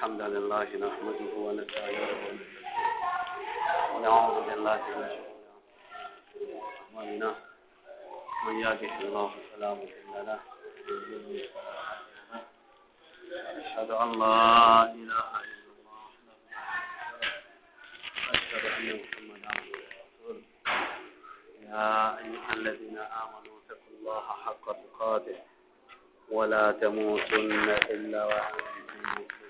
الحمد لله نحمده ونستعينه ونعوذ بالله من شرور أعمالنا من يهده الله فلا مضل له أشهد أن لا إله إلا الله أشهد أن محمدا عبده ورسوله يا أيها الذين آمنوا اتقوا الله حق تقاته ولا تموتن إلا وأنتم مسلمون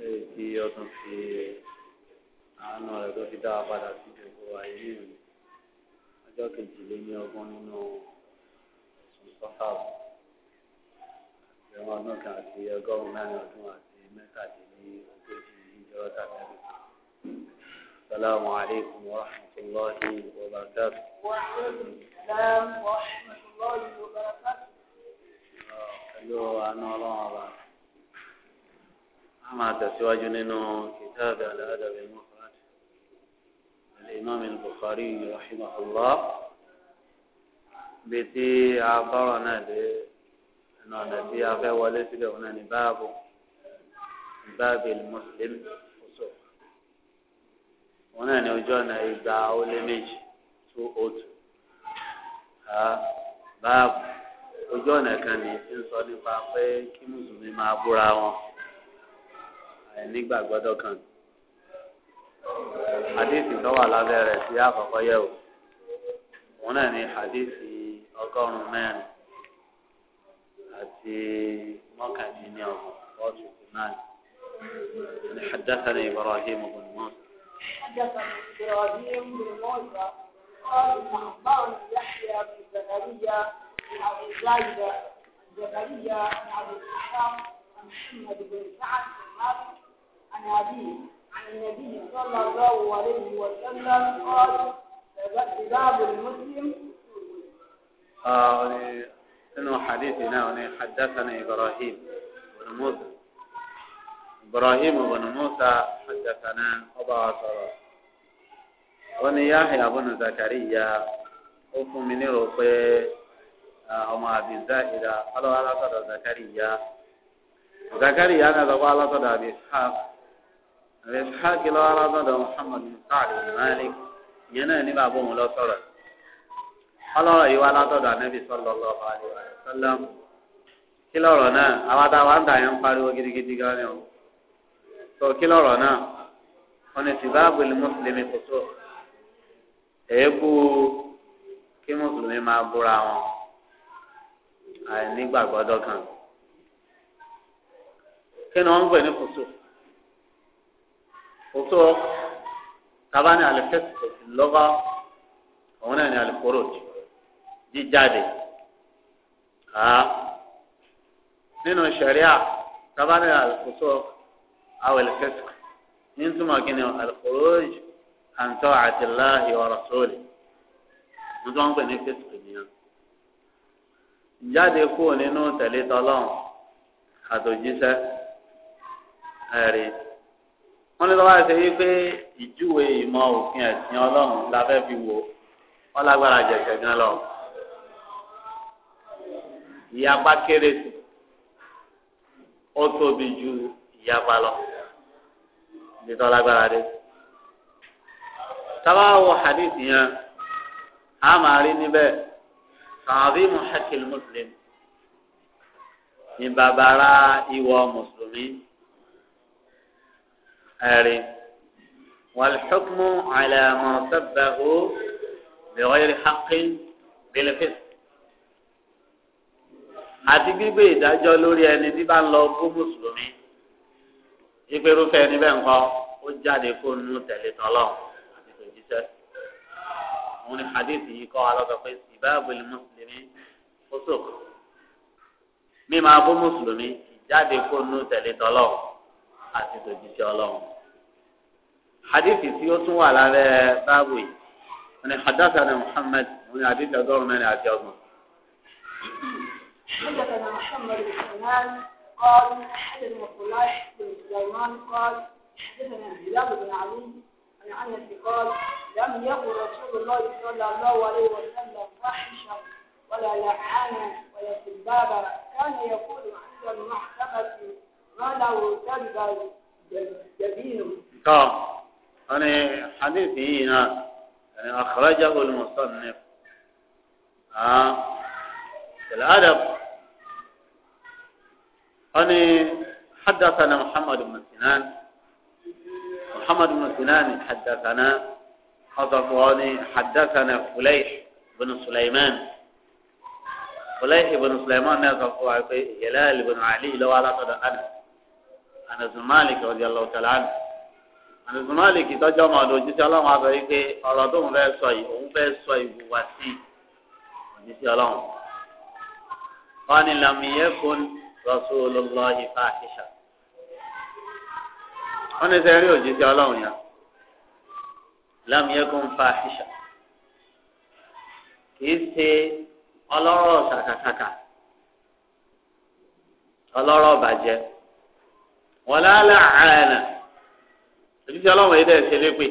lè fi fi àánú rẹ̀ tó fi dá wa padà sí gbogbo ayé ìrìn ọjọ́ kejìléní nínú oṣù sọ́fàbù ìwọ̀n ọdún kan àti ọgọ́rùn-ún mẹ́rin ọdún àti mẹ́tàdínní ìjọba tàbí السلام عليكم ورحمة الله وبركاته وعليكم السلام ورحمة الله وبركاته. Hello, أنا أما تسواج لنا كتاب الأدب المفرد الإمام البخاري رحمه الله بتي عبرنا أننا نتي أخي ولسل هنا باب باب المسلم فسوق هنا نوجونا إذا أولي ميجي أوتو باب ojú ọ̀nà kan ní ń sọ nípa pé kí mùsùlùmí máa búra wọn. ẹni gbàgbọ́dọ̀ kan hadithi tó wà lábẹ́ rẹ̀ sí àkọ́kọ́ yẹ̀ wò òun náà ni hadithi ọgọ́rùn-ún mẹ́rin àti mọ́kàndínní ọ̀gbọ̀n fọ́ọ̀tù náà ni حدثنا إبراهيم بن موسى حدثنا قال أخبرنا يحيى بن زكريا بن أبي زايدة زكريا بن أبي إسحاق محمد بن سعد بن مالك عن أبيه عن النبي صلى الله عليه وسلم قال باب المسلم آه إنه حديثنا حدثنا إبراهيم بن موسى إبراهيم بن موسى حدثنا أبا عصر ونياحي بن زكريا أفهم من ربي ọmọ àbí zahira alọ́ alásọ̀dọ̀ زكريا zakariya náà lọ́wọ́ صدر ابي اسحاق rẹ̀ ṣáàkì lọ́wọ́ alábọ́dọ̀ Muhammad musaad malik yẹn náà ní bàbá òun lọ sọ̀rọ̀ ọlọ́rọ̀ yìí wá látọ̀dọ̀ anábì sallallahu alaihi wa sallam kí lọ́rọ̀ náà àwọn àtàwọn àǹtàyàn ń pariwo gidigidi gan ni o tó kí lọ́rọ̀ náà ọ̀nà ìsìbáàbò ilé mùsùlùmí kò tó èébú kí mùsùlùmí máa búra wọn àìnígbàgbọ́dọ̀ kan kí ni wọ́n ń pè ní kùsùn kò tó kaba ní alifẹsẹ lọba òun náà ní alikoro jíjáde aa nínú sariya kaba ní alikoso awo alifẹsẹ ní túmọ̀ kí ni alikoro àǹtọ́ àtìláhi ọ̀rọ̀ sóòlì ní tó ń pè ní fẹsẹ nìyẹn jáde kúrò nínú tẹ̀lé tọ́lọ́run àtòjíṣẹ́ ẹ̀rí wọ́n ní lọ́wọ́ àṣẹ yìí pé ìjúwe ìmọ̀ òfin ẹ̀sìn ọlọ́run la fẹ́ fi wò wọ́n lágbára jẹ̀kẹ̀ gan lọ. ìyapa kéré sí ó tóbi ju ìyapa lọ ìdítọ́ lágbára dé. tábàáwò hadith yẹn a máa rí níbẹ̀ sàbí muhakil muslim ní bàbára ìwọ mùsùlùmí ẹ̀rí والحكم على ما سبه بغير حق بالفسق àti gbígbé ìdájọ́ lórí ẹni tí bá ń lọ kó mùsùlùmí ìpérúfẹ́ ẹni bẹ́ẹ̀ ńkọ́ ó jáde kó nu tẹ̀lé tọ́lọ́hùn àti tòjíṣẹ́ òun ni hadith yìí kọ́ alọ́kọ̀ pé ìbáàbòlì mùsùlùmí fóṣòkò mímọ abó mùsùlùmí ìjáde kó nu tẹ̀lé tọ́lọ́hùn àti tòjìṣẹ́ ọlọ́run. hadithi tí ó tún wà lábẹ́ báàbò yìí wọn ni ni muhammad wọn ni hadithi ogorun mẹ́rin àti ọgbọ̀n. حدثنا محمد بن سلمان قال حدثنا عبد بن سليمان قال حدثنا هلال بن علي عن انس قال لم يقل رسول الله صلى الله عليه وسلم فاحشا ولا لعانا ولا سبابا كان يقول عند المحكمه أنا طيب. يعني حديثي يعني أخرجه المصنف آه. الأدب أنا يعني حدثنا محمد بن سنان محمد بن سنان حدثنا حضراني حدثنا فليح بن سليمان فليح بن سليمان نزل هلال بن علي لو على قدر أنس Anasu Malik radiyallahu ta'ala anhu Anasu Malik tọ́jú ọmọ ọdún ojúṣe ọlọ́run àgbà yìí pé ọ̀rọ̀ tó ń fẹ́ sọ yìí òun fẹ́ sọ ìwùwà sí ojúṣe ọlọ́run wọn ni lamiyekun Rasulullahi fahisha wọn ní sẹ́rí ojúṣe ọlọ́run yẹn lamiyekun fahisha kìí ṣe ọlọ́rọ̀ ṣàkàṣàkà ọlọ́rọ̀ bàjẹ́ wọn lálẹ àrẹnà èyí tí ọlọ́run yìí dẹ̀ ṣe lépè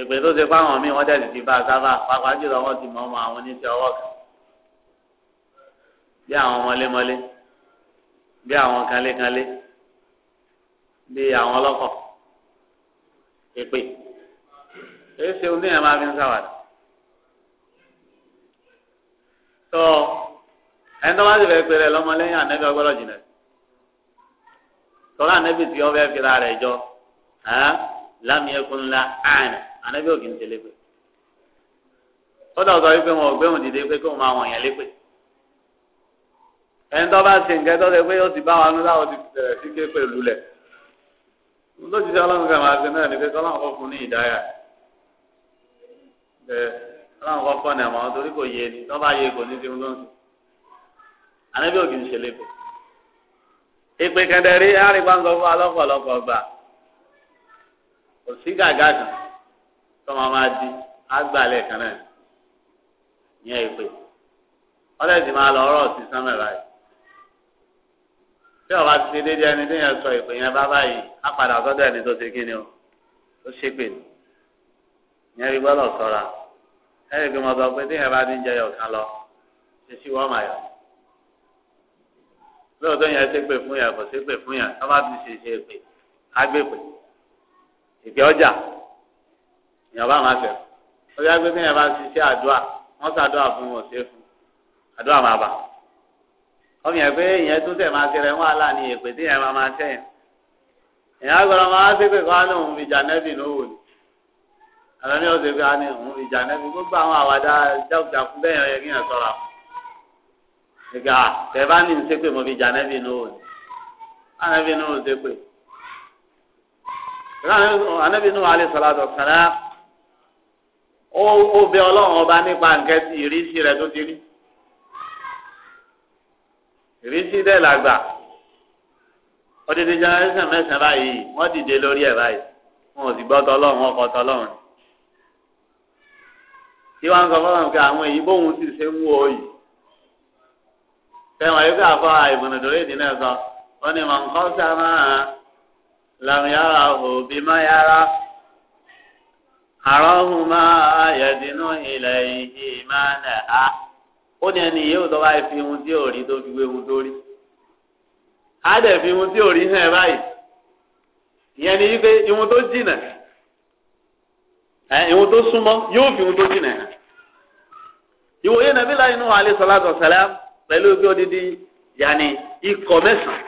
èpè tó ṣe fáwọn míì wọ́n dẹ̀ ti bá a sábà pàápàá jùlọ wọ́n ti mọ ọmọ àwọn oníṣẹ́ ọwọ́ kan bí àwọn mọlémọlé bí àwọn kanlékanlé bí àwọn ọlọ́kọ̀ èpè èyí ṣe oníyàn máa fi ń sáwàdà tó ẹni tó bá ti fẹ́ pèrè lọ́mọlẹ́yìn ànẹ́bí ọgbọ́dọ̀ jìnnà tọ́lá anabi tí wọ́n fẹ́ fi ra rẹ̀ jọ lámì ẹkùn ńlá àná anabi ò kì í tẹ̀lé pé kódà sọ wípé wọn ò gbéhùn dìde pé kóun máa wọ̀nyẹn lé pé ẹni tó bá ṣe nǹkan tó ṣe pé ó ti bá wọn nílá ó ti bẹ̀rẹ̀ sí ké pẹ̀lú lẹ̀ lójijì ọlọ́run kan máa ṣe náà ni pé kọ́láwọn kọ́ fún ní ìdáyà bẹ́ẹ̀ kọ́ fọ́ ní àmọ́ torí kò yé ni tó bá yé kò ní ti mú lóńsì anabi ò kì í ṣe lé ìpè kẹdẹrí àríwáńgọ fún alọ́pọ̀lọpọ̀ gbà kò sí gàgà kan tọmọ máa di àgbàlẹ̀ kan náà yẹn ìpè ọlẹ́sì máa lọ ọ̀rọ̀ sí sánmẹ̀rà yìí tí ọba ti ṣe déédéé ẹni tí yẹn sọ ìpè yẹn bá báyìí á padà sọ́dọ̀ ẹni tó kí ni o tó ṣe pè ní yẹn rí gbọ́dọ̀ lọ ṣe sí lóòótọ́ yẹn ṣe pé fún yàn kò ṣe fún yàn ká má ti ṣe ṣe ọjà èèyàn bá máa fẹ́ ọjọ́ agbègbè yẹn bá ń ṣiṣẹ́ àdúrà wọ́n ṣàdúrà fún wọn ṣe fún àdúrà máa bà ọmọ yẹn pé ìyẹn tún tẹ̀ máa ṣe rẹ̀ àlà ní èpè tí yẹn máa máa yẹn á fi lówó ni ọ̀sẹ̀ òun fi ìgbà ah, tẹ̀bá ní ìsepè mo fi jà nẹ́bí inú òní anẹ́bí inú òní sépè anẹ́bí inú alẹ́ sọ̀rọ̀ àtọ̀ sẹ́lá ó bẹ ọlọ́run ọba nípa nǹkan tí ìrísí rẹ̀ tó ti rí ìrísí dẹ̀ làgbà ọdẹdẹ jẹnẹrẹsàn mẹ́sàn báyìí wọ́n dìde lórí ẹ̀ báyìí wọn ò sì gbọ́ tọlọ́run wọn kọ tọlọ́run tí sọ fọlọ́run pé àwọn èyí bóun sì ṣe ń wọ yìí sẹ́wọ̀n ayé ká fọ́ àìbùnùdúró ìdí náà sọ ó ní mọ̀ nǹkan sábà òbí má yára àrọ́hùn máa yẹ̀dínú ilẹ̀ ìhì máa nà á ó ní ẹni yìí ó tọ́ báyìí fi ohun tí ò rí tó fi wé ohun tó rí á dẹ̀ fi ohun tí ò rí hàn báyìí ìyẹn ni wípé ihun tó jìnà ìwọ̀n tó súnmọ́ yóò fi ìwọ̀n tó jìnà hàn. ìwòye nàbí láyé nù alẹ́ sọlá tó sẹlẹ̀ pẹ̀lú bí odidi yanni ikọ̀ mẹ́sàn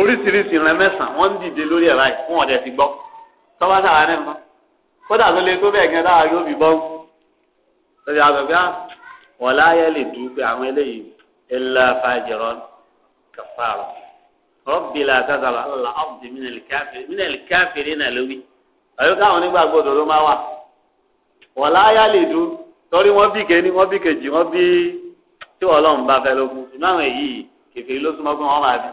oríṣiríṣi rẹ mẹ́sàn wọ́n ń dìde lórí ẹ̀rọ yìí fún ọ̀dẹ ti gbọ́ tọ́ba sára ní nǹkan kódà tó lè tó bẹ́ẹ̀ gan dára yóò fi bọ́ lórí àgbẹ̀gbẹ́ wọ́n láyé lè dùn pé àwọn eléyìí ẹ̀la fàjẹ̀rọ̀ kàfàrọ̀ rọ́bì la kásàlà ọ̀là ọ̀bì mínẹ̀lì káfìrí náà lówí àyọ̀ká àwọn onígbàgbọ́dọ̀ ló máa wà wọ́n láyé lè dùn torí wọ́n bí kéní wọ́n bí kejì wọ́n bí tí Ọlọ́run bá fẹ́ lókun ṣùgbọ́n àwọn èyí kẹfìrí ló súnmọ́ pé wọ́n máa bí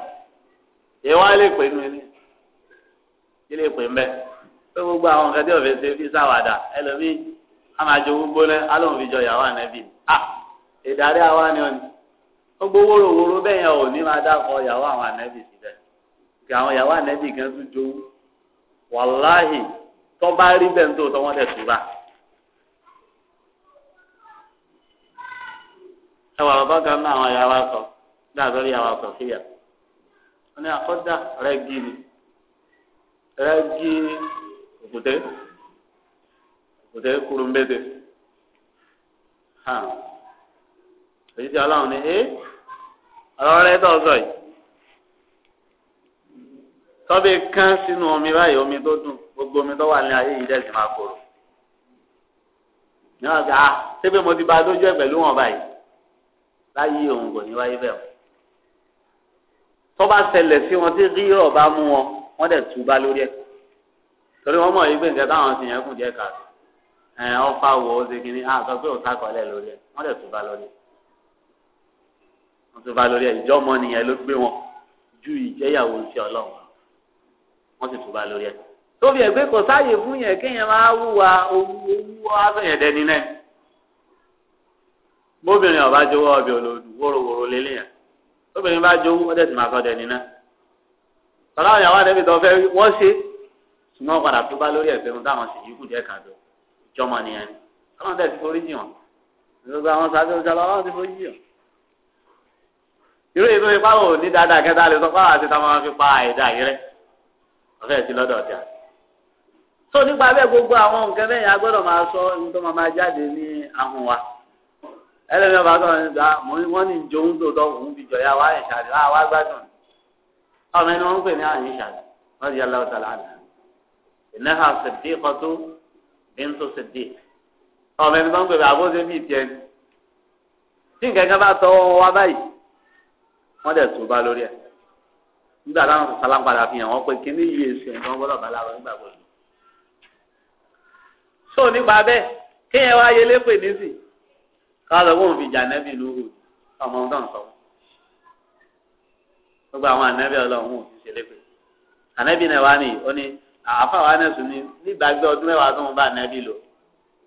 èyí wọ́n á lè pè nínú ilé ilé pè ń bẹ́ pé gbogbo àwọn nǹkan tí òfin ṣe fi sáwàdà ẹlòmíì á máa jẹ owó gbóná á lóun fi jọ ìyàwó ànẹ́bí à ah! ìdarí àwa ni ọ̀nì gbogbo wóróworó bẹ́ẹ̀ yẹn ò ní máa dákọ̀ ìyàwó àwọn ànẹ́bí síbẹ̀ kí àwọn ìyàwó ànẹ́bí kan tún jowú wàláhì tọ́ bá rí bẹ́ẹ̀ ń tó tọ́ wọ́n tẹ̀ túbà. ẹ wà bàbá kan náà àwọn yàrá sọ dáa lórí yàrá sọ síyà wọn ni àkọ́dà rẹ gí ni rẹ gí òkùté òkùté kúrúmbété hàn èyí tí aláwọn ni ẹ ọ̀rọ̀ rẹ tó sọ yìí tọ́bí kán sínú omi báyìí omi tó dùn gbogbo omi tó wà ní ayé yìí dẹ́sìn máa korò ní wọn gbà ah, mo ti ba dójú ẹ pẹ̀lú wọn báyìí láyé òun kò ní wáyé bẹ́ẹ̀ tọ́ba ṣẹlẹ̀ sí wọn tí rírọ̀ bá mú wọn wọ́n dẹ̀ túbá lórí ẹ̀ torí wọ́n mọ̀ yìí pé nǹkan táwọn ti yẹn kù díẹ̀ kà ẹ̀ ọ̀fà wò ó ṣe kínní àtọ́ pé òun sàkọọ́lẹ̀ lórí ẹ̀ wọ́n dẹ̀ túbá lórí ẹ̀ wọ́n túbá lórí ẹ̀ ìjọ́mọ nìyẹn ló gbé wọn ju ìjẹ́yàwó ti ọlọ́run wọ́n sì túbá lórí ẹ̀ tóbi ẹ̀gbẹ́ kò sáàyè fún yẹn kéèyàn máa wúwa owó owó bóbìnrin ọba jowó ọbẹ olódù wórówóró lélẹyìn bóbìnrin bá jowó ọdẹ tí màá sọdẹ nínà tọ́lá àwọn ìyàwó àdẹ́bí tó fẹ́ wọ́n ṣe ṣùgbọ́n padà tó bá lórí ẹ̀fẹ́ wọn táwọn sì yíkù díẹ̀ kàdó ìjọmọ nìyẹn ni ọlọ́run tẹ̀ ti forí jì wọn gbogbo àwọn sábẹ́ ọjà ọlọ́run ti forí jì wọn. irú ètò ipá wò ní dáadáa kẹta lè sọ fáwọn àti táwọn fi pa àìdá yìí rẹ ọfẹ́ sí lọ́dọ̀ ọjà. tó nípa bẹ́ẹ̀ gbogbo àwọn nǹkan bẹ́ẹ̀ yẹn agbọ́dọ̀ máa sọ ẹlẹ́ni ọba tó ń gba wọ́n ní ìjọ ń dòdò òun fi jọ̀yà wá ìṣàlẹ̀ wá wá gbádùn ọmọ ẹni wọn ń pè ní àyìn ìṣàlẹ̀ wọ́n di aláwọ̀ tàlà àná ìnáhà sèdè kọ́tó bíntó sèdè ọmọ ẹni tó ń pè ní àbóṣe bíi tiẹ̀ ní tí nǹkan kan bá tọwọ́ wá báyìí wọ́n dẹ̀ tó bá lórí ẹ̀ nígbà táwọn sàlám padà fi hàn wọ́n pé kíní yìí èsì ẹ̀ wọ́n gbọ́dọ̀ káàdọ̀ wọ́n fi jà nẹ́bí lóru ọmọ ọdún sọ. gbogbo àwọn ànẹ́bí ọlọ́run ò ti ṣe lépè. ànẹ́bí náà wá ní ó ní àfàwọn anẹ́sùn ní nígbàgbé ọdún mẹ́wàá tó ń bá ànẹ́bí lò.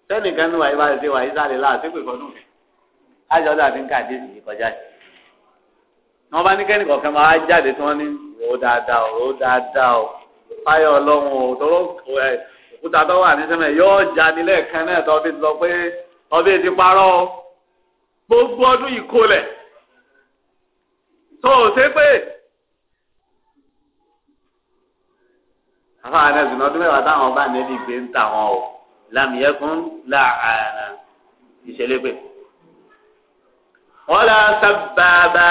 sẹ́nìkan ní wàyí wáyé ṣe wàyí sáré láà sí pé fọdún mi. ájọ ọdún àti nǹkan àdéhùn yìí kọjá sí. ni wọ́n bá ní kẹ́nì kọ̀ọ̀kan máa jáde tí wọ́n ní ro dáadáa ro dáadáa o fáyọ̀ ọlọ́run ò tọ́rọ̀ òkúta tó wà ní sẹ́mẹ̀ yóò já nílẹ̀ kan náà tó fi sọ pé ọbẹ̀ ti parọ́ gbogbo ọdún yìí kólẹ̀ tó o ṣe pé. àwọn àdàzùn ọdún mẹ́wàá táwọn bá nẹ́bí gbé ń tà wọn o làmìyẹ́kùn làánà ìṣẹ̀lẹ̀ pé. wọ́n lọ sábàbà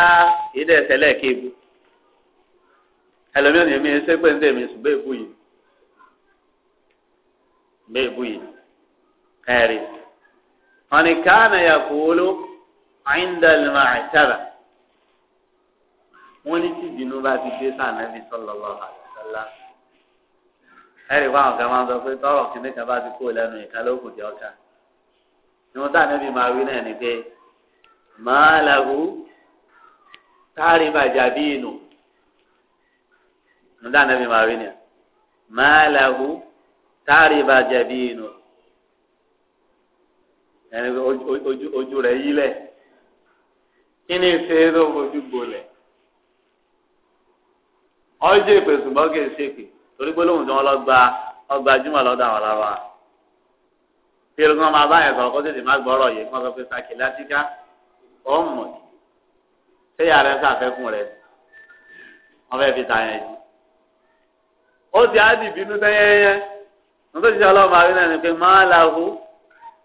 ìdí ẹ̀sẹ̀lẹ̀ kébù ẹlòmíràn yẹn mi ṣe pé ń tẹ̀mí sùn bẹ́ẹ̀ bù yìí bẹ́ẹ̀ bù yìí ẹ̀rí. wọn ni káànà yà kúló àyíndàlì máa ṣàrà wọn ní tí ìbínú bá ti dé sáà nàbì sallallahu alaihi wasallam ẹrì wá ọ̀gá máa ń sọ pé tọrọ kìnìún kan bá ti kó lẹ́nu ìka ló kù jẹ ọkà ìwọ̀n tá níbi máa wí náà ni pé màá làwù táàrí bàjá bí inú ìwọ̀n tá níbi máa wí náà màá làwù táàrí bàjá bí inú ẹni ojú rẹ̀ yílẹ̀ kíni ṣe é ló fojú gbolẹ̀ ọjọ́ ìpè ṣùgbọ́n kì í ṣèpè torí pé lóhùn tí wọ́n lọ gba ọgbà jùmọ̀ lọ́dọ̀ àwọn lára tí irun kan máa bá yẹn sọ̀rọ̀ kó tètè má gbọ́rọ̀ yìí kó sọ pé sàkè látìká ó mọ̀ ní ṣé ìyá rẹ̀ ń rẹ̀ wọ́n fẹ́ fi ta yẹn jù ó ti á dì bínú tẹ́yẹ́yẹ́ nítorí tí ọlọ́run máa rí náà ni pé máa làwù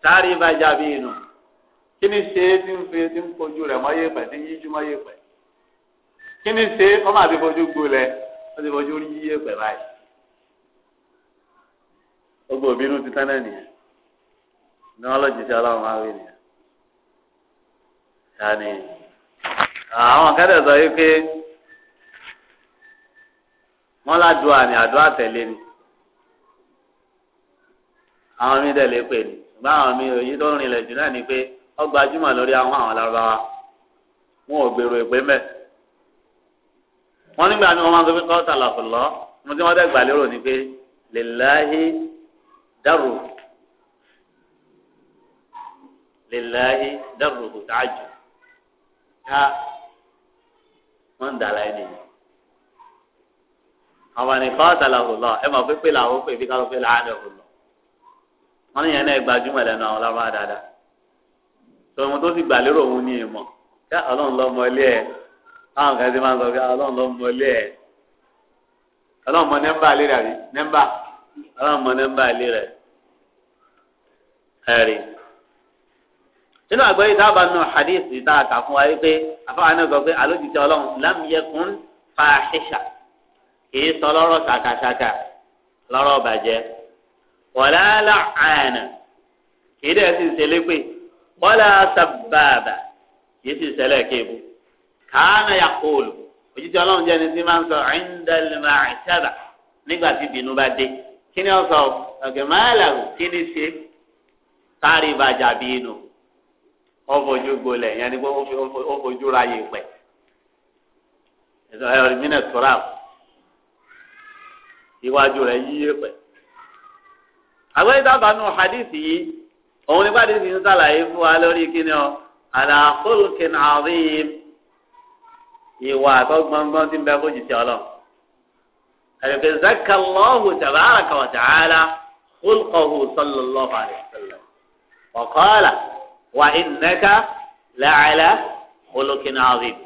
sáré bá jábí inú kí ni ṣe é ti ń fi ti ń fojú rẹ̀ mọ́yé pẹ̀ ti ń yíjú mọ́yé pẹ̀ kí ni ṣe é ọmọ àti fojú gbolẹ̀ ó ti fojú rí yíyé pẹ̀ báyìí gbogbo òbínú ti tán náà nìyẹn ní wọn lọ́ọ́ jíṣẹ́ ọlọ́run máa rí nìyẹn tani àwọn kẹ́tẹ̀ sọ yìí pé wọ́n ládùá ni àdúrà tẹ̀lé ni àwọn mi dẹ̀ lè pè ní ṣùgbọ́n àwọn mi òye tó rìnlẹ̀ jù náà ni pé ọgbàjúmọ̀ lórí àwọn àwọn alárúbáwá wọn ò gbèrò ìpè mẹ́. wọ́n nígbà míì wọ́n máa ń sọ pé kọ́ sàlàfùlọ́ mo ti wọ́n dẹ́gbà lérò ni pé lèláhi dàrú lèláhi dàrú kò sáájú ká wọ́n ń dàlá ẹni yìí. àwọn ni kọ́ sàlàfùlọ́ ẹ mọ̀ pé pé làwọn pè bí káwọn pé làánà òun lọ. wọ́n ní yẹn náà gbajúmọ̀ lẹ́nu àwọn alárúbáwá dáadáa sọ wọn tó sì gbà lérò òun ní ìmọ̀ ká ọlọ́run lọ mọ ilé ẹ̀ báwọn kan ti máa ń sọ ká ọlọ́run lọ mọ ilé ẹ̀ ọlọ́run mọ nẹ́mbà ilé rẹ̀ rí nẹ́mbà ọlọ́run mọ nẹ́mbà ilé rẹ̀ ẹ̀rí. nínú àgbẹ̀yìn dábàá nù hadith tá a kà fún wa wípé afáwọn náà sọ pé àlójútì ọlọ́run lámìyẹkùn fàáṣíṣà kìí sọ lọ́rọ̀ ṣàkàṣàkà lọ́rọ̀ bàjẹ́ wọ̀lá láàánà kìí dẹ̀ sì ṣe lépè. wọ́lá sábàbà yìí ti ṣẹlẹ̀ kéèbù kàánà yà kóòlù òjijì ọlọ́run jẹ́ ni máa ń sọ ẹ̀ńdàlùmá àṣàbà nígbà tí bínú bá dé kí ni ó sọ máàlàwù kí ni ṣe bínú yẹn ni ra yìí mínà iwájú yíyé àwọn òun nígbà tí kìí sàlàyé fún wa lórí kíni ọ àlàkóòlù àríyìn ìwà àtọgbọngbọn tí ń bẹ fún jìtì ọlọ ẹgbẹ zakalọhu tabaraka wa ta'ala khulqahu sallallahu alayhi wa sallam wa qala wa innaka la'ala khuluqin azim.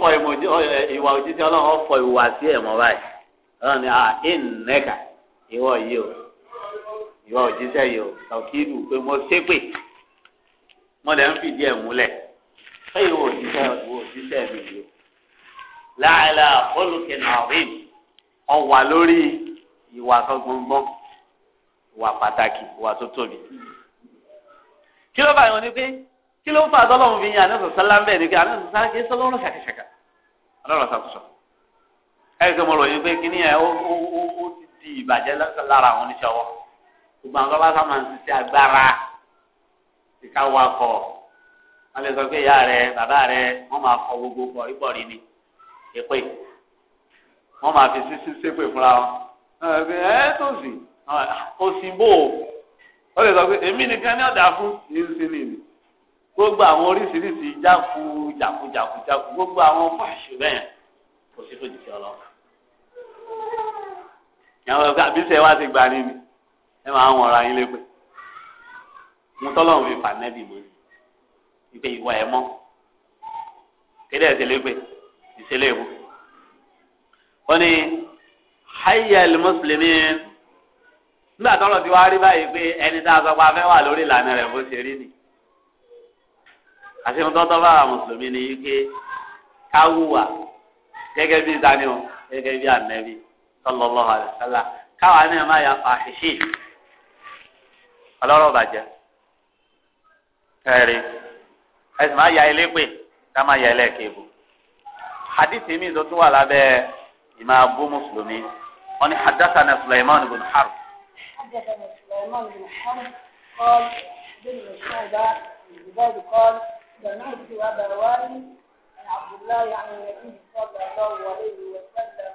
fọ ìwà òjijì ọlọ́run fọ ìwà sí ẹ̀mọ́ báyìí ni ìwọ yìí o. ìwà òjíṣẹ́ yìí o tàwùkìlù pé mo ṣépè mo lè ń fìdí ẹ̀ múlẹ̀ fẹ́yìn ìwà òjíṣẹ́ ìwà òjíṣẹ́ mi yìí o láàlà olùkẹ́ nàrin ọ̀wà lórí ìwà tó gbọ̀ngbọ̀n ìwà pàtàkì ìwà tó tóbi. kí ló bá yọ ni pé kí ló ń fa àtọ́lọ́run fi yan àná sọ́sálá ń bẹ̀ ni pé àná sọ́sálá kì í sọ́lọ́run ṣàkàṣàkà ọlọ́run ṣàkóso ẹ̀ ṣe mo ròyìn pé kíní ẹ̀ ó ti di ìbàjẹ́ lára àwọn oníṣẹ́ ọwọ́ gbogbo àwọn bàbá sábà ń ṣiṣẹ́ agbára ìka wakọ̀ wọ́n lè sọ pé ìyá rẹ bàbá rẹ wọ́n máa kọ gbogbo pọ̀ ìbọ̀rì ni èpè wọ́n máa fi sísí sépè fúnra wọn ẹ tó sì ah, òsínbó ó lè sọ pé èmi nìkan ní ọ̀dà fún ìsinmi ni gbogbo àwọn oríṣiríṣi jáku jáku jáku jáku gbogbo àwọn fáṣù bẹ́ẹ̀ kò sí tó jìṣẹ́ ọlọ́run. ìyàwó ẹ̀ka àbíṣe wa ti gbà ní ẹ máa ń wọra yín lépè mo tọ́lọ̀ fi fà nẹ́bì mọ́ ni ìpè ìwà ẹ̀ mọ́ kéde ẹ̀sẹ̀ lépè ìṣẹ̀lẹ̀ ìwọ. wọ́n ní hayyal muslimin nígbà tọ́lọ̀ ti wá rí báyìí pé ẹni tá a sọ pé a fẹ́ wà lórí ìlànà rẹ̀ bó ṣe rí ni àti ohun bá mùsùlùmí ni yíké káwùwà gẹ́gẹ́ bí ìdánimọ̀ gẹ́gẹ́ bí ànẹ́bí sallallahu alaihi wasallam káwa náà má yà fàṣìṣì ọlọ́rọ̀ bàjẹ́ ẹ̀rí ẹ̀sìn máa ya ilé pè ká máa ya ilé kéèbù hadith mi tó tún wà lábẹ́ ìmọ̀ abú mùsùlùmí wọn ni hadathana Sulaiman bin Harb. hadathana Sulaiman bin Harb qal bin Musa Zubair عبد الله عن النبي صلى الله عليه وسلم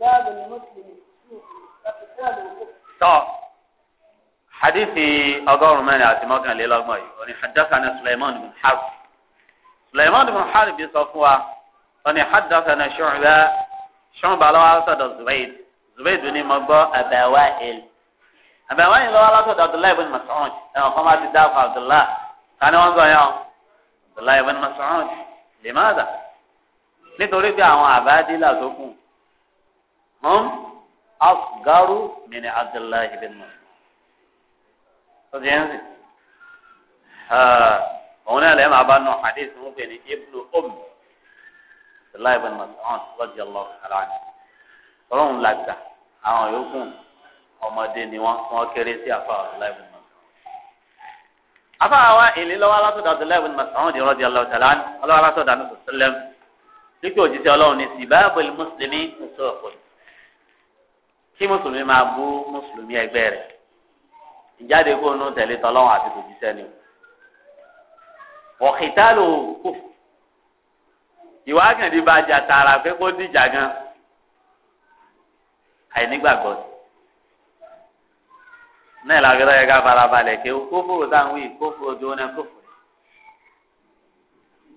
باب المسلم السوق فقتاله كفر hadithi ọgọ́rùn mẹ́rin àti mọ́kànlélọ́gbọ̀n yìí wọ́n ní haddathana suleiman bin harb suleiman bin harb sọ fún wa wọ́n ní haddathana shu'ba shu'ba lọ́wọ́ alásọ̀dọ̀ zubayd zubayd ní mo gbọ́ abawa'il abawa'il lọ́wọ́ alásọ̀dọ̀ abdullahi bin mas'ud ẹ̀wọ̀n kọ́ máa ti dá fún abdullahi kání wọ́n sọ yẹn abdullahi bin mas'ud limada nítorí pé àwọn àbádìlà tó kù hum asgaru min abdullahi bin mas'ud sọdí ẹ̀ ń sìn. òun náà lẹ́yìn máa bá nù hadith ń pè ní ibnu om umm, abdullahi bin mas'ud radiyallahu ta'ala anhu ọlọ́run làgbà àwọn yòókù ọmọdé ni wọ́n wọ́n kéré sí afa abdullahi bin mas'ud. afa àwa èlé lọ́wọ́ alásọ̀dọ̀ abdullahi bin mas'ud radiyallahu ta'ala anhu ọlọ́wọ́ alásọ̀dọ̀ anú sọ̀tẹ́lẹ̀m dípò òjíṣẹ́ ọlọ́run ní sibabul mùsùlùmí sọ̀kùn kí mùsùlùmí máa bú mùsùlùmí ẹgbẹ́ rẹ̀ ìjáde kó nù tẹ̀lé tọ́lọ́wọ́n àti tòjíṣẹ́ ni ọ̀kìtá ló kù ìwà kàndí bá jà tààrà pé kó dìjà gan àìnígbàgbọ́ náà làwọn yẹ ká farabalẹ̀ kéwò kófòrò táwọn yìí kófòrò dúnà kófòrò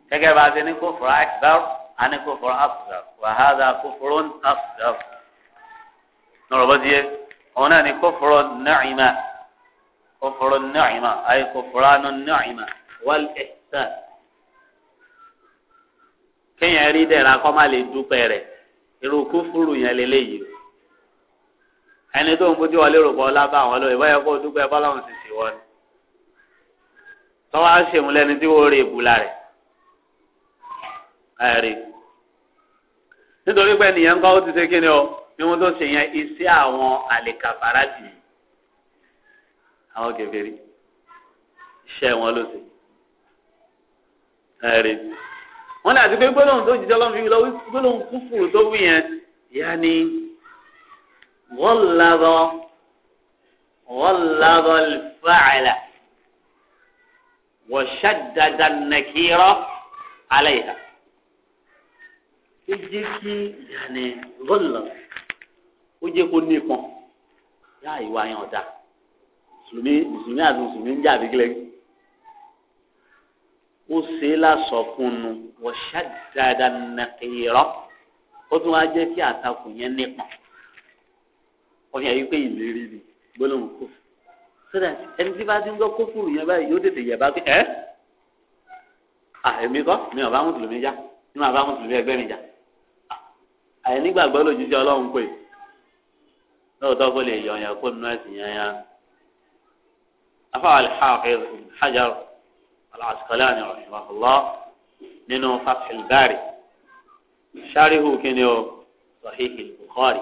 gẹ́gẹ́ bá a ti ní kófòrò akbar a ní kófòrò asghar wa hadha kófòrò asghar nọ̀rọ̀ bó ti òun náà ní kófòrò nàìmá. كفر النعمة أي كفران النعمة والإحسان kéèyàn rí dẹ̀ra kọ́ má lè dúpẹ́ rẹ̀ irú kúfúrú yẹn lélẹ́yìí ẹni tó ń bójú wọlé rò pọ̀ ọlá bá àwọn lóye báyọ̀ kó dúpẹ́ bọ́lọ́run sì sì wọ́n ni tọ́wọ́ á ṣèmú lẹ́ni tí wọ́n rí ìbúlá rẹ̀ ẹ̀rí nítorí pé nìyẹn ń kọ́ ó ti ṣe kí ni o ní wọ́n tó ṣe yẹn iṣẹ́ àwọn àlèkàfàrà jì í àwọn kèfèrí iṣẹ́ wọn ló ṣe ẹ̀rí wọn ní àti pé gbólóhùn tó jíjọ́ lọ́n fi lọ gbólóhùn kúfùrù tó wí yẹn ìyá ni wọ́n lárọ́ wọ́n lárọ́ fàálà wọ́n nàkírọ́ alẹ́ ìhà ó jẹ́ kí ìyá ni wọ́n ó jẹ́ kó ní ìpọn yá ìwà yẹn ọ̀dà mùsùlùmí mùsùlùmí àti mùsùlùmí ń jà àdìgílẹ̀ ó ṣe é lásọkùnù wọ́n ṣàdìdáadá nàkìrọ́ ó tún wá jẹ́ kí àtakùn yẹn nípọn wọ́n fi hàn yín pé ìlérí ni gbólóhùn kò sódà ẹni tí bá ti ń gbọ́ kófùrù yẹn báyìí yóò tètè yẹ̀ bá pé ẹ́ àhẹ̀mí kọ́ mi ò bá mùsùlùmí já mi ò bá mùsùlùmí ẹgbẹ́ mi já àyẹ̀ nígbàgbọ́ ọlọ́run pé lóòótọ́ kó lè yọ kó nínú ẹ̀sìn yẹn yẹn afa alḥaafir hajar alasqalani rahimahullah nínú fathil bari sharihu kini o sahihil bukhari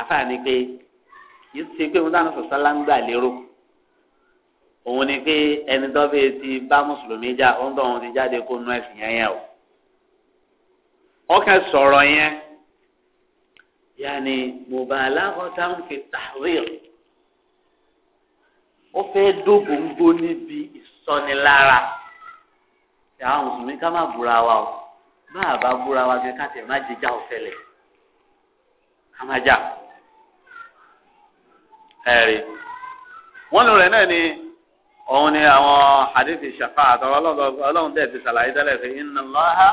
afa ni pé yìí ti pé wọn dáná sọsọ láńgbà lérò òun ni pé ẹni dọ́bẹ̀ ti bá mùsùlùmí jà ó ń dọ̀ òun ti jáde kó nu ẹ̀sìn yẹn yẹn o ọkàn sọ̀rọ̀ yẹn yanni mubalagha fi tahzir. ó fẹ́ dógóńgó níbi ìsọnilára ṣe mùsùlùmí ká má búra wa o bá bá búra wa kí ká tẹ̀ má jíjà òfẹlẹ̀ ká má jà ẹ̀rí wọ́n lò náà ni òun ni àwọn hadith ìṣàfà àtọ̀rọ̀ ọlọ́run dẹ̀ ti ṣàlàyé tẹ́lẹ̀ pé inna Allaha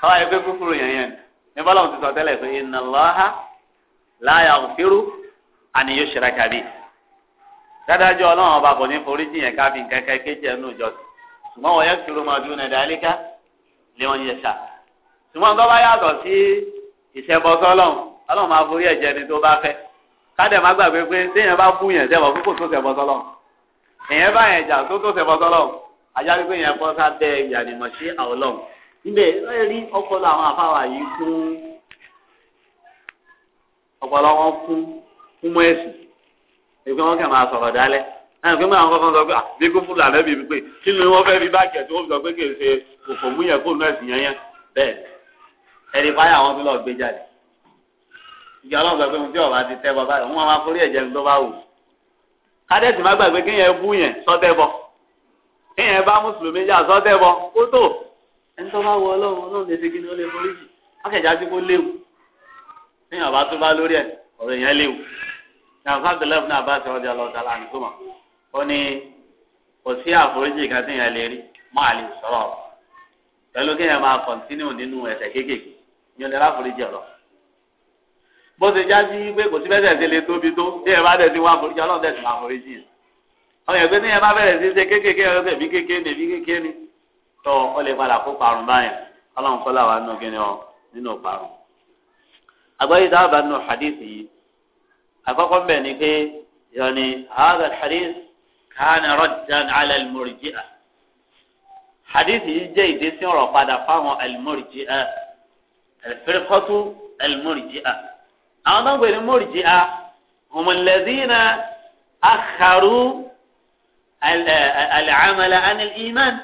táwa yẹ pé kúkúrú yẹn yẹn ní bọ́lá òun ti sọ tẹ́lẹ̀ dádájọ́ ọlọ́run ọba kò ní forí jìyàn kábí kẹ́kẹ́ kéjì ẹnu ìjọsìn ṣùgbọ́n wọ́n yẹ kí ló máa dún ẹ̀dá ẹlẹ́ká lé wọn yẹ ṣá ṣùgbọ́n tó bá yàtọ̀ sí ìṣẹ́bọsọ́ ọlọ́run ọlọ́run máa forí ẹ̀jẹ̀ ni tó bá fẹ́ kádẹ̀ má gbàgbé pé téèyàn bá fún yẹn sẹ́wọ̀n fún kò tó ṣẹ̀bọsọ́ ọlọ́run èèyàn bá yẹn jà tó tó ṣẹ̀bọsọ́ ọlọ́run ajálù pé yẹn bọ́ sábẹ́ ìyànìmọ̀ sí ọlọ́run níbẹ̀ rí ọpọlọ àwọn afáwà yìí fún ọpọlọ wọn fún fún mọ́ ìpín wọn kàn máa sọ̀rọ̀ dálẹ̀ náà ìpín máa ń kọ́kọ́ sọ pé àbí kó fúlà lẹ́bi pé kí ni wọ́n fẹ́ fi báàgì ẹ̀ tí wọ́n fi sọ pé kì í ṣe kòkò mú yẹn fóònù ẹ̀sìn yẹn yẹn bẹ́ẹ̀ ẹ̀rí fáyà wọn tó lọ gbé jáde ìjà ọlọ́run sọ pé mo tí ọba ti tẹ́ bọ báyìí wọ́n máa forí ẹ̀jẹ̀ ní tó bá wù kádẹ́tì má gbàgbé kéèyàn bú yẹn sọ́tẹ́ bọ kéèyàn bá mùsùlùmí jà sọ́tẹ́ bọ kó tó ẹni tó bá wọ ọlọ́run ọlọ́run lè ṣe kí ni ó lè forí jì wọ́n kẹ̀já sí kó léwu kéèyàn bá tó bá lórí ẹ̀ ọ̀rọ̀ èèyàn léwu nàfà abdullahi ibn abbas ọdí ọlọ́ọ̀tà lánàkúmọ̀ ó ní kò sí àforíjì kan tí yẹn lè rí máa lè sọ̀rọ̀ pẹ̀lú kí yẹn máa kọ̀ntínú nínú ẹ̀ṣẹ̀ kéékèèké yẹn lè ráforíjì ọ̀rọ̀ bó ti já sí pé kò sí bẹ́sẹ̀ ṣe lè tóbi tó tí yẹn bá dẹ̀ sí wá foríjì ọlọ́run dẹ̀ sí máa foríjì ọ̀hún yẹn pé tí yẹn bá bẹ̀rẹ̀ sí ṣe kéékèèké ọ̀rọ̀ ẹ̀mí kéékèèké ẹ̀mí àkọ́kọ́ bẹ̀ ni pé yọ̀ni hadha hadith kàánà rọ́jàn alẹ́ al-murji'ah hadith yìí jẹ́ ìdésí ọ̀rọ̀ padà fáwọn al-murji'ah al-firqatu al-murji'ah àwọn tó ń pè ní murji'ah akharu al-amala iman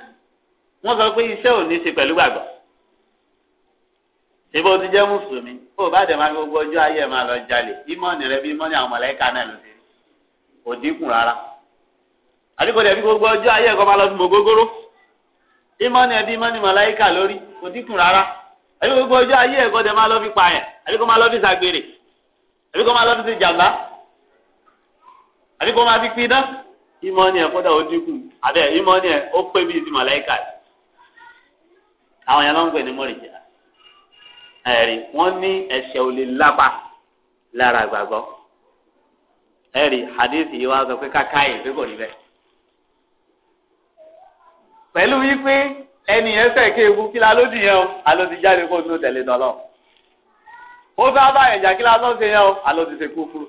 wọ́n sọ pé iṣẹ́ ò ní pẹ̀lú gbàgbọ́ ṣebí o ti jẹ́ mùsùlùmí o bá dẹ̀ máa gbogbo ọjọ́ ayé ẹ̀ máa lọ jalè ìmọ̀ọ́nì rẹ bí ìmọ̀ọ́nì àwọn mọ̀lẹ́ka náà ló ti kò dínkù rárá àdìgbò dẹ̀ bí gbogbo ọjọ́ ayé ẹ̀kọ́ máa lọ mọ̀ gógóró ìmọ̀ọ́nì ẹbí ìmọ̀ọ́nì mọ̀lẹ́ka lórí kò dínkù rárá àdìgbò gbogbo ọjọ́ ayé ẹ̀kọ́ dẹ̀ máa lọ fi pààyàn àdìgbò máa lọ fi ṣàgbèrè àdìgbò máa lọ fi ṣe jàmbá àdìgbò máa fi pidán ìmọ̀ọ́nì ẹ̀kọ́ dà ẹ̀rí wọ́n ní ẹ̀ṣẹ̀ ò lè lápá lára gbàgbọ́ ẹ̀rí hadith yìí wá sọ pé káká yìí pé kò rí bẹ́ẹ̀. pẹ̀lú wípé ẹni yẹn fẹ́ ké ewu kí la ló dì yẹn o alo ti jáde kó nínú tẹ̀lé tọ́lọ̀ ó fẹ́ bá ẹ̀jà kí la tó ṣe yẹn o alo ti ṣe kú fún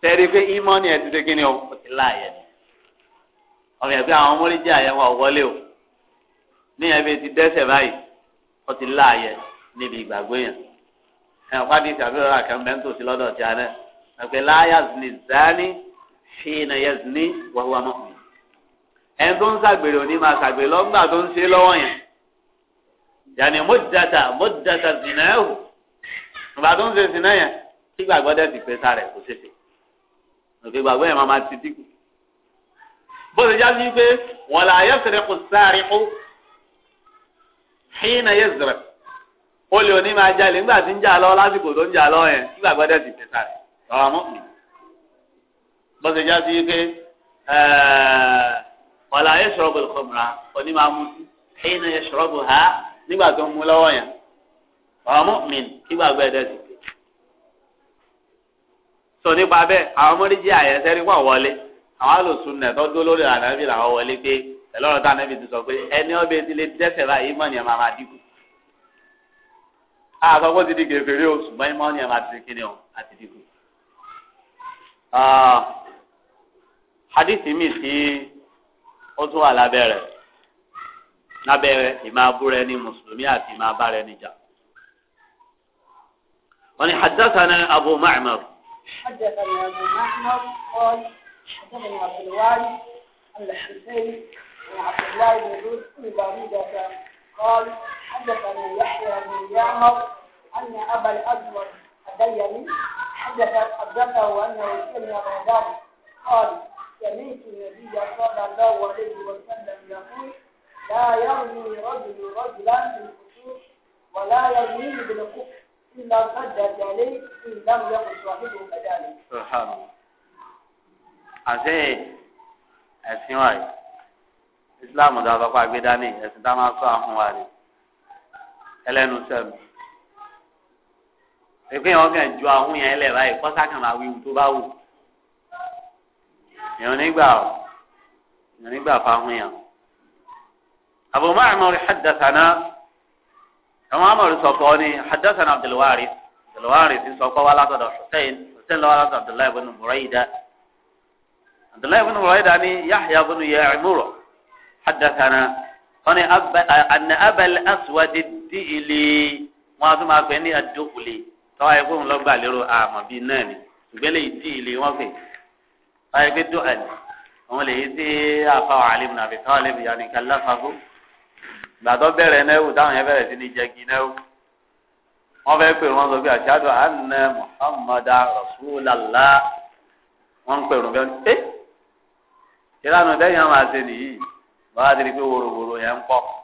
pé ìmọ̀ ni ẹ̀ ti ṣe kíni o ó ti láàyè ni ọmọ ẹ̀gbẹ́ àwọn mọ́lẹ́jì àyẹ̀wò ọ̀wọ́lé o níyẹn bí ti dẹ́sẹ̀ báyìí ó ti láàyè ni níbi ìgbàgbé yẹn ẹ̀ ọ̀pá di ìtàbílẹ̀ rà kẹ́ mẹ́ńtò sí lọ́dọ̀ tí a náà ẹ̀pẹ́ láyà zìnnì zání ṣìnà yẹ zìnnì wàhùwà mọ́kùn ẹni tó ń ṣàgbèrè òní máa ṣàgbèrè lọ́gbà tó ń ṣe lọ́wọ́ yẹn yàní mọ́jàtà mọ́jàtà zìnnà ẹ̀hù ìgbà tó ń ṣe zìnnà yẹn tí dẹ̀ ti pèsè rẹ̀ kó ṣe ṣe òkè gbàgbọ́ yẹn máa ti dínkù bó ṣe já sí pé wọ́n là yẹ sẹ̀rẹ̀ kó sáré kó ṣìnà yẹ sẹ̀rẹ̀ ó lè òní máa jalè nígbà tí ń jà lọ lásìkò tó ń jà lọ yẹn nígbà gbọ́dọ̀ ti tẹ̀ta rẹ̀ ọ̀rọ̀ mọ́. bó ṣe já sí pé ọ̀là yashrabu al-khamra òní máa mú sí hina yashrabuha nígbà tó ń mú lọ́wọ́ yẹn ọ̀rọ̀ mọ́ mi nígbà gbọ́dọ̀ ti tẹ̀. sọ nípa bẹ́ẹ̀ àwọn ọmọdé jẹ́ àyẹ̀sẹ́rí wà wọlé àwọn alòsùn nẹ̀ tó dó lórí ànábì àgbàgbọ́ ah, ti di gèfèrè o ṣùgbọ́n ìmọ̀ ni ẹ̀ máa ti kíni o àti dìgbò. Ah, hadith mi tí ó tún wà lábẹ́rẹ̀ lábẹ́rẹ̀ ìmáa búra ẹni mùsùlùmí àti ìmáa bára ẹni jà. wọ́n ní haddathana abu ma'mar. haddathana abu ma'mar qal haddathana abdulwari alḥusayn عبد الله بن رزق بن بريدة قال حدثنا يحيى بن يعمر أن أبا الأزور الديني حدث حدثه أنه سمع بغداد قال سمعت النبي صلى الله عليه وسلم يقول لا يرمي رجل رجلا بالخشوع ولا يرميه بالكفر إلا ردت عليه إن لم يكن صاحبه كذلك. سبحان الله. عزيز ẹ̀sìn wa yìí islam dábàá pa gbé dání ẹ̀sìn tá àhùn wa ẹlẹ́nu sẹ́nu èpè yẹn wọ́n kàn ju ahun yẹn lẹ̀ báyìí kọ́sá kan máa wí tó bá wù èèyàn nígbà o èèyàn nígbà fáhun yẹn Abu Ma'mar haddathana àwọn amọ̀rì sọ̀kọ́ ni haddathana Abdulwari Abdulwari ti sọ̀kọ́ wa látọ̀dọ̀ Hussein Hussein lọ́wọ́ látọ̀dọ̀ Abdullahi bin Buraida Abdullahi bin Buraida ni Yahya bin Ya'mur haddathana wọ́n ni abẹ́ ẹ̀ ẹ̀ ẹ̀ ẹ̀ ẹ̀ ẹ̀ ẹ̀ ẹ̀ ẹ̀ ẹ̀ ẹ̀ sí ilé wọn a tún máa pè ní àdókòlè tọ́wọ́ ayé fóun lọ́gbà lérò àmọ́ bíi náà ni ìgbélé ìtì ilé wọn fè báyìí pé tó àlè àwọn lè yí sí àfàwọn àlè mu nàbẹ káwọn lè fi yàrá nìkan láfàgó gbàtọ́ bẹ̀rẹ̀ náwó táwọn yẹn bẹ̀rẹ̀ sí ní jẹ́gi náwó wọ́n fẹ́ pè wọ́n sọ pé àṣàdù àná muhammadu rasulallah wọ́n pè eh, wọ́n bẹ́ẹ̀ ẹ́ ìlànà tẹ́yìn àwọn àṣẹ nìyí bá ti rí i pé wòròwòrò yẹn ń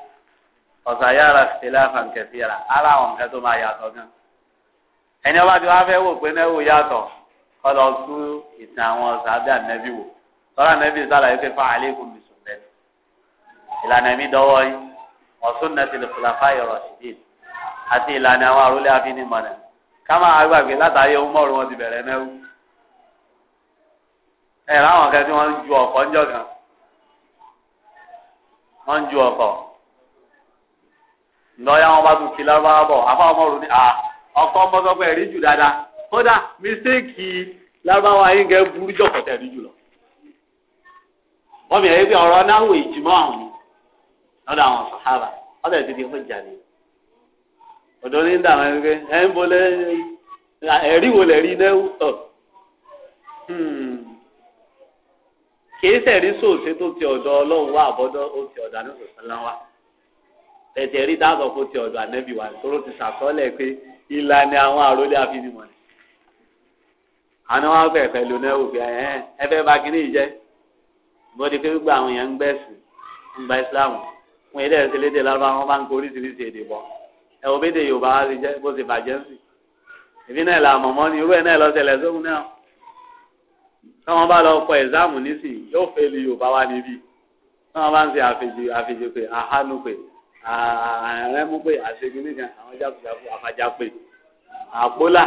ọ̀sàyára ìlàfà kẹfìrà ara àwọn nǹkan tó máa yàtọ̀ gan. ẹni ọba tí wọ́n fẹ́ wò pé náà wò yàtọ̀ kọ́ lọ tú ìtàn àwọn ọ̀sàbí ànẹ́bí wò tọ́lá ànẹ́bí sálàyé pé fún àlékún mi sùn lẹ́nu. ìlànà mi dọ́wọ́ yín ọ̀sùn náà ti lè fúlàfà ìrọ̀ sídìí àti ìlànà àwọn àrólé àfinimọ̀nà ká máa látàrí ohun mọ́ọ̀rù wọn ti bẹ̀rẹ̀ náà wù. ẹ̀ kan tí wọ́n ń ju ọ̀kọ́ ńjọ́ kan wọ́n ń ju ọ̀kọ́ lọ́yà wọn bá tún fi lọ́wọ́ bọ̀ ọmọ rò ní à ọkọ ọmọ sọ pé ẹ̀rí jù dáadáa kódà mísíkì yín burú jù lọ. mi ẹ̀rí pé ọ̀rọ̀ náwó ìjùmọ̀ àwọn ni lọ́dọ̀ àwọn sàhábà ọ̀dọ̀ ti di fún ní ń dàmọ́ ẹ̀ ń ẹ̀rí wo lẹ̀ náwó tọ̀. Hmm. kì í sẹ̀rí tó ti ọ̀dọ̀ ọlọ́run wá tẹ̀tẹ̀ rí dáàbò kó ti ọ̀dọ̀ ànẹ́bí wa tóró ti sàkọọ́lẹ̀ pé ìlànà àwọn àròlé àfinimọ̀ ni. àná wá fẹ̀ pẹ̀lú náà wò pé ẹ̀ ẹ fẹ́ bá kínní jẹ́ bó di pé gbogbo àwọn èèyàn ń gbẹ̀sìn ń gba Islam fún ilé ẹ̀sìn lédè lárúbá wọn bá ń kó oríṣiríṣi èdè bọ̀ ẹ ò bédè Yorùbá wá ti jẹ́ bó ti bàjẹ́ sí ìbí náà là mọ̀mọ́ ni irú ẹ̀ náà lọ́sẹ̀lẹ̀ sóhun náà táwọn bá lọ kọ ẹ̀sáàmù nísìnyí yóò fẹ́ lu Yorùbá wá níbí táwọn bá ń ṣe àfijì àfijì pé àhánú pé ààrẹ mú pé àṣegí nìkan àwọn jáfùjáfù àfàjápè àpólà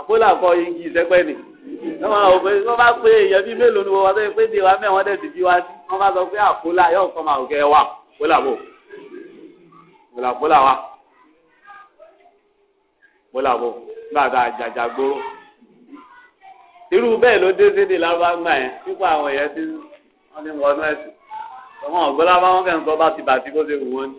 àpólà kọ igi ìsẹ́pẹ́ nì wọ́n máa wò pé wọ́n bá pé èèyàn bíi mélòó ni wọ́n wá pé dè wá mẹ́wọ́n dẹ̀ sì bí wá sí wọ́n bá sọ pé àpólà yóò kọ́ máa kẹ́ wà àpólà bò bòlà àpólà wà bòlà bò gbàgbà àjàjàgbó irú bẹ́ẹ̀ ló dé sédè lárúbá yẹn pípa àwọn èèyàn tí wọ́n ti wọ́n náà sí ọmọ ọ̀gbọ́n lábá wọn kẹ́ ń sọ bá ti bàtí bó ṣe wù wọ́n ni.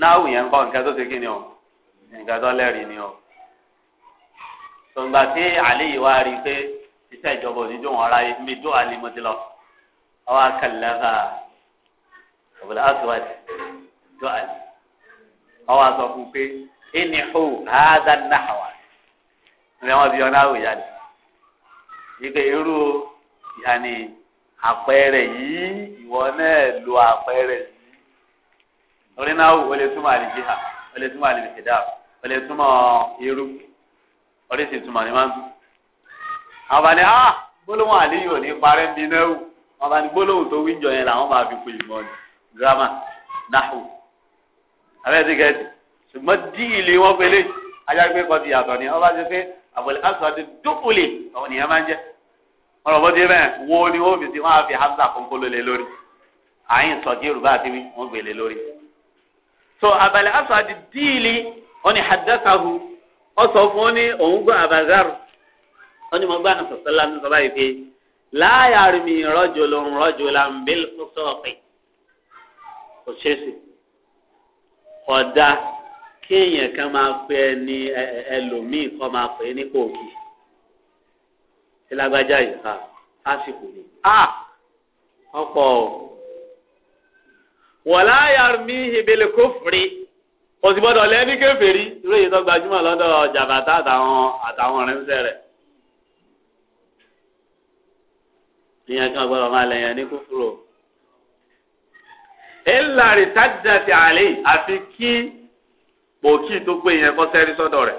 náwù yẹn ń kọ́ nǹkan tó ṣe kí ni o nǹkan tó lẹ́rìí ni o tòǹgbà tí àlẹ́ wa rí i pé iṣẹ́ ìjọba onídùn wọn ráyé mi dún àlè mo ti lọ ọwọ́ akẹ́lẹ́fà òbílẹ̀ àtúwàdì dún àlè ọwọ́ àtọ́ fún pé ẹnì hù hàdà náhàwà ní wọn bí ọ̀nà àwòyá ni yíké irú àní àpẹẹrẹ yìí ìwọ náà lo àpẹẹrẹ yìí orí náà wò ó lè túmọ̀ àlìjíhà ó lè túmọ̀ àlìjíhà ó lè túmọ̀ irú oríṣi ìtumọ̀ ni máa ń dùn. àwọn bá ní ah gbólóhùn àlíyò ní parẹ́ ń bi náà wò wọn bá ní gbólóhùn tó wíjọ yẹn làwọn máa fi pe ìmọ̀ ni grammar nahu abẹ́rẹ́ ti gẹ̀ẹ́sì ṣùgbọ́n díìlì wọn pélé ajágbé kan ti yàtọ̀ ni wọn bá ti pé àbọ̀lẹ̀ asọ̀dẹ̀ dúkùlì àwọn ènìyàn máa ń jẹ́ wọn lọ bó ti bẹ́ẹ̀ wo ni wọn fi ti wọn á fi hamza kónkóló lé lórí àyìn sọ̀dí yorùbá àti wí wọn gbélé lórí so abalẹ̀ asadi díìlì ọ̀ni haddathahu ọ̀sọ̀ fún ni òun gbọ́ abazar ọ̀ni mo gbọ́ àná sọ̀sọ́lá ní sọ́ba yìí pé láyà rìmì rajulun rajulan bil fusuqi kò ṣeéṣe ọ̀dà kéèyàn kan máa pè é ní ẹlòmíì kọ́ máa pè ní kòkì ìlágbájá yìí ká àsìkò ni ọ̀pọ̀ ọ̀ wọ̀lá yàrmí ìbẹ̀lẹ̀ kó fèrè kò sì gbọ́dọ̀ lẹ́ni kèfèrí irú èyí tó gbajúmọ̀ lọ́dọ̀ jàbàtà àtàwọn àtàwọn ọ̀rẹ́nsẹ̀ rẹ̀. ìyẹn kan gbọ́dọ̀ máa lẹ̀yìn ní kúfúrò. ìlà rìtájà ti àlè àfi kí bòkì tó pé yẹn kọ́ sẹ́rí sọ́dọ̀ rẹ̀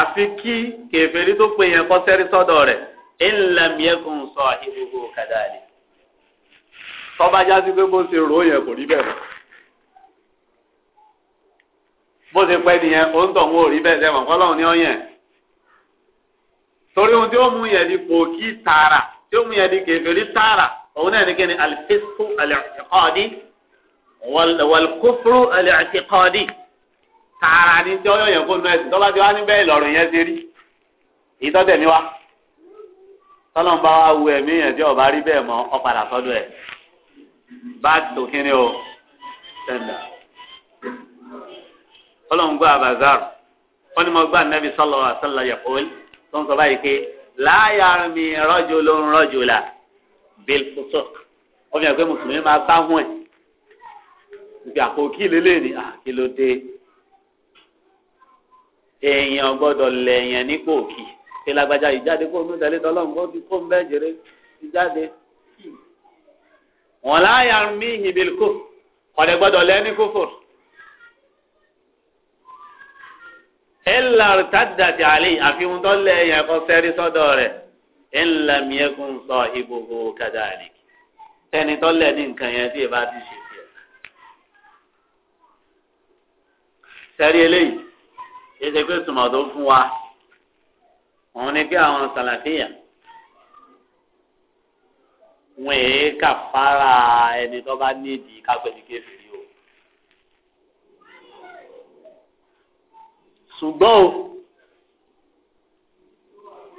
àfi kí kèfèrí tó pé yẹn kọ́ sẹ́rí sọ́dọ̀ rẹ̀ ìlà sọ ìgbogbo kàdáàlì tọ́ba já sí pé bó ṣe rò yẹn kò rí bẹ́ẹ̀ bó ṣe pẹ́ nìyẹn ó ń tọ̀hún ò rí bẹ́ẹ̀ sẹ́wọ̀n kọ́lọ́hún ní ọ̀yẹn torí ohun tí ó mú yẹn ni kò kí tààrà tí ó mú yẹn ni kèfèrí tààrà òun náà ní kí ni alifisku alẹ́kọ̀ọ́dí wàlkófóró alẹ́kọ̀ọ́dí tààrà ni tí ọyọ yẹn kó nu ẹsìn tọ́ba ti wá níbẹ̀ ìlọrin yẹn ti rí ìtọ́tẹ̀mí wa tọ́lọ́mùbá wa wu ẹ̀mí yẹn tí ọba rí bẹ́ẹ̀ mọ́ ọ padà sọ́dọ̀ ẹ̀ back to kíni o sender ọlọ́run gbọ́ abazar wọ́n ní mo gbọ́ anabi sọlọ àtàlà yàkọ́l tó ń sọ báyìí pé láyà mi rọ́jò ló ń rọ́jò la bill kutọ wọ́n fi hàn pé mùsùlùmí máa sáhùn ẹ̀ ìgbà kò kí lélẹ̀ ni ah, kí ló dé èèyàn gbọ́dọ̀ lẹ̀yìn nípò kì kí lágbájá ìjáde kó ń dalẹ̀ tọ́lọ́run kó ń bẹ́ẹ̀ jẹrẹ ìjáde wọn láyà mí ìbílkù ọ̀dẹ̀ gbọ́dọ̀ lẹ́ni kófòrò. ẹ̀là tàdàtì àlẹ́ àfihàn tó lẹ̀ yẹn kọ́ sẹ́rí sọ́dọ̀ rẹ̀ ẹ̀là miẹ́kùn sọ ìbòho kàdáàlì sẹ́ni tó lẹ̀ ní nǹkan yẹn tí ìbá ti ṣe tiẹ̀. sẹ́rí eléyìí ètò ìpèsè mọ̀ tó fún wa òun ni pé àwọn sàlàfíà wọn èé kàfàrà ẹni tó bá nídìí kápẹ́ni kéfì o. ṣùgbọ́n o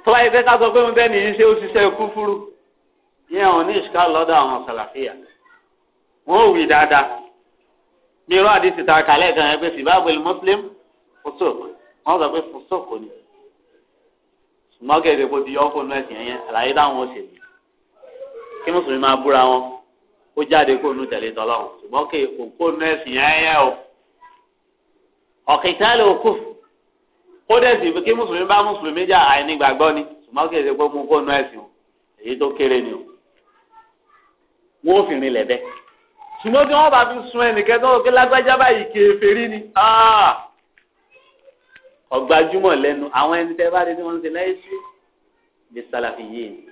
tó wáyé pé ká sọ pé mo bẹ́ẹ̀ nìyí ṣe ó ṣiṣẹ́ kúfúrú yẹn ò ní ìṣúká lọ́dọ̀ àwọn sàlàfíà wọn ò wí dáadáa mi rọ àdìsí ta kàlẹ́ kan yẹn pé sìbáàbò mùsùlùm fòsòkò wọn sọ pé fòsòkò ni ṣùgbọ́n kẹ́kẹ́ bó ti yọ ọkùnrin ẹ̀sìn yẹn àlàyé táwọn ò ṣèlú kí mùsùlùmí máa búra wọn ó jáde kó nu tẹ̀lé tọ́lọ́run ṣùgbọ́n kí òkú nu ẹ̀sìn ayẹyẹ o ọ̀kìtálẹ̀ òkú ó dẹ̀sì kí mùsùlùmí bá mùsùlùmí jà àìní gbàgbọ́ ni ṣùgbọ́n kí èsì pé mú kó nu ẹ̀sìn o èyí tó kéré ni o wọn ò fi rin lẹ̀ bẹ́ẹ̀ ṣùgbọ́n tí wọ́n bá fi sun ẹnìkẹ́ tó kí lágbájá báyìí kèfèrí ni ah! ọgbàjúmọ̀ lẹ́nu àwọn ẹni tẹ́ bá rí tí wọ́n ń ṣe láyé sí bí ni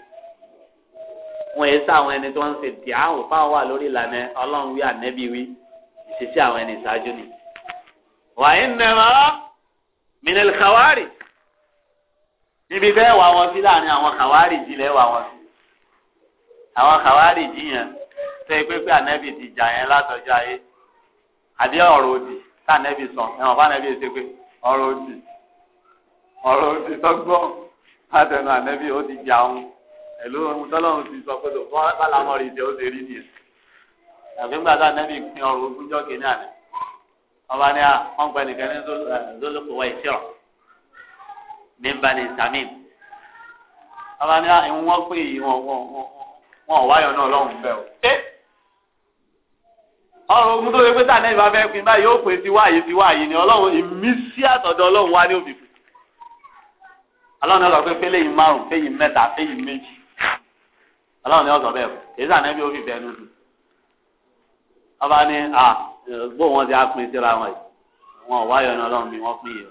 wọn yẹ sá àwọn ẹni tí wọn ń ṣe dì áhùn fáwọn wà lórí ìlànà Ọlọ́run wí ànẹbí wí ìṣesí àwọn ẹni ìṣáájú ni. wàyí nẹ̀rọ minel kawari níbi bẹ́ẹ̀ wà wọn sí láàrin àwọn kawari jí lẹ́wà wọn sí. àwọn kawari jí yẹn tẹ́ pé pé ànẹ́bí ti jà yẹn látọjọ́ ayé àbí ọ̀rọ̀ òdì tá ànẹ́bí sọ ẹ̀wọ̀n fún ànẹ́bí ṣe pé ọ̀rọ̀ òdì ọ̀rọ̀ òdì tọ́gbọ́n látẹnu ànẹ́bí ó ti jà òun ẹ̀lú ohun tọ́lọ́run ti sọ pé lòpọ̀ bálámọ́ rí jẹ́ ó ṣe rí nìyẹn àfi ńgbà nẹ́bí pin ọrùn ogúnjọ́ kìíní àná ọba ní à wọ́n gba nìkan ní lólùkọ́ wa ìṣirọ̀ ní bá samim ọba ní à ìwọ́n wọ́n pè yìí wọ́n wọ́n wáyọ̀ náà lọ́hùn bẹ́ẹ̀ o. ọrùn ogun tó ṣe pé tá nẹ́bí bá fẹ́ pin báyìí yóò pè sí wáyé sí wáyé ni ọlọ́run ìmísí àtọ̀dọ̀ ọlọ́run wá ní òfìfì ọlọ́run náà lọ pé fẹ́lẹ́ yìí márùn-ún fẹ́yìí mẹ́ta fẹ́yìí méjì ọlọ́run ni ọ̀sọ̀ bẹ́ẹ̀ èyí sàn ẹbí ó fi bẹ́ẹ̀ ọba ní à gbó wọn ti apin síra wọn yìí wọn ò wáyọ̀ ní ọlọ́run bí wọ́n pín yìí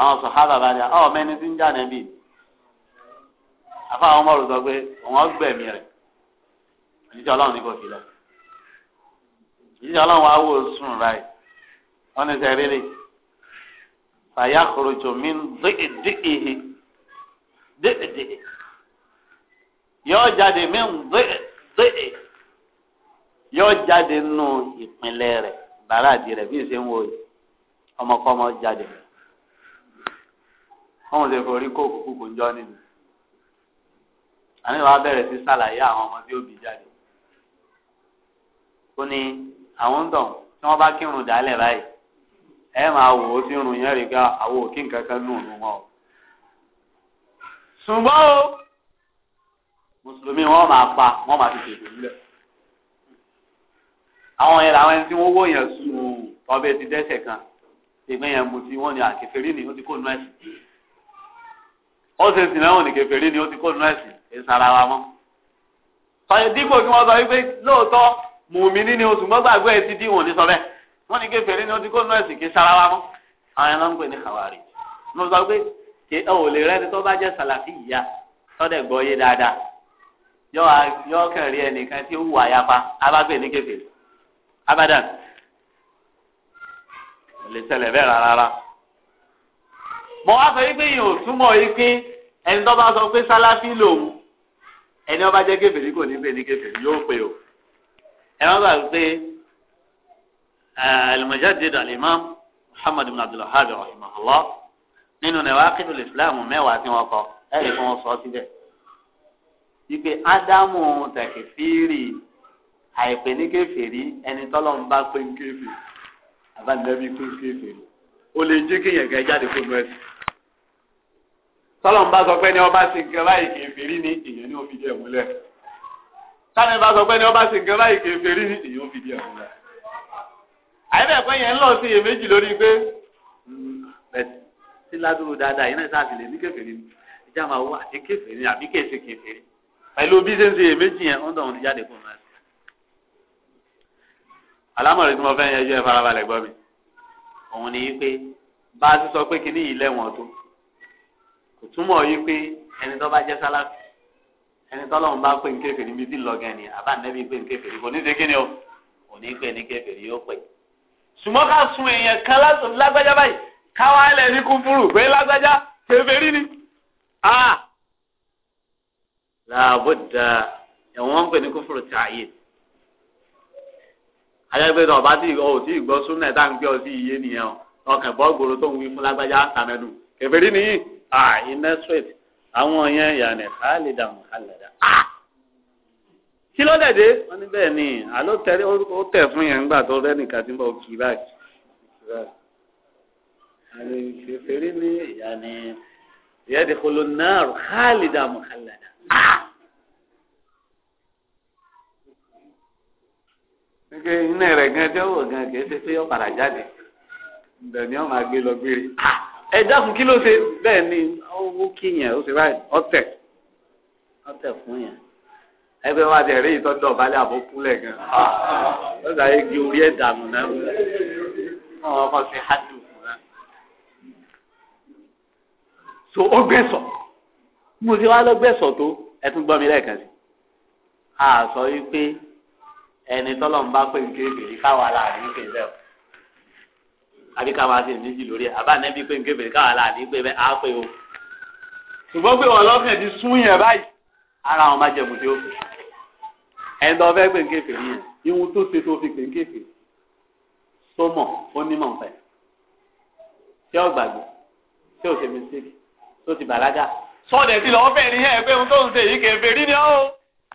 àwọn sọ̀hábà bá dà ọ̀ mẹ́ni tí ń jà nẹ́bí àfa àwọn ọmọ pé òun gbẹ̀mí rẹ̀ ìdíjọ́ ọlọ́run ní kò fi lọ ìdíjọ́ ọlọ́run wá wò sùn ráì wọ́n ní sẹ́rí lè fàyà kòròjò mi ń dé èdè èhè dé èdè èhè yóò jáde mí ń gbé yóò jáde nù ìpínlẹ̀ rẹ̀ bàrà àdì rẹ̀ bí ìṣe ń wo ọmọkọ́mọ jáde wọn ò lè forí kó kúkú ń jọ nínú àmì wa bẹ̀rẹ̀ sí ṣàlàyé àwọn ọmọ tí ó bí jáde ó ní àwọn ń dàn tí wọ́n bá kírun dálẹ̀ báyìí ẹ máa wò ó sí irun yẹn rí ká àwọn òkín kankan nù nù wọn ṣùgbọ́n o mùsùlùmí wọn máa pa wọn máa fi tètè lulẹ̀ àwọn yẹn làwọn ẹni tí wọn wó yẹn sùn ọbẹ ti dẹ́ṣẹ̀ kan ìgbẹ́ yẹn mu ti wọn ni àkẹfẹ́rí ni ó ti kó nú ẹ̀sìn ó sì sìn lẹ́wọ̀n ní kẹfẹ́rí ni ó ti kó nú ẹ̀sìn ìsara wa mọ́ sọyìn dípò kí wọ́n sọ wípé lóòótọ́ mùmíní ni oṣù mọ́gbàgbé ẹ̀ ti díwọ̀n ní sọ bẹ́ẹ̀ wọ́n ní kẹfẹ́rí ni ó ti kó nú ẹ̀sìn kì í sara wa mọ́ àwọn yẹn ló ń pè ní kàwárí mo sọ pé ò lè rẹ́ni tó bá jẹ́ sàlàfí ìyá yọ kàn rí ẹnìkan tí ó wù àyàpá abágbé ní kẹfẹ abadan lè ṣẹlẹ̀ bẹ́ẹ̀ rárá mọ wá sọ wípé yìí ò túmọ̀ yìí pé ẹni tó bá sọ pé sáláfí lòun ẹni ọba jẹ́ kẹfẹ́rí kò ní pè ní kẹfẹ́rí yóò pè o ẹ má gbàgbé pé al-Mujaddid al-Imam Muhammad ibn Abdul Wahhab rahimahullah nínú nàìjíríà kìtìlì Islam mẹ́wàá tí wọ́n kọ ẹ̀rí fún wọn sọ síbẹ̀ wípé ádámù tẹ̀kẹ̀fìrì àìpé ní kèfèrí ẹni tọ́lọ́ ń bá pé ń kèfèrí àbánilẹ́bí pé ń kèfèrí ó lè jẹ́ kéèyàn gẹ́ jáde fún mẹ́sì tọ́lọ́ ń bá sọ pé ní ọba sì ń kẹ́ báyìí kèfèrí ní èèyàn ní òfìdí ẹ̀ múlẹ̀ sáré bá sọ pé ní ọba sì ń kẹ́ báyìí kèfèrí ní èèyàn òfìdí ẹ̀ múlẹ̀ àyẹ̀bẹ̀ pé yẹn ń lọ sí iyèméjì lórí pé sí ládùúgbò dáadáa yìí náà sáà pẹ̀lú bí ṣe ń ṣe èméjì yẹn wọ́n tọ̀hún ti jáde fún mi. alámọ̀rin tí mo fẹ́ yẹn yọ ẹ farabalẹ̀ gbọ́ mi òun ni yí pé bá a ti sọ pé kíní yìí lẹ́wọ̀n tó kò túmọ̀ yí pé ẹni tó bá jẹ́ sálàfì ẹni tó lọ́wọ́n bá pè ń kéfèé níbi tí lọ́gàn ni àbá nẹ́bí pè ń kéfèé kò ní ṣe kíni o kò ní pè ní kéfèé yóò pè. ṣùgbọ́n ká sun èèyàn kan lágbájá báyìí káwá ẹlẹ́ni kúfúrú pé lágbájá kéfèé rí ni làbúdà ẹ̀wọ̀n ń pè ní kúfùrù tí a yé ayẹgbẹ́ náà ọba tí ò tí gbọ́ súnà ẹ̀ tá ń gbé ọ sí iye nìyẹn o ọkàn bọ́ gbòòrò tó ń wí fún lágbájá àtàmẹ́nu kẹfẹ́rí nìyí à iná straight àwọn yẹn yànnẹ̀ kálídà mùkálẹ̀dà à kí ló dẹ̀dẹ̀ wọ́n ní bẹ́ẹ̀ ni àló tẹ̀rí ó tẹ̀ fún yẹn nígbà tó rẹ́nìkan tí ń bọ̀ kí báyìí kẹfẹ́rí ni yànnẹ̀ yẹ́dẹ̀kọ́lọ́ náà kálídà mùkálẹ̀dà Ike iná rẹ̀ gan tí ó wò gan kìí ṣe pé ó padà jáde. Bẹ́ẹ̀ ni ó máa gbé lọ gbére. Ẹ dákun kí ló ṣe bẹ́ẹ̀ ni owó kí yẹn ó ṣe báyìí ọ̀tẹ̀ ọ̀tẹ̀ fún yẹn. Ẹgbẹ́ wa ti rí ìtọ́jú ọ̀bálẹ̀ àbókúlẹ̀ gan. Lọ́sà yìí di orí ẹ̀ dànù náà. Wọ́n kọ́ sí hádùn fún náà. So ó gbẹ̀sọ̀ mo ti wá lọ́gbẹ̀sọ̀ tó ẹ tún gbọ́ mi lẹ́ẹ̀kan sí a sọ wípé ẹni tọ́lọ̀ ń bá pé nké bèrè káwa láàrin nké bẹ́ẹ̀ o àbí káwa sì méjì lórí ẹ̀ àbá nẹ́bí pé nké bèrè káwa láàrin pé bẹ́ẹ̀ á pé o ṣùgbọ́n pé wọn lọ́kàn ti sún yẹn báyìí ara wọn má jẹun tí ó fi ẹni tó fẹ́ pé nké bèrè yẹn ihun tó ṣe tó fi pé nké bèrè sọmọ onímọ̀ ó gbàgbé tí ó ṣe mistake tó ti bàlágà sọ̀dẹ̀ sí lọ́wọ́ bẹ́ẹ̀ ni yẹn pé ohun tó ń ṣe yìí kẹfẹ́ rí ni ó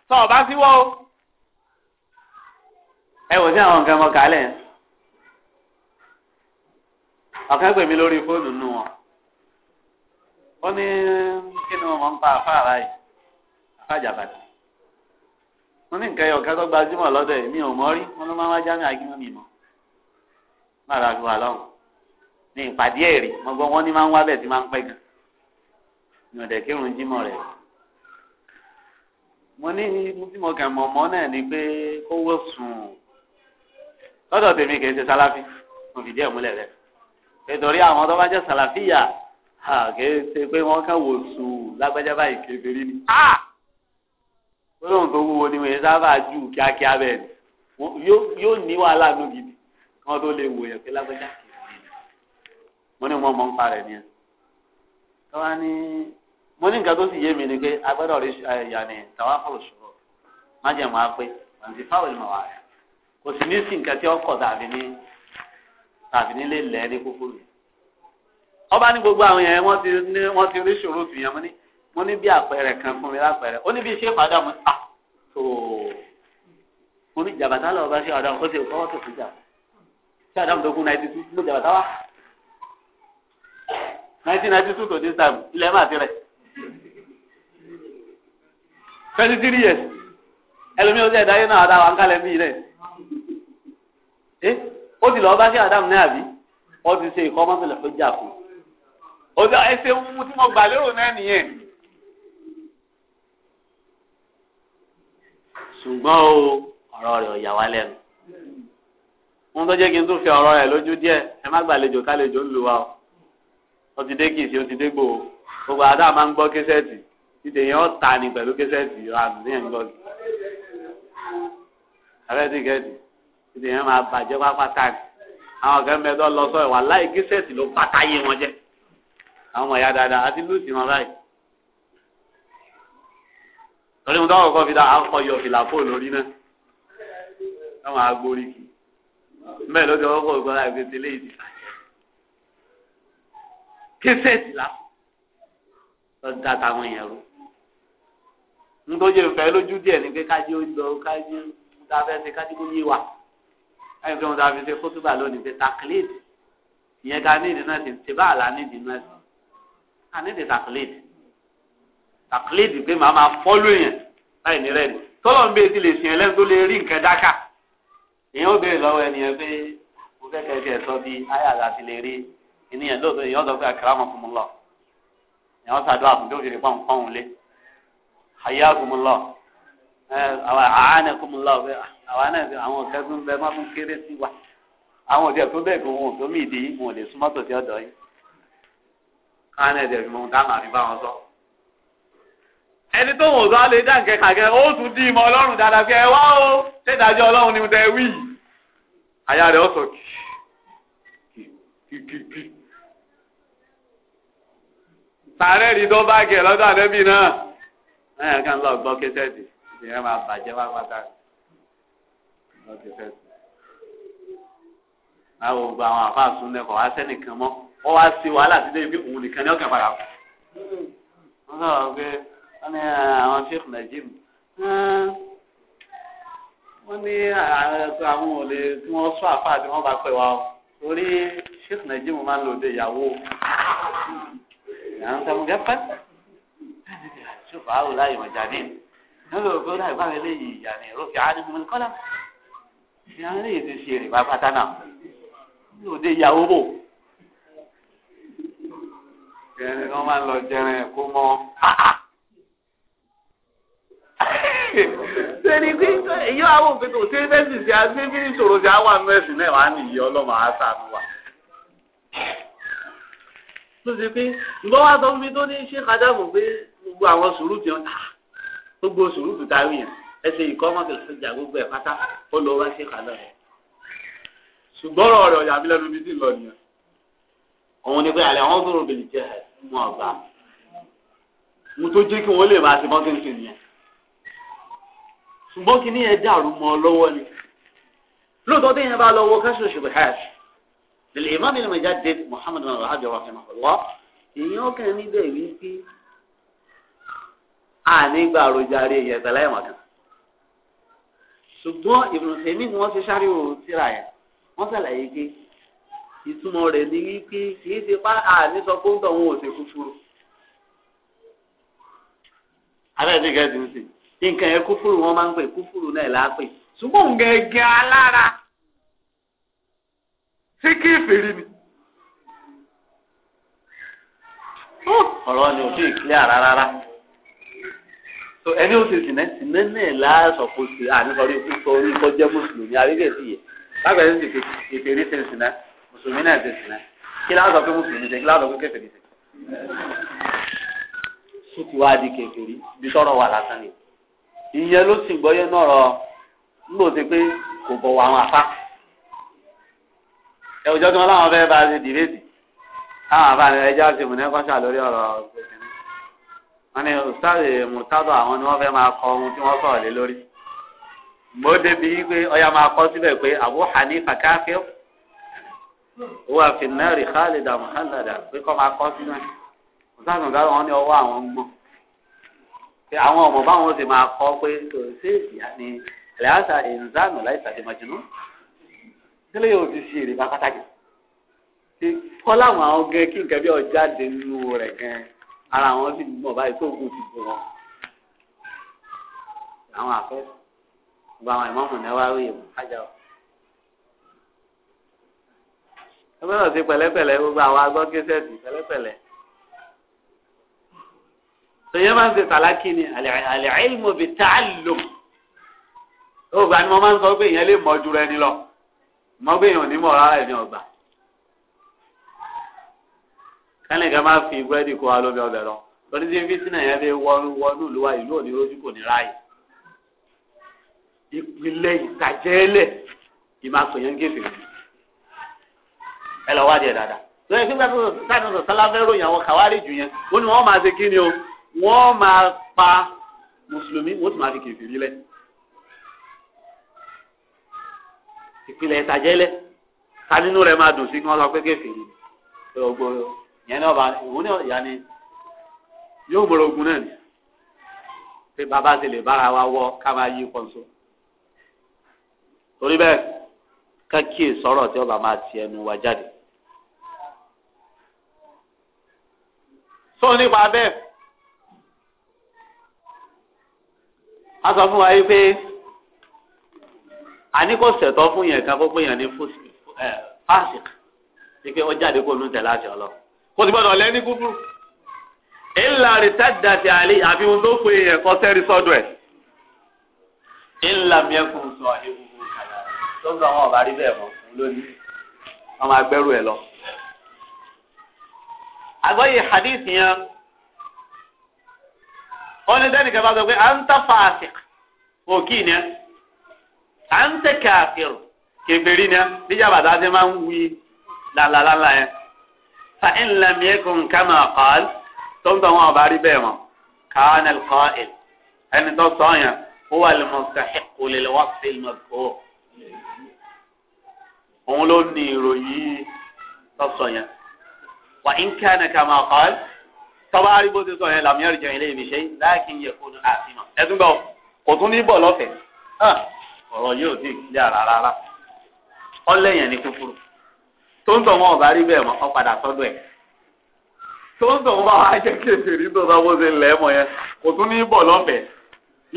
sọ ọ̀bá sí wọ́ o. ẹ wò sí àwọn nǹkan ọmọ kálẹ̀ yẹn ọ̀kan pè mí lórí fóònù nù wọn ó ní kí ni wọn ń pa àfáà láyé àfáà jàbàtì wọn ní nǹkan ẹyọ kan tó gbajúmọ̀ lọ́dọ̀ mi ò mọ̀ rí wọn ló máa ń wá jámẹ́ àgímọ́ mi mọ́ lára àgbà lọ́hùn ní ìpàdé ẹ̀rí mo gbọ́ wọn ní máa ń wá bẹ́ẹ̀ tí máa ń pẹ́ gan ní ọ̀dẹ̀ kírun jímọ̀ rẹ̀. mo ní tí mo kàn mọ̀ mọ́ náà ni pé kó wọ́ sùn lọ́dọ̀ tèmi kì í ṣe sáláfí mo fìdí ẹ̀ múlẹ̀ rẹ̀ nítorí àwọn tó bá jẹ́ sàlàfíà kì í ṣe pé wọ́n kàn wò sùn lágbájá báyìí kékeré ni. gbọ́dọ̀ tó wúwo ni wọ́n sábà jù kíákíá bẹ́ẹ̀ ni yóò ní wàhálà nù gidi kí wọ́n tó lè wò yẹn pé lágbájá kékeré ni. mo ní wọn mọ̀ ń parẹ́ ni ẹ̀ káwa ní mo ní nǹkan tó sì yé mi ni pé agbẹ́dọ̀ rí yàní tàwa fọlù ṣòro má jẹ̀ mọ́ a pé àǹtí fáwọn ìmọ̀ wà rẹ̀ kò sì ní sí nǹkan tí ọkọ̀ dàbí ní tàbí nílé lẹ́ ní kúkúrú yẹn ọba ní gbogbo àwọn yẹn wọ́n ti ní wọ́n ti rí ṣòro tù yẹn mo ní mo ní bí àpẹẹrẹ kan fún mi lápẹẹrẹ ó ní bí ṣé fàdà mo ah, ta tó mo ní jàbátá lọ́wọ́ bá ṣe àdàmú ó ṣe kọ́wọ́ tó fi jà ṣé àdàmú tó kún náà ti nineteen ninety two to this time ilẹ̀ máa ti rẹ̀ twenty three years ẹlòmíì ó ti ẹ̀dá yín náà àdá wa ń kálẹ̀ mí rẹ̀ ẹ eh? ó ti lọ bá sí àdá mi náà àbí ó ti ṣe ìkọ́ mọ́tòlẹ̀ fún jà fún ó ti ẹsẹ̀ mú tí mo gbà lérò náà nìyẹn ṣùgbọ́n o ọ̀rọ̀ rẹ̀ ò yà wá lẹ́nu wọn tó kí n tún fi ọ̀rọ̀ rẹ̀ lójú díẹ̀ ẹ má gbàlejò kálejò ń lu wa o ó ti dé kìsì ó ti dé gbòó gbogbo àdá máa ń gbọ́ késẹ́ẹ̀tì ìdè yẹn ó ta ni pẹ̀lú késẹ́ẹ̀tì ìranù ní ẹ̀ńgọ́ ni àrẹ́tì kẹ́ẹ̀tì ìdè yẹn máa bàjẹ́ pápátá ni àwọn kan mẹ́tọ́ lọ sọ ìwà láì késẹ́ẹ̀tì ló bàtà yé wọn jẹ́ àwọn ọmọ ìyá dáadáa àti lùsì wọn báyìí torí mo dáwọ́ kọ́ fi dá akọyọ fìlà fóònù orí náà ẹ máa gborí kì mẹ́ẹ̀ ló ọkọ̀ ògbọ́n láì fi ti léyìí kẹsẹ̀tì lásán lọ da táwọn èèyàn rú nítorí ìfẹ́ lójú díẹ̀ ni pé kájí ó lọ kájí dáfẹ́ ṣe kájí kó yé wa káyọ̀ pé wọn dáfẹ́ ṣe kótóbà lónìí ṣe takiléèdì ìyẹn ká ní ìdínà ti ṣe bá àlá ní ìdínà ẹ̀sìn ká ní ìdí takiléèdì takiléèdì pé màá máa fọ́lú èèyàn láì ní rẹ́ẹ̀dì tọ́lọ̀ ń bèè ti lè sìn ẹlẹ́nu tó lè rí nǹkan dáká ìyẹn ó béèrè lọ́wọ́ ẹnìyẹn pé mo fẹ́ kẹ́ ènìyàn lóòótọ́ èèyàn sọ pé àkàràmọ̀ fún mi lọ èèyàn sàdúrà fún tó fi lè pọ́n pọ́n lé àyà fún mi lọ àwọn àánẹ fún mi lọ àwọn àánẹ fún àwọn òkẹ́gun bẹ́ẹ̀ má fún kéré sí wa àwọn òde tó bẹ́ẹ̀ kó wọn ò tó mí ìdí yìí wọn ò lè súnmọ́ tòsí ọ̀dọ́ yìí káwọn ẹ̀dẹ̀ fi mọ ohun táwọn bá wọn sọ. ẹni tó wọn sọ á lè kàkẹ́ ó tún dí ìmọ̀ ọlọ́run dáadáa fi ẹ wá o ṣé ìdájọ́ ọlọ́run ni mo tẹ wí. àyà rẹ̀ ó sọ kìkìkì tààrẹ́ rí dọ́ báàgì ẹ̀ lọ́dọ̀ àdẹ́bì náà ẹ̀yàn kan lọ gbọ́ kẹsẹ́ẹ̀tì ìyẹn máa bàjẹ́ wá pátá gbọ́ kẹsẹ́ẹ̀tì. báwo gba àwọn àfáà sún lẹ́kọ̀ọ́ wá sẹ́nìkan mọ́ ọ wá sí wàhálà sílé ibi òun nìkan ní ọ̀kẹ́ padà. wọ́n sọ̀rọ̀ pé wọ́n ní ah, àwọn sheikh najim ah, wọ́n ní ah, àwọn ò tí wọ́n sọ àfáà tí wọ́n bá pẹ̀ wá torí sheikh najim máa ń lò dé أنت مقفل شوف هؤلاء مجانين نقول يقول هاي بعد لي يعني رفع عنهم القلم يعني ليه تشيري ما فتنا ودي يا أبو يعني لو ما لو جانا كومو sẹ́ni pé èyí àwọn òfin kò sí ẹ́sìn sí àti bí ìṣòro sí àwọn àmì ẹ̀sìn náà wà ní ìyá ọlọ́mọ àṣà àmì wa tó ṣe pé ìgbọ́ wa sọ fún mi tó ní ṣé kájàmù pé gbogbo àwọn sùúrùtù yẹn gbogbo sùúrùtù táwọn yẹn ẹsẹ̀ ìkọ́mọ́tò ìjà gbogbo ẹ̀ pátá ó lọ wá ṣé kájàmù ṣùgbọ́n ọ̀rọ̀ ọ̀yà mi lẹ́nu mi sì lọ nìyẹn òun ni pé àlẹ́ wọn sọ̀rọ̀ bèlì jẹ́ wọn ọ̀gbà mo tó jẹ́ kí wọ́n lè máa ṣe mọ́kìnsìn nìyẹn ṣùgbọ́n kí ni ẹ dàrú mọ́ lọ́wọ́ ni lóòótọ́ للإمام المجدد محمد بن الوهاب رحمه الله ìyẹn ọkàn níbẹ̀ wípé ànígbà àròjàre ìyẹ̀fẹ̀ láìmọ̀kan ṣùgbọ́n Ibn Taymi ni wọ́n ti ṣáríwò síra yẹn wọ́n ṣàlàyé pé ìtumọ̀ rẹ̀ ni wípé kì í ṣe pa àní sọ pé ń tọ̀ wọn ò ṣe kúfúrú. abẹ́ẹ̀dì gẹ̀ẹ́sì ń sìn nǹkan yẹn kúfúrú wọ́n máa ń pè kúfúrú náà láàpè ṣùgbọ́n gẹ́gẹ́ alára. ṣé kí èfèrè ni. Oh, ọ̀rọ̀ ni ò clear rárá so ẹni ti náà láàṣọ kò sí sọ orí jẹ́ mùsùlùmí yẹ ti ti mùsùlùmí náà ti kí láàṣọ pé mùsùlùmí kí láàṣọ pé sùn ti wá di bí sọ̀rọ̀ wà lásán ni ìyẹn ló sì gbọ́yé náà rọ ẹ òjò tí wọn láwọn fẹ́ bá a ṣe dìbẹ́tì táwọn àbáni ẹjọ́ àti ìmùnẹ́kọ́ṣà lórí ọ̀rọ̀ wọn ni ọ̀sáàrè mùtádọ̀ àwọn ni wọ́n fẹ́ máa kọ ohun tí wọ́n sọ̀rọ̀ lé lórí mo débi pé ọya máa kọ síbẹ̀ pé Abu Hanifa káfíọ́ owó àfinẹ́rì Khalida Muhammad pé kọ́ máa kọ sínú ẹ̀ ọ̀sáàrè mùtádọ̀ wọn ni ọwọ́ àwọn mọ̀ pé àwọn ọmọ báwọn sì máa kọ pé kò sí kílẹ̀ yóò ti ṣe èrèbá pàtàkì kọ́ láwọn àwọn gan kí nǹkan bí ọjà dé nínú rẹ̀ gan ara wọn sì mọ̀ báyìí tó ogun ti bò wọn àwọn àfẹ́ gba àwọn ìmọ̀mù náà wá rí èèmù ájà o. ẹ gbọ́dọ̀ sí pẹ̀lẹ́pẹ̀lẹ́ gbogbo àwọn agbọ́ késẹ́ẹ̀tì pẹ̀lẹ́pẹ̀lẹ́. sèyí máa ń ṣe sàlákì ni àlẹ́ àìlmọ̀ bíi tààlùm. ó gbà ni mo máa ń sọ pé ìyẹn lè mọ̀ ju rẹ ni lọ mọ́gbìyàn onímọ̀ rárá ẹ̀mí ọgbà kẹ́nìkan máa fi búrẹ́dì kó wa lómi ọbẹ̀ lọ lórí tí fítínà yẹn fi wọnú wọnú ìlúwa ìlú ònírójú kò ní ráàyè ìpìlẹ̀ ìtàjẹ́lẹ̀ ìmàsòyàn gèfè ẹ lọ wádìí ẹ dáadáa lórí fígbà tó sáà tó sọlá fẹ́ ròyìn àwọn kàwárí jù yẹn wọ́n Ni wọ́n máa ṣe kí ni o wọ́n máa pa mùsùlùmí wọ́n sì máa fi kèfèrí lẹ́yìn. ìpìlẹ̀ ìtàjẹ́lẹ̀ ká nínú rẹ̀ máa dùn sí kí wọ́n sọ pé kéfìrí gbogbo yẹn náà bá òun ní ọ̀yà ni yóò mọ̀rọ̀ ogun náà ni pé bàbá ti lè bára wa wọ ká máa yí kọ́ńsó torí bẹ́ẹ̀ ká kíyè tí ọba máa ti ẹnu wa jáde. sọ nípa bẹ́ẹ̀ a sọ fún wa yìí pé àní kò ṣẹ̀tọ́ fún yẹn kan fún yẹn ní fásik ní pé ó jáde kó lóun tẹ̀lé àṣẹ ọlọ́run kò sì gbọ́dọ̀ lẹ́ni kúkú ìlà rìtádà ti àlè àfi ohun tó pe yẹn kọ́ sẹ́rí sọ́dọ̀ ẹ̀ ìlà miẹ́kùn sọ egungun kàlà tó ń sọ àwọn ọ̀bá rí bẹ́ẹ̀ mọ́ lónìí wọ́n máa ẹ̀ lọ. àgbọ̀yé hadith yẹn ó ní dẹ́nìkan bá sọ pé à ń tà fásik òkì yẹn à ń tẹ káfíìrù kébèrè ni níjà bàtà ti máa ń wí làlàlàlà yẹn fa in lam yakun kama qaal tó ń tọ́ wọn ọba rí bẹ́ẹ̀ mọ́ kana al-qaa'il ẹni tó sọ yẹn huwa al-mustahiqqu lil-wasf al-madhkur òun ló ní ìròyìn tó sọ yẹn wa in kana kama qaal tọ́ba arí ti sọ yẹn lam yarji ilayhi bi shay lakin yakunu àfihàn ẹ̀dúgbọ́ kò tún ní bọ̀ lọ́fẹ̀ẹ́. ọ̀rọ̀ yóò sì kílẹ̀ ara rárá lẹ́yìn ní kúkúrú tó ń tọ̀ wọn ọ̀bá rí bẹ́ẹ̀ mọ́ ọ padà sọ́dọ̀ ẹ̀ tó ń wọn bá jẹ́ kéèké tó ṣe lẹ́ mọ́ yẹn kò tún ní bọ̀ lọ́fẹ̀ẹ́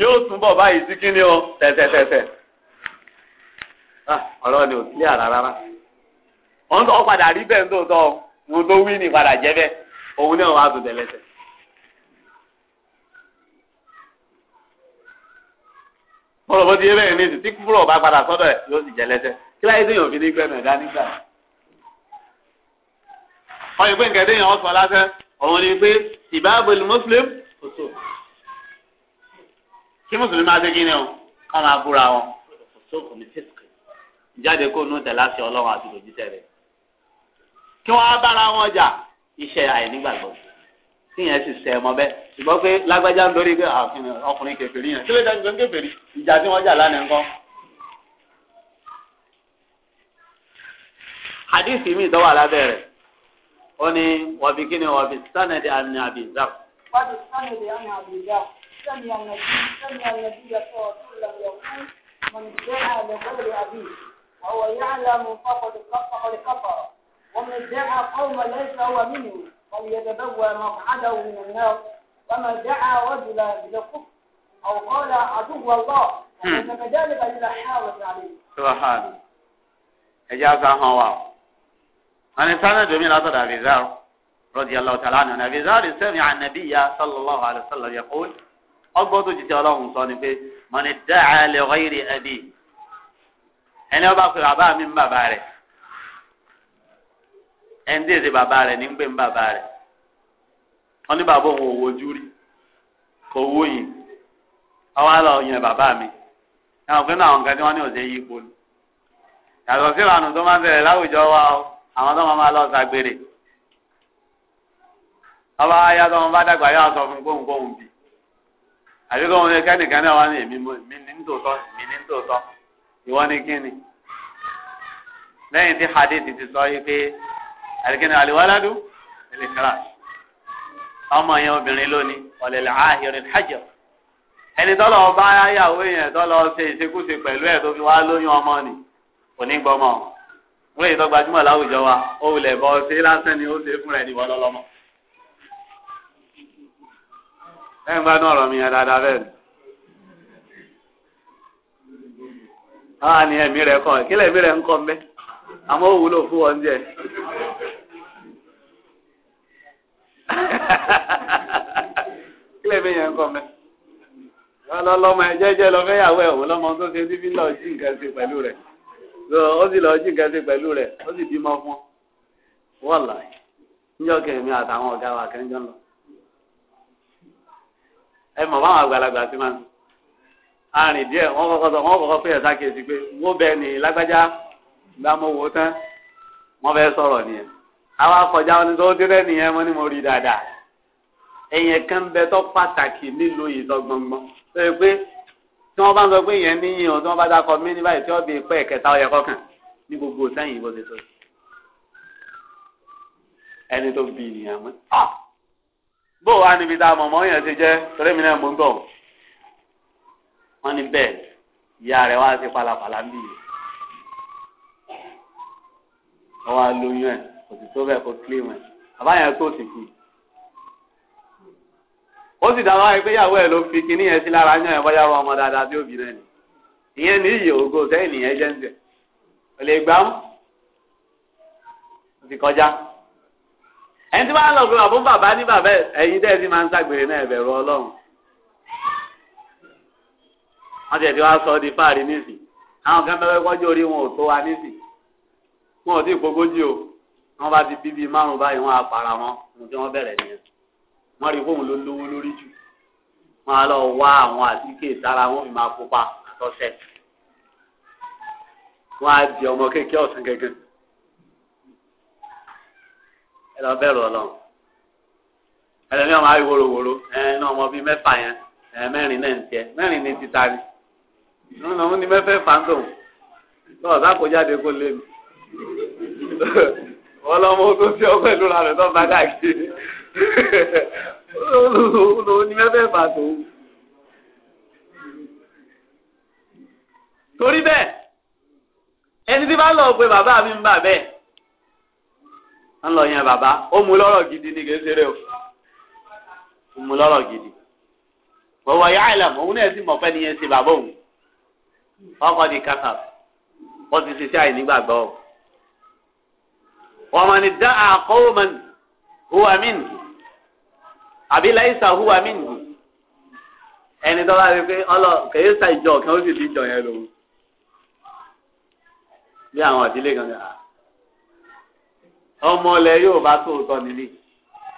yóò tún bọ̀ báyìí sí kíní o ah, ni ò rárá padà rí bẹ́ẹ̀ tó tọ́ tó wí ní padà jẹ́ bẹ́ẹ̀ òun náà wọn lọ bó ti yé bẹ́ẹ̀ ní ìsìn tí kúrò ọba padà sọ́dọ̀ ẹ̀ yóò sì jẹ lẹ́sẹ̀ kí láyé téèyàn fi ní gbẹ̀mẹ̀ dá nígbà. ọyìn pé nǹkan téèyàn ọ̀sán lásán òun ni pé ìbáàbòlì mùsùlùm òtò kí mùsùlùm máa ṣe kí ni o ká máa búra wọn òtò kò ní fèsìkì ìjáde kó nù tẹ̀lá sí ọlọ́run àti òjíṣẹ́ rẹ̀ kí wọ́n á bára wọn jà iṣẹ́ àìnígbàgbọ́ tíyẹn sì sẹ ọmọ bẹ ṣùgbọ́n pé lágbájá ń dorí pé ah, ọkùnrin kèfèrí yẹn kí ló dájú pé ń kèfèrí ìjà tí wọ́n jà lánàá ńkọ́. hadith mi dọ́wọ́ alábẹ́rẹ̀ ó ní wàbí kí ni wàbí sanadi àmì àbíjà. wàbí sanadi àmì àbíjà sani àmì sani àmì àbíjà sọ ọtún lọ́wọ́ fún mọ̀nìjẹ́ àlọ́gbọ́dọ̀ àbí wàwọ̀ yàrá mu fọ́kọ̀dọ̀ kọ́kọ̀dọ̀ فليتبوى مقعده من النار وما دعا رجلا بالكفر أو قال عدو الله فكذلك إلا حارس عليه سبحانه إجازة هواه عن سنة جميل أصد أبي ذر رضي الله تعالى عنه أبي ذر سمع النبي صلى الله عليه وسلم يقول أقبض جتي الله صانفه من ادعى لغير أبي أنا أبقى بابا من بابا ẹni tí bàbá rẹ̀ ní ń bàbá rẹ̀ wọ́n bàbá òun ò wojú rí kò wó yìí yẹn bàbá mi ẹ̀wọ̀n pé náà nǹkan tí wọn ní òsè yí ipò ni sí ìlànà tó máa ń o àwọn tó máa máa lọ ṣàgbèrè ọba ayá tó máa bá dàgbà yóò sọ fún kóhùn kóhùn bì àbí kóhùn ní kẹ́nìkan náà ní èmi ní tòótọ́ ní tòótọ́ ìwọ ní kíni lẹ́yìn sọ yìí àdìgẹ́ni àlìwáládù ẹlẹ́kẹ́rà ọmọ yẹn obìnrin lónìí ọ̀lẹ́lẹ́ àhìrìn hajj ẹni tọ́lọ̀ ọba ayáwó yẹn tọ́lọ̀ ṣe ìṣekúṣe pẹ̀lú ẹ̀ tó fi wá lóyún ọmọ ni onígbọmọ wọ́n yìí tó gbajúmọ̀ láwùjọ wa ó wulẹ̀ bọ́ ṣe lásán ni ó ṣe fún rẹ̀ ní wọ́n lọ́lọ́mọ. ẹ̀ ń bá náà ọ̀rọ̀ mi yẹn dáadáa bẹ́ẹ̀ ni. báwa ni ẹ̀mí rẹ̀ kọ̀ kí lẹ̀mí rẹ̀ ń kọ́ mbẹ́ àmọ́ ó fún wọn jẹ́ kílẹ̀ mi yẹn ń kọ́ mẹ́. ọlọ́mọ ẹ jẹ́jẹ́ lọ fẹ́ yàwó ẹ̀ wò lọ́mọ tó ṣe bíbí lọ jí nǹkan ṣe pẹ̀lú rẹ̀ ó sì lọ jí nǹkan ṣe pẹ̀lú rẹ̀ ó sì bímọ fún ọ wọ́ọ̀lá níjọ́ kẹ̀mí àtàwọn ọ̀gá wa kẹ́ńjọ́ lọ. ẹ mọ̀ báwọn àgbàlagbà sí máa ń arìn díẹ̀ wọ́n kọ́kọ́ sọ wọ́n kọ́kọ́ fẹ́yẹ̀ sákèsí pé wọ́n bẹ́ẹ̀ ni lágbájá gbámọ́wọ́ tán wọ́n fẹ́ sọ̀rọ̀ nìyẹn àwọn akọjá wọn ni tó dé nìyẹn mo ni mo rí dáadáa èèyàn kan bẹ tó pàtàkì nílò ìtọ gbọngbọn tó yẹ pé tí wọn bá ń sọ pé èèyàn níyìn o tí wọn bá dákọ mí ní báyìí tí wọn bí pẹ ẹkẹta ọyẹ kọkàn ní gbogbo sẹ́yìn ìbò ti tó ẹni tó bí nìyẹn mọ ah! bó wà níbi tá a mọ̀ mọ́ yẹn ti jẹ́ torí mi náà mò ń bọ̀ wọ́n ní bẹ́ẹ̀ ìyá rẹ̀ wá sí palapàla ń bì yìí wọ́n wá lóyún ẹ̀. kò sì tó bẹ́ẹ̀ kó kílíìmù ẹ̀ bàbá yẹn tó sì fi ó sì ẹ̀ ló fi kinní yẹn sí lára yán ọmọ dáadáa tí ni ìyẹn ní ìyè ògo sẹ́yìn nìyẹn jẹ́ ń tẹ̀ ò lè gbá mú ti kọjá ẹni tí wọ́n lọ gbé bàbá ní bàbá ẹ̀yin tẹ́ ti máa ń ságbèrè náà ẹ̀bẹ̀rù ọlọ́run wọ́n ti ẹ̀ ti wá sọ ọ́ di fáàrí wọ́n bá ti bíbí márùn báyìí wọ́n á para wọn mo tí wọ́n bẹ̀rẹ̀ nìyẹn wọ́n rí fóun ló lówó lórí jù wọ́n á lọ wá àwọn àtíkè tára wọn fi máa pupa àtọ́sẹ̀ wọ́n á di ọmọ kéèké ọ̀sán gẹ́gẹ́ ẹ lọ bẹ̀rù ọlọ́run ẹlẹ́ni ọmọ ayé wòrowòro ẹ ní ọmọ bíi mẹ́fà yẹn ẹ mẹ́rin náà ń tiẹ̀ mẹ́rin ní títa ni nínú ní mẹ́fẹ́ fàǹtò lọ́ọ̀ sákòjáde kó lé mi wọ́n lọ́mọ ogun tí ọkọ̀ ìlú rẹ̀ tó bá káàkiri olùwò ní mẹ́fẹ́ pàtó. torí bẹ́ẹ̀ ẹni tí bá lọ pé bàbá mi ń bà bẹ́ẹ̀ ń lọ yẹn bàbá ó mú lọ́rọ̀ gidi ni kì o ó mú lọ́rọ̀ gidi wọ́wọ́ yá àìlẹ̀ mọ̀ òun náà sì mọ̀ fẹ́ niyẹn ṣe bàbá òun ọkọ̀ di kásà ó ti ṣiṣẹ́ àìnígbàgbọ́ o. ومن ادعى قوما هو منه àbí láìsà húwa mínú ẹni tó bá rí pé ọlọ kèé sa ìjọ kan ó sì ti jọ yẹn lòun bí àwọn ìdílé kan ní ọmọ ilẹ̀ yóò bá tó tọ́ nílé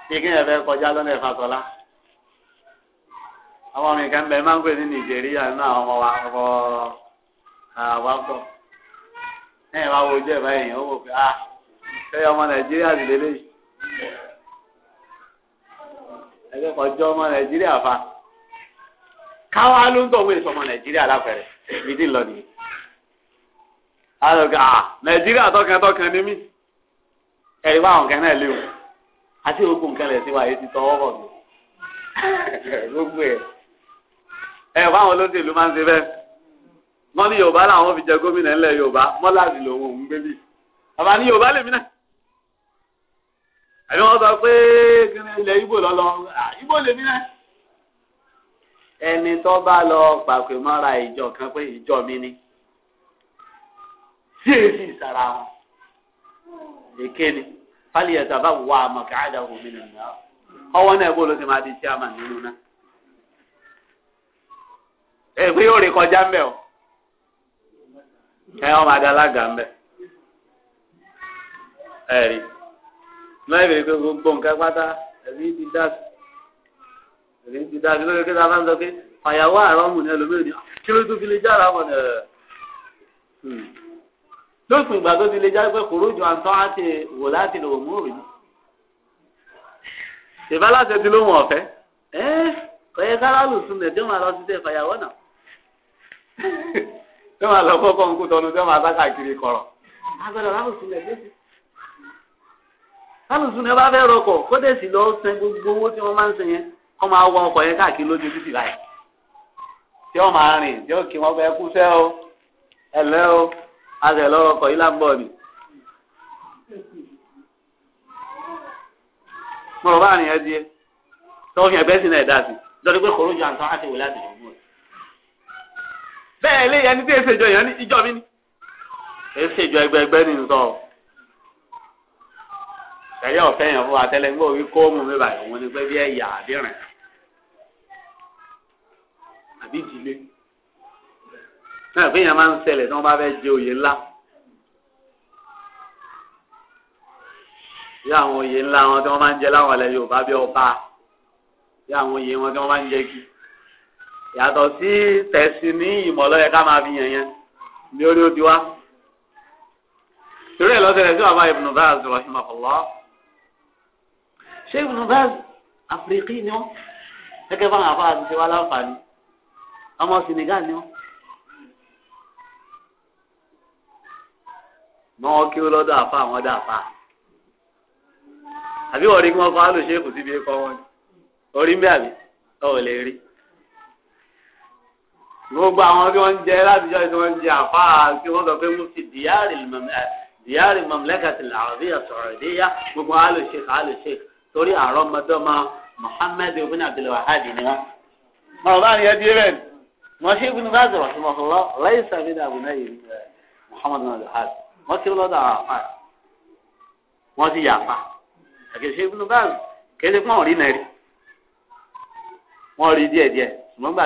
bí kí yẹn fẹ́ kọjá lọ́nà ẹ̀fà sọlá àwọn ọmọ bẹ máa ń pè ní Nàìjíríà nínú ọmọ wa ọkọ àwọn àwàkọ ẹ̀yìn wa wo jẹ́ báyìí ó wò pé ah ṣẹ́yà ọmọ nàìjíríà sì lélẹ́yìí ẹgbẹ́ kan jọ ọmọ nàìjíríà fa káwá ló ń tọ̀wé sọmọ nàìjíríà lápẹ̀rẹ̀ ìdí lọ nìyí. alùpùpù à nàìjíríà tọkàntọkàn ni mí ẹ̀rí wá àwọn kan náà léwu àti gbogbo nǹkan lẹ̀ sí wa èyí ti tọwọ́ bọ̀ mí gbogbo ẹ̀ ẹ̀ fáwọn olóṣèlú máa ń ṣe bẹ́ẹ̀ mọ́ ní yorùbá làwọn fi jẹ gómìnà ńlẹ̀ yorùbá mọ́láàdì lòun òun gbé bíi àbá ní yorùbá lèmi náà ẹni wọ́n sọ pé ilẹ̀ ibo lọ́lọ́ ibo lè náà ẹni tó bá lọ pàpè mọ́ra ìjọ kan pé ìjọ mi ni tí èsì sara wọn èké ni fáliyẹ sábà wà mọ̀kà àdàwọ̀ mi nìyà ọwọ́ náà ibo ló ti máa di nínú náà o máa bèrè pé gbogbo nǹkan pátá ẹ̀rí ti dá sí ẹ̀rí ti dá sí lórí kíkà máa ń sọ pé àyàwó àrọ́mù ni ẹlòmíràn ni kí ló tún fi lè jára wọn ẹ̀ lóṣù ìgbà tó ti lè jáde pé kòrójù àǹtọ́ àti wò láti lò mú òrì ìbálàṣẹ ti lóhùn ọ̀fẹ́ ẹ́ kọ̀yẹ káràlù sùn lẹ̀ tí wọ́n máa lọ sí tẹ̀ fàyàwó náà tí wọ́n máa lọ kọ́kọ́ ń kú tọ́nu tí wọ́n máa sá tálùsùn ni wọn bá fẹ́ rọkọ̀ kó dẹ̀ sì lọ san gbogbo owó tí wọ́n máa ń san yẹn wọ́n máa wọ ọkọ̀ yẹn káàkiri lójú títì báyìí tí wọ́n máa rìn tí wọ́n kí wọ́n fẹ́ kú sẹ́ o ẹ̀lẹ́ o àṣẹ lọ́wọ́ ọkọ̀ yìí láǹbọ̀ ni. mo rọ̀ bá rìn ẹ́ díẹ̀ tọ́wọ́ fi ẹ̀gbẹ́ sí náà dá sí lọ́dún pé kòró ju àǹtán àti ìwé láti ìlú bẹ́ẹ̀ lé yẹn ní tí èsèjọ yẹn ní ìjọ mi ni èsèjọ ẹgbẹgbẹ ní nsọ sẹyìn ọfẹ yẹn fún atẹlẹ ń gbọ wí kóòmù mi báyìí òun ni pé bí ẹyà àbírìn àbí ìdílé náà pé yẹn máa ń ṣẹlẹ̀ tí wọ́n bá fẹ́ jẹ oyè ńlá bí àwọn oyè ńlá wọn tí wọ́n máa ń jẹ láwọn ilẹ̀ Yorùbá bí ọba bí àwọn oyè wọn tí wọ́n máa ń jẹ kí yàtọ̀ sí tẹ̀sí ní ìmọ̀lọ́yẹ ká máa fi yẹn yẹn ní orí ó ti wá lọ́sẹ̀ rẹ̀ sí bàbá Ibn Baz rahimahullah ṣé Ibn Baz àfìríkì ni wọn gẹ́gẹ́ báwọn àbá àti ṣe wá láǹfààní ọmọ Senegal ni wọn. mọ wọn kí ó lọ́dọ̀ àfa àwọn ọdọ àfa àbí wọ́n rí kí wọ́n kọ́ àlùṣe kò síbi ẹ̀kọ́ wọn orí mbẹ́ àbí ọ̀ lè rí gbogbo àwọn tí wọ́n ń jẹ látijọ́ tí wọ́n ń jẹ àfáà tí wọ́n sọ pé mufti diari mamlẹ́kàtì làwùdíyà sọ̀rọ̀díyà gbogbo alùsèkà alùsèkà torí àrọ́mọdọ́mọ Muhammad ibn Abdul Wahhab ni wọn bá yẹ di rẹ wọn zọrọ lọ láyé sàbẹdà àbùnà yìí Muhammad ibn Abdul Wahhab wọn ti lọ́dọ̀ àwọn afa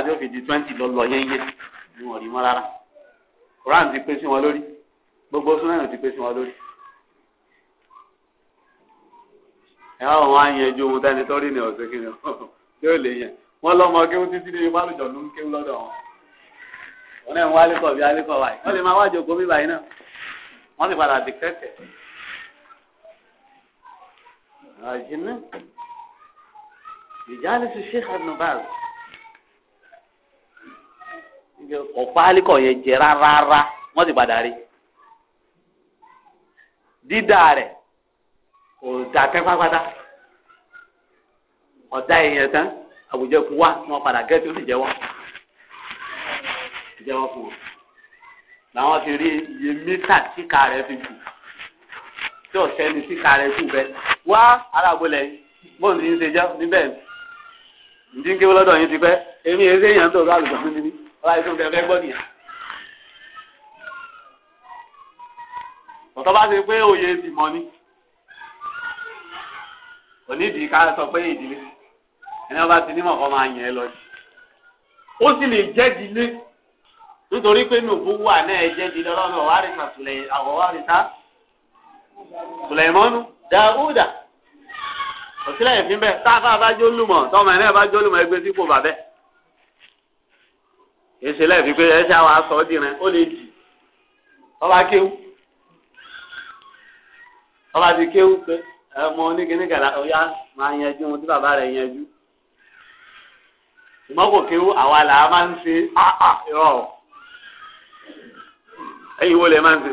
ti rí fi di twenty lọ lọ yẹn ni wọn rí mọ rárá Quran ti pèsè wọn lórí gbogbo lórí. ẹ wá wọn á yanjú ohun tẹni tó rí ni ọ̀sẹ̀ kí ni yóò lè yẹn wọn lọmọ kéwú títí ní yorùbá lùjọ ló ń kéwú lọ́dọ̀ wọn wọn náà ń wá alẹ́kọ̀ọ́ bí alẹ́kọ̀ọ́ wáyé wọn lè máa wájú òkú bíbá yìí náà wọn lè padà dì kẹ́kẹ́ àjìnnà ìjálẹ̀sì sheikh adnubaz ọ̀pá alẹ́kọ̀ọ́ yẹn jẹ rárá wọ́n ti padà rí dídá rẹ̀ kò dàkẹ́ pátápátá ọ̀dà èèyàn tán àwùjọ kú wá wọn padà gẹ́tù sì jẹ́wọ́ jẹ́wọ́ fún wọn làwọn ti rí iye mítà síkà rẹ̀ fi jù tí ọ̀sẹ̀ ni síkà rẹ̀ kù bẹ́ẹ̀ wá alágbólẹ̀ bóun ti ń ṣe jẹ́ níbẹ̀ ǹdí ń ké lọ́dọ̀ yín ti pẹ́ èmi èsì èèyàn tó lọ́dọ̀ àlùjọ níbí ọ̀la ìṣòwò tẹ̀ fẹ́ gbọ́ nìyà. ọ̀tọ́ bá ti pé òye ti mọ ni onídìí ká sọ pé ìdílé ẹni ọba ti nímọ̀ kọ́ máa yẹn ẹ lọ sí. ó sì lè jẹ́ ìdílé nítorí pé nùbú wà náà jẹ́ ìdílé ọlọ́run ọ̀wárìsà àwọ̀wárìsà Sùlẹ̀mọ́nù Dáúdà òsílẹ̀ ìfín bẹ́ẹ̀ sáfà bá jólùmọ̀ tọmọ ẹ̀ náà bá jólùmọ̀ ẹgbẹ́ sípò bàbẹ́ èsì lẹ́ẹ̀fi pé ẹ ṣe àwọn aṣọ ọdìrín ó lè dì ọba kéwú ọba ti kéwú pé ẹmọ oníkíní kẹlá ọyá máa yanjú ohun tí bàbá rẹ yanjú ìmọ̀kò kéwú àwa là á máa ń ṣe áà ah, ah, irọ́ ẹ̀yin wo lè máa ń ṣe.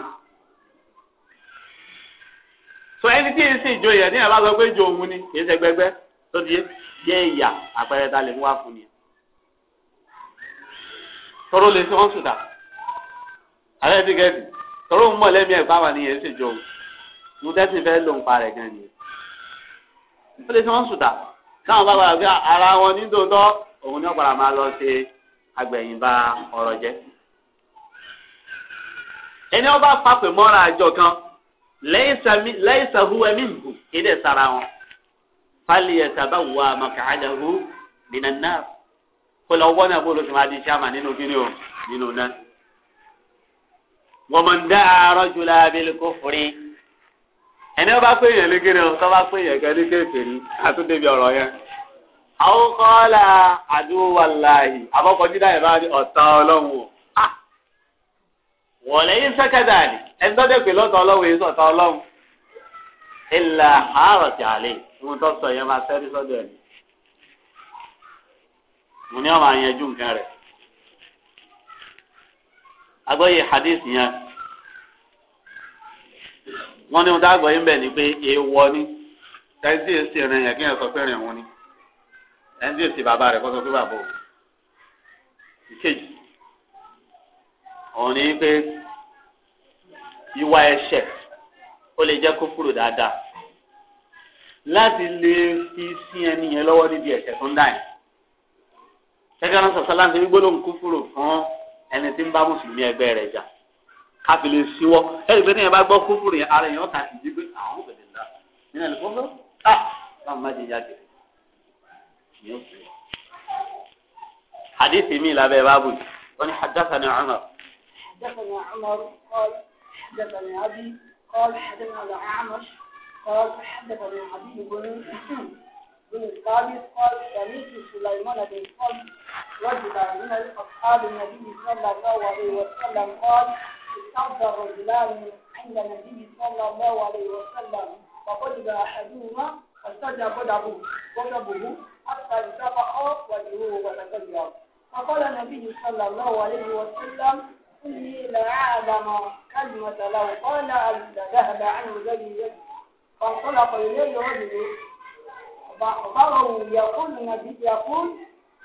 sọ ẹni tí èsì ìjọ yẹn ní àbá sọ pé ìjọ òun ni kì í ṣe gbẹgbẹ tó di jẹ ìyà àpẹẹrẹ ta lè mú wá fún ni. tọrọ lè ṣe wọn sùdà ààrẹ ti gẹ̀ẹ́sì tọrọ ń mọ̀ lẹ́mìí ẹ̀ báwa ni yẹn ṣèjọ òun ní tẹ́sí fẹ́ ló ń parẹ́ gan ni ó lè ṣe wọ́n sùtà táwọn bá gbàgbà pé ara wọn ní tòótọ́ òun ní ọ̀pọ̀lọpọ̀ máa lọ ṣe agbẹ̀yìnba ọ̀rọ̀ jẹ́ ẹni ọba papẹ̀ mọ́ra àjọ kan lẹ́yìn sàhúwẹ́ mímu kéde sára wọn fáliyẹ̀ tàbá wà mọ̀kàdàhù nínú náà kọlọ wọn náà bọlọ sọmọ adi sàmà nínú kíni o nínú náà. wọ́n mọ̀ ń dá àárọ̀ jùlọ abilékò fúri ẹni ọba pé èèyàn légèrè ọ tọ́ba pé èèyàn kẹ́ légèrè fèrè àtúndébi ọ̀rọ̀ yẹn. àwọn kọ́lá àdúwàláhì abọ́kọ̀jídá yẹn bá ní ọ̀tá ọlọ́run o. Ah! wọ̀lẹ́ yín sẹ́kẹ̀dà ni ẹni tọ́jú pé lọ́tọ̀ ọlọ́run yìí sọ̀tọ̀ ọlọ́run. ìlà àárọ̀ tí a lè fún tó sọ yẹn máa sẹ́rí sọ́dọ̀ ẹ̀ mo ní ọmọ àyànjú nǹkan rẹ̀ agbóye hadith yẹn wọ́n ní ọ̀dà àgbọ̀ yìí ń bẹ̀ ni pé èèwọ̀ ni ẹni tí èsì rìn yẹn kí yẹn sọ pé rìn òun ni ẹni tí èsì bàbá rẹ̀ kọ́ sọ pé bàbá òun ìkejì òun ni pé ìwà ẹ̀ṣẹ̀ ó lè jẹ́ kó kúrò dáadáa láti lè fi sí ẹni yẹn lọ́wọ́ níbi ẹ̀ṣẹ̀ tó ń dà yẹn gẹ́gẹ́ náà láti gbólóhùn kúfúrò fún ẹni tí ń bá mùsùlùmí ẹgbẹ́ rẹ̀ jà káfí lè siwọ́ ẹ̀rí pé níyẹn bá gbọ́ kúfùrù yẹn ara yẹn ọ̀tà kì í dígbé àwọn òbẹ̀dẹ̀ ńlá nínú ẹ̀rí fọ́nrán á báwọn má jẹ yàgẹ̀ yóò fẹ́. حديث مين لابي بابو قال حدثني عمر حدثنا عمر قال حدثني أبي قال حدثنا الأعمش قال حدثني عدي بن بن الثابت قال سمعت سليمان بن قلب رجلا من أصحاب النبي صلى الله عليه وسلم قال أفضل رجلان عند النبي صلى الله عليه وسلم وقدم أحدهما فاستجى غضبه غضبه حتى انتفخ وجهه وتغير فقال النبي صلى الله عليه وسلم إني لأعلم كلمة لو قال أن ذهب عنه ذلك فانطلق إليه رجل فأخبره يقول النبي يقول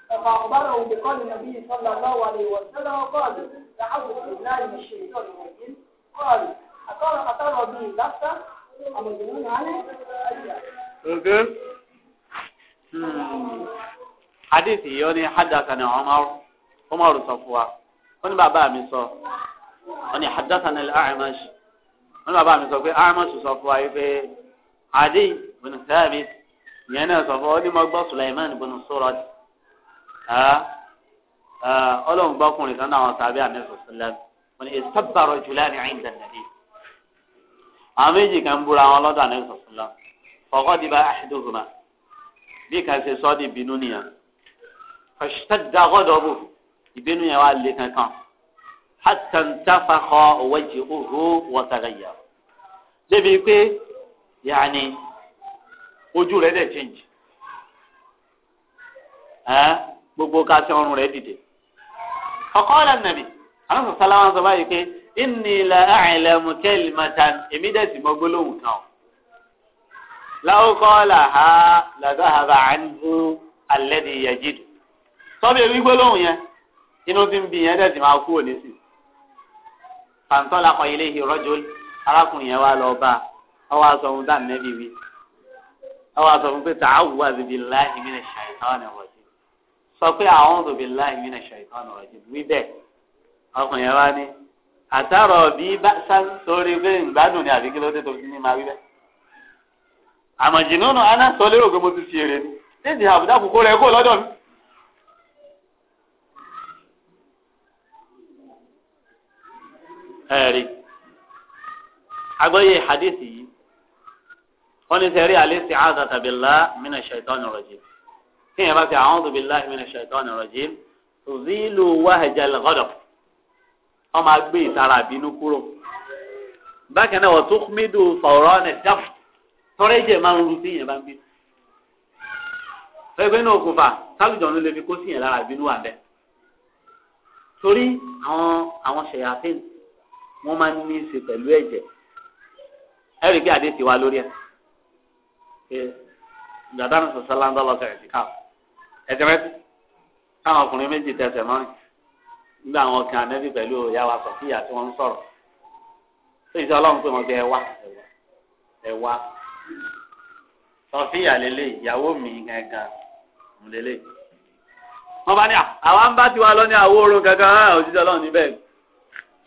فأخبره بقول النبي صلى الله عليه وسلم قال دعوه بالله من الشيطان الرجيم قال أقال أقر به نفسه ومجنون عليه أوكي حديث yìí ni حدثنا عمر عمر صفوة wọ́n ní bàbá mi sọ wọ́n ní حدثنا الأعمش wọ́n ní bàbá mi sọ pé أعمش sọ fún wa yìí pé عدي بن ثابت yẹn náà sọ fún wa ó ní mo gbọ́ Sulaiman بن سورة ọlọ́run gbọ́kùnrin kan náà wọn sábẹ́ àmẹ́sọ̀ sílẹ̀ wọn ni ìsọ́bàrọ̀ jùlọ ní àyìn dàdàdì àwọn méjì kan ń búra wọn lọ́dọ̀ àmẹ́sọ̀ sílẹ̀ fọkọ́ di bá àṣìdókòmá bí kan ṣe sọ́ di ìbínú nìyẹn fàṣítàdà gbọ́dọ̀ bò ìbínú yẹn wà lé kankan hàtàntàfàkọ́ òwòjì òhó wọ́tàgàyà débi pé yàní ojú rẹ̀ dẹ̀ change gbogbo kásẹ̀ ọrùn rẹ̀ dìde ọ̀kọ́lẹ̀ nàbì aláṣọ sálámà sọ báyìí pé ìní ilẹ̀ àìlẹ̀mú kẹ́lì mẹ́ta èmi dẹ̀sí mọ́ gbólóhùn kan o. láwùkọ́ làhá làdáhàbà àǹdú alẹ́ ni yẹjìdù. sọ́bí ewì gbólóhùn yẹn inú ti ń bì yẹn dẹ̀sí máa kú òní sí. fàǹtọ́lá kọ ilé ìhì rọ́jò arákùnrin yẹn wá lọ bá ọ wá sọ fún dáàmú nẹ́bí wí ọ wá sọ fún pé tàá wù wá bíbí láì mí sọ pé a'udhu billahi minash shaitanir rajim wí bẹ́ẹ̀ ọkùnrin yẹn wá ní àtàrọ̀ bí bá sórí bẹ́ẹ̀ ìgbádùn ni àbí kí ló dé tó fi ní máa wí bẹ́ẹ̀. àmọ̀jìnnú nù aná sọ lérò pé mo ti fi èrè ni níbi àbùdá kòkó rẹ̀ kó lọ́dọ̀ mi. ẹ̀rí agbóyè hadith yìí wọ́n ní sẹ́rí alẹ́ sí àdàtàbílà minash shaitanir rajim kí yẹn bá fi a'udhu billahi minash shaitanir rajim tuzilu wahjal ghadab ó máa gbé ìtara àbínú kúrò bákan náà wọ́n tó mídù sọ̀rọ̀ ní dáf tọ́rẹ́jẹ̀ máa ń ru sí yẹn bá ń bí. ẹgbẹ́ náà kò fà sálùjọ́ ló lè fi kó sí yẹn lára àbínú wà bẹ́ẹ̀. torí àwọn àwọn ṣèyàfín wọ́n máa ń ní í ṣe pẹ̀lú ẹ̀jẹ̀ ẹ̀rí bí adé ti wá lórí ẹ̀. ìgbàdánù sọ̀sọ́ láńdọ́ lọ́sẹ̀ rẹ̀ ti ẹ̀dẹ̀rẹ́tì táwọn ọkùnrin méjì tẹsẹ̀ mọ́rin nígbà àwọn ọkàn anẹ́bí pẹ̀lú ìyáwó sọ̀fíà tí wọ́n ń sọ̀rọ̀ tó ìṣe ọlọ́run pé wọ́n gbé ẹwà ẹwà sọ̀fíà lélẹ̀ ìyàwó mi gangan lélẹ̀ wọ́n bá ní àwa ń bá tiwa lọ ní àwòrò gangan rárá ah, òṣìṣẹ́ ọlọ́run níbẹ̀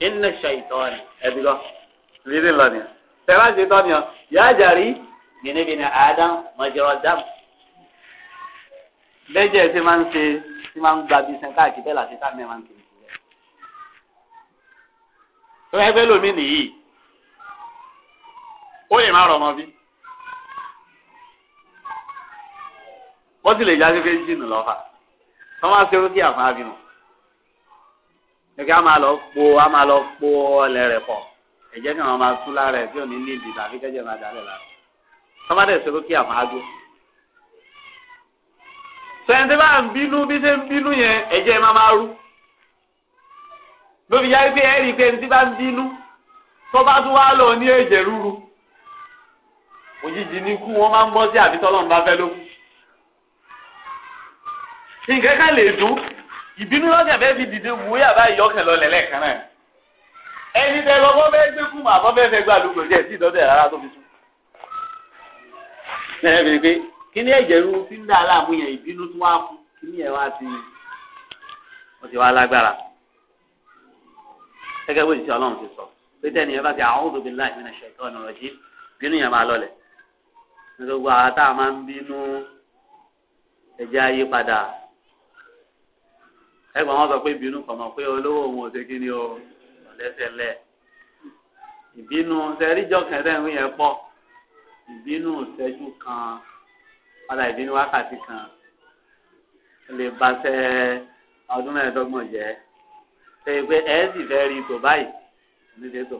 iná ṣàìtọ́ ni ẹbí lọ rírì lọ ni tẹ̀wá ṣe tọ́ ni ọ yáa jàrí gbìnìgbìnì àádán mọ̀jọ̀rọ̀ dáàmù bẹ́jẹ̀ ṣe máa ń ṣe ṣe máa ń gba bíi sẹ́ńtà àti bẹ́ẹ̀ làṣẹ sáà mẹ́ẹ̀ máa ń kiri sílẹ̀. tó ẹgbẹ́ lómi nìyí ó lè má rọ̀ ọmọ bí. wọ́n sì lè jáde pé jìnnà lọ́fà tó máa ṣe orúkí àfọ̀n abìmọ̀. nígbà máa lọ po a máa lọ po ọlẹ̀ rẹ̀ pọ̀ ẹ̀jẹ̀ kan máa tú lára ẹ̀ tí ò ní ní ìdìbò àfikẹ́jẹ̀ máa dálẹ̀ lára. tó máa dẹ̀ ṣe orúkí àfọ̀n sẹ́ńtẹ́ bá ń bínú bí ṣe ń bínú yẹn ẹ̀jẹ̀ máa máa rú lóbi yára pé ẹ̀rí pé ẹni tí bá ń bínú tó bá tún wá lọ ní ẹ̀jẹ̀ rúru òjijì ní kú wọ́n máa ń bọ́ sí àbí tọ́lọ́run bá fẹ́ lókun. nǹkan kan lè dún ìbínú lọ́sẹ̀ fẹ́ fi dìde wò yà bá ìyọkàn lọ lẹ́lẹ́ kan náà ẹni tẹ lọ bọ́ bẹ́ẹ́ gbé kùmà bọ́ bẹ́ẹ́ fẹ́ gbà lóko kíní ẹ̀jẹ̀ ru tí ń dà láàmú yẹn ìbínú tí wọ́n á fún kíní ẹ̀ wá ti wọ́n ti wá lágbára gẹ́gẹ́ bó ti ṣe ọlọ́run ti sọ pé tẹ́ni ẹ bá ti a'udhu billahi minash shaitani rajim bínú yẹn máa lọlẹ̀ gbogbo àwọn tá a máa ń bínú ẹ̀jẹ̀ ayé padà ẹgbẹ́ wọn sọ pé ìbínú kọ̀ mọ̀ pé olówó òun ò ṣe kí ni o lẹ́sẹ̀lẹ̀ ìbínú sẹ́ríjọ́ kẹrẹ́rìn yẹn pọ̀ ìbínú ìṣẹ́jú kan padà ìdí ní wákàtí kan lè baṣẹ ọdún mẹ́ẹ̀ẹ́dọ́gbọ̀n jẹ́ ṣe pé ẹ sì fẹ́ rí ipò báyìí ní ṣe tò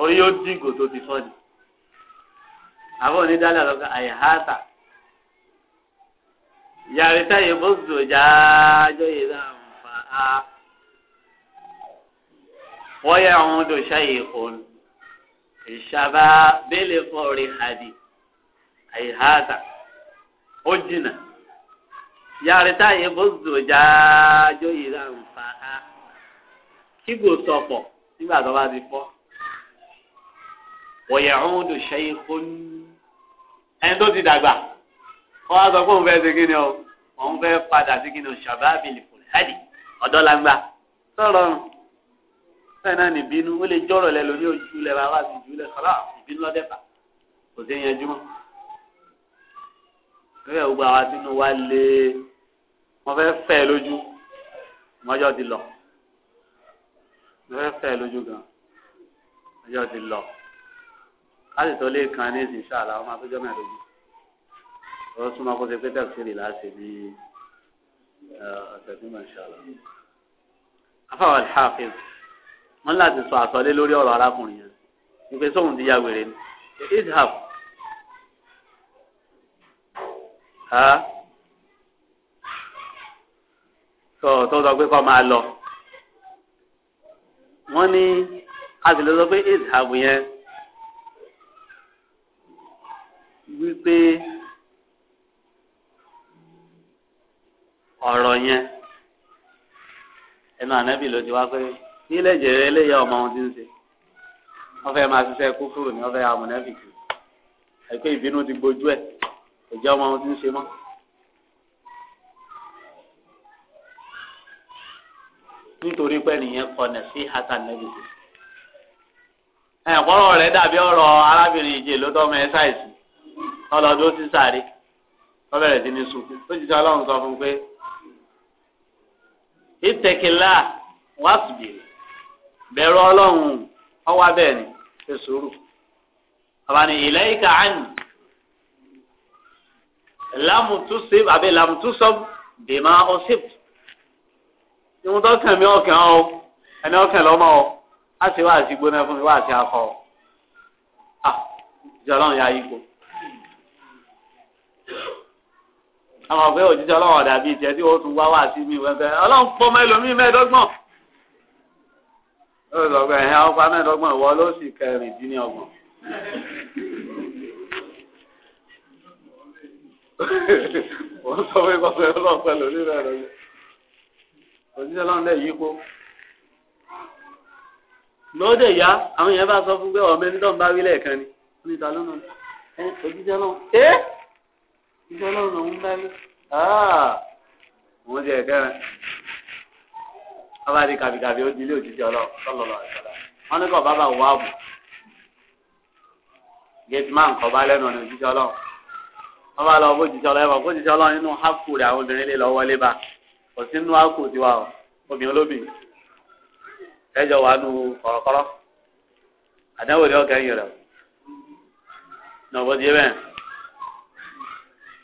orí yóò dìgò tó ti fọ́ọ̀dì àbọ̀ onídàálẹ̀ àlọ́kà àyàhátà yàrá táyé bó zòjá yìí náà ń fa á wọ́n yẹ àwọn odò ṣáyé òun ìṣàbà bẹ́lẹ̀ fọ́ọ̀rì àdì àìháàtà ó jìnà yàrá táyé bó zòjájó ìlà nfa á kígò sọ̀pọ̀ nígbà tó bá ti fọ́ wọ̀yẹ̀ ọ̀hún ló ṣe é kó ní ẹni tó ti dàgbà kọ́ wá sọ pé òun fẹ́ ṣe kí ni o òun fẹ́ padà sí kí ni o ṣàbà bẹ́lẹ̀ fọ́ọ̀rì àdì ọ̀dọ́ sọ̀rọ̀. So, bẹ́ẹ̀ náà ní ìbínú ó lè jọ́rọ̀ lẹ lórí ojú lẹ bá wá sí ìjú lẹ kọ́lá ìbínú lọ́dẹ̀fà kò sí yanjú mọ́. gẹ́gẹ́ gbogbo àwa sínú wa lé wọ́n fẹ́ fẹ́ lójú mọ́jọ́ ti lọ wọ́n fẹ́ fẹ́ lójú gan mọ́jọ́ ti lọ láti tó lè kan ní ìsìn ṣáàlà ọmọ àtọ́jọ́ mẹ́ẹ̀ẹ́dógún ó súnmọ́ kó ṣe pé tẹ̀síìrì láti ní ọ̀sẹ̀ tó mọ̀ ṣáàlà. afáwọn alhafiz wọn láti sọ àsọlé lórí ọ̀rọ̀ arákùnrin yẹn ìpè sóhun ti ya wèrè ni ishaf ha tó tó sọ pé kọ́ máa lọ wọ́n ní a sì lè sọ pé ishaf yẹn wípé ọ̀rọ̀ yẹn ẹnu ànábì ló ti wá pé nílẹ̀ jẹ̀rẹ̀ eléyà ọmọ ohun tí ń ṣe wọ́n fẹ́ máa ṣiṣẹ́ kúfúrú ni wọ́n fẹ́ amúnẹ́fìkì àìpé ìbínú ti gbojú ẹ̀ kò jẹ́ ọmọ ohun tí ń ṣe mọ́. nítorí pé nìyẹn kọ nẹ̀ sí hatan lẹ́gbẹ̀ẹ́ ẹ̀ rẹ̀ dàbí ọ̀rọ̀ arábìnrin ìjẹ́ ló tọ́ ọmọ ẹ̀ ṣáìsì ọlọ́dún ó ti sáré wọ́n bẹ̀rẹ̀ sí ní sunkún ó ti sọ ọlọ́run sọ fún pé ìtẹ̀kìlá wàásù bìrì bẹ̀rù ọlọ́run ọwọ́ abẹ́ẹ̀ ni ṣe sùúrù bàbá ni ìlẹ́yìíkà àní làmùtúsí àbí làmùtúsọ bèèmà ọsíp ìwọ̀n tó kàn mí ọkàn ọ ẹni ọkàn lọ́mọ ọ á sì wá àti gbóná fún mi wá àti akọ ọ ah, à ìjọ ọlọ́run yà yípo àwọn ọ̀fẹ́ òjijì ọlọ́run ọ̀dà bíi tiẹ̀ tí wọ́n tún wá wá sí mi wẹ́n ọlọ́run pọ́ mẹ́lòmíì mẹ́ẹ̀ẹ́dọ́gbọ̀n lọ́gbọ̀n ẹ̀hìn ọ̀pá mẹ́ẹ̀ẹ́dọ́gbọ̀n ìwọ ló sì kẹrìndínlọ́gbọ̀n. wọ́n sọ pé kọ́sọ̀ ẹ̀ lọ́ọ̀ pẹ̀lú onírẹ̀ rẹ̀ lọ. òṣìṣẹ́ lọ́run dẹ̀ yípo. lóde ìyá àwọn yẹn bá sọ fún pé ọ̀mẹ́ nítorí bá wí lẹ́ẹ̀kan ni ní ìta lọ́nà òṣìṣẹ́ lọ́run ẹ òṣìṣẹ́ lọ́run lòún bá wí. wọ́n jẹ́ ẹ̀kẹ́rin bàbá di kàbìkàbì ó di ilé òjijì ọlọ sọlọlọ àṣọlá wọn ní kọ bàbá wà bù gate man kọ bá lẹ́nu ọ̀nà òjijì ọlọ wọn bá lọ bó òjijì ọlọ ẹ̀fọ́ bó òjijì ọlọ nínú hákù rẹ̀ àwọn obìnrin lè lọ wọlé bá kò sí nínú hákù tiwa o obìnrin olóbìnrin ẹjọ wà nù kọ̀rọ̀kọ̀rọ̀ àdáwò ni ọkẹ́ yẹrẹ nàbọ̀ díẹ̀ bẹ́ẹ̀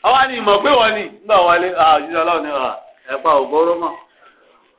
ọwọ́ ni ìmọ̀ pé wọ́n ni nígbà wọlé òjijì ọlọ ni ẹ̀ pa ògbóró mọ́.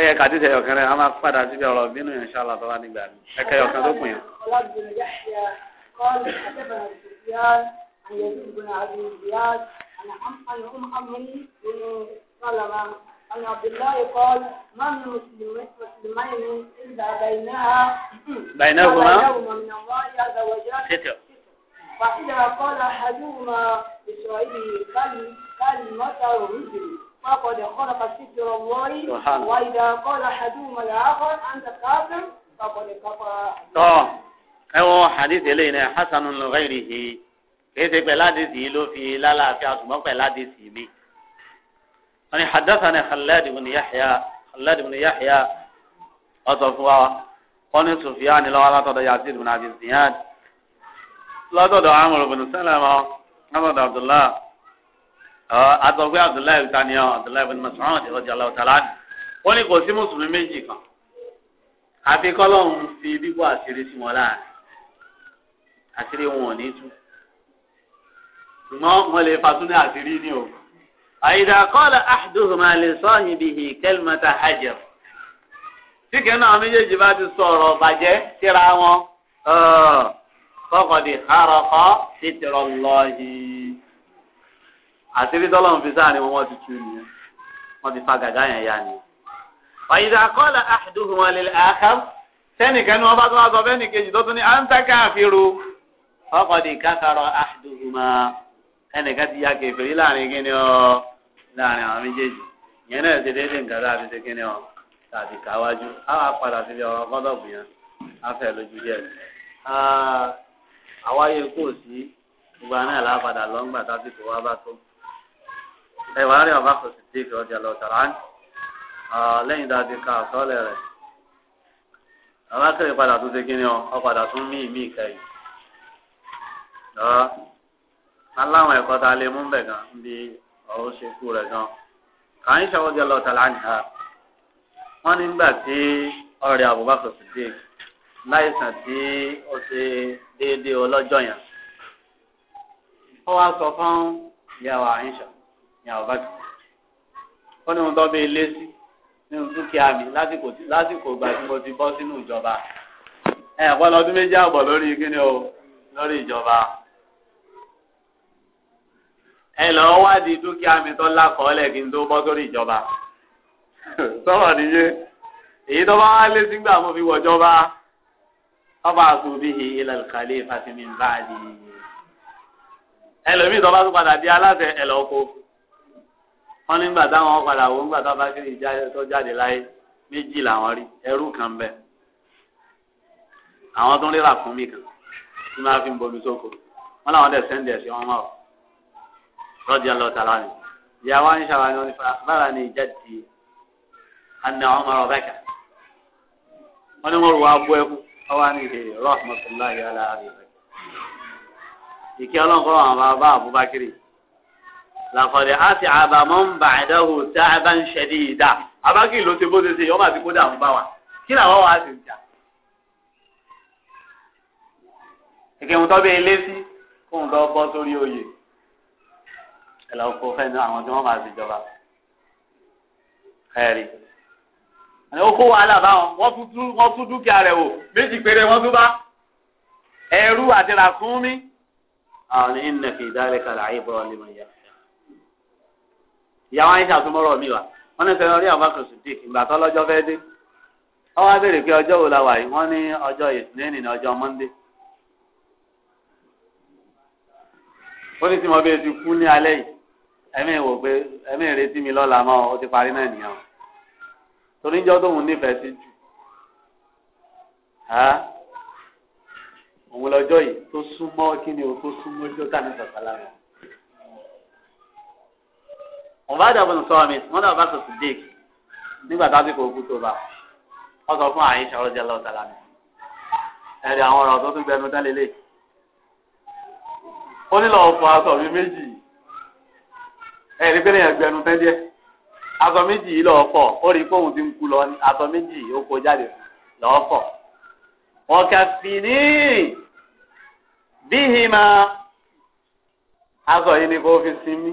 ẹyẹ kàdí tẹ ẹyọkan rẹ a máa padà síbi ọ̀rọ̀ bínú yẹn ṣáàlà tó nígbà mi ẹkẹ ẹyọkan tó kù yẹn. عن عبد الله قال ما من مسلمين إلا بينها بينهما من الله عز وجل ستر قال أحدهما لصاحبه كلمة رجل فقد خلق ستر الله وإذا قال حدوم الآخر أنت كافر فقد كفر ẹwọ hadith eléyìí náà hasanun ló rẹ rìhì kìí ṣe pẹ ládìsí yìí ló fi lálàáfíà ṣùgbọ́n pẹ ládìsí mi. wọ́n ní hadassana khalad ibn yahya khalad ibn yahya ọ̀sọ̀ fún wa wọ́n ní sufiyan lọ́wọ́ látọ̀dọ̀ yazid ibn abi ziyad látọ̀dọ̀ amr ibn salama látọ̀dọ̀ abdullah àtọ̀gbé abdullahi taniya abdullahi bin Mas'ud radiyallahu ta'ala anhu ó ní kò sí mùsùlùmí méjì kan àfi kọ́lọ́hún fi bíbọ́ àṣírí sí wọn láàrin àṣírí wọn ò ní tú ṣùgbọ́n wọn lè fatún ní àṣírí ní o. àyíká qala ahaduhuma li sahibihi kalimata hajar tí kẹ́nu àwọn méjèèjì bá ti sọ̀rọ̀ bàjẹ́ síra wọn kọ́kọ́ di haraqa sitrallahi àṣírí tọ́lọ́run fi sáà ni wọ́n ti tú nìyẹn wọ́n ti fa gàgá yẹn ya nìyẹn. ọ̀yìnbá kọ́lá àdúgbò wọn lè àká sẹ́nìkan ni wọ́n bá tó wá sọ fẹ́ni kejì tó tún ní à ń tàkà àfihàn ọkọ̀ di kákàrọ̀ àdúgbò máa ẹnìkan ti ya kẹfìrí láàrin kíni ọ láàrin àwọn méjèèjì ìyẹn náà ṣe déédéé nǹkan láàbí ṣe kíni ọ tàbí káwájú àwọn apàdà sí ọ̀rọ̀ kọ́dọ̀bù yẹn afẹ́ lójú díẹ̀ àwáyé kò sí gbogbo àná ẹ̀ lápadà lọ́ngbà tásìkò wa bá tó ẹ wàá rí ọba kòsì tí ìfẹ́ ọjà lọ tàrà ní lẹ́yìn dáadé ká àsọ́ọ̀lẹ̀ rẹ̀ alákèrè padà tún ṣe kíni ọ ọ padà tún mí ìmí ìkẹyìn lọ aláwọn ẹ̀kọ́ tá a lè mú bẹ̀ gan bí ọ̀rọ̀ ṣe kú rẹ̀ gan kà ń ṣàwọ́ ọjà lọ tàrà ní ha wọ́n nígbà tí ọ̀rẹ́ Abubakar Siddiq láìsàn tí ó ṣe déédéé ọlọ́jọ́ yẹn ó wá sọ fún ìyàwó àyíṣà ní àwòbákì ó ní mo tọ́ bẹ́ẹ̀ lé sí nínú dúkìá mi lásìkò lásìkò ìgbà tí mo ti bọ́ sínú ìjọba ẹ̀ ẹ̀kọ́ lọ́dún méjì àbọ̀ lórí kíni o lórí ìjọba ẹ lọ wádìí dúkìá mi tó lákọọ́lẹ̀ kí n tó bọ́ sórí ìjọba sọ̀rọ̀ nìyẹn èyí tó bá wá lé sígbà mo fi wọ̀jọba ọba àtúbíhi ilal khalifati min ba'di ẹlòmíì tó bá tún padà di aláṣẹ ẹlọ́kọ̀ọ́ wọ́n ní gbàtà wọn padà wọ́n gbàtà bá kiri tó jáde láyé méjì làwọn rí ẹrú kan bẹ́ẹ̀ àwọn tó ń rírà fún mi kan tí máa fi ń bomi sóko wọn làwọn dẹ̀ sẹ́ńdẹ̀ sí wọn mọ́ rọ́jì ọlọ́tàlá ni ìyá wa ń ṣàwọn ẹni bára ni ìjáde àná ọmọ rọ bẹ́ẹ̀ kà wọn ni wọn rò wá bú ẹkú ọwọ́ ní ìdè rọ́ọ̀mọ́tò láyé aláàbẹ̀ ìkẹ́ ọlọ́nkọ́ àwọn bá bá àbúbákiri làkọ̀dẹ̀ á ti àbàmọ́ ń bà àdáhù tá a bá ń ṣẹ̀dí ìdá abákì ló ti bó ṣe ṣe yọ́mọ̀ àti kódà ń bá wa kí làwọn wà á sì ń jà. kẹ̀kẹ́ ń tọ́bẹ̀ ilé sí kó ń lọ bọ́ sórí oyè ẹ̀ lọ́ọ́ kó fẹ́ẹ́ náà àwọn tí wọ́n máa fi jọba ẹ̀rí àni ó kó wàhálà báwọn wọ́n tún dúkìá rẹ̀ wò méjì péré wọ́n tún bá ẹrú àti ràkúnmí. àwọn ní ìnàkì ìdálẹ́kàlà àyè bọ́ọ̀lì mọ̀ yẹn ìyàwó àyíṣà tún mọ́rọ̀ mi wá wọ́n ní fẹ́ràn rí àbákùn sùdík ìgbà tó lọ́jọ́ fẹ́ dé wọ́n wá béèrè pé ọjọ́ wo la wà yìí wọ́n ní ọjọ́ ìsìnlẹ́nì ní ọjọ́ mọ́ndé ó ní tí mo bẹ́ẹ̀ ti kú ní alẹ́ yìí ẹ̀mí wò pé ẹ̀mí retí mi lọ́la mọ́ ó ti parí náà nìyẹn o torí tóun nífẹ̀ẹ́ sí jù òun lọ́jọ́ yìí tó súnmọ́ kí ni o tó súnmọ́ ìjọ́ ní sọ̀tà lára ọ̀bádà bọ̀ sọ mi wọn náà bá sọ sí dèkì nígbà tásìkò òkú tó bá wọn sọ fún àyíṣà ọlọ́jà lọ́ọ̀tà lánàá ẹ̀rì àwọn ọ̀rọ̀ tó tún gbẹnu dálélẹ̀ ó nílò ọ̀pọ̀ aṣọ mi méjì ẹ̀rí pé èèyàn gbẹnu fẹ́ díẹ̀ aṣọ méjì yìí lọ́ọ́ fọ̀ ó rí fóun ti ń kú lọ ní aṣọ méjì yìí ó kó jáde lọ́ọ́ fọ̀ wọn kà sí ní bíhìmá aṣọ yìí ni kò fi sinmi.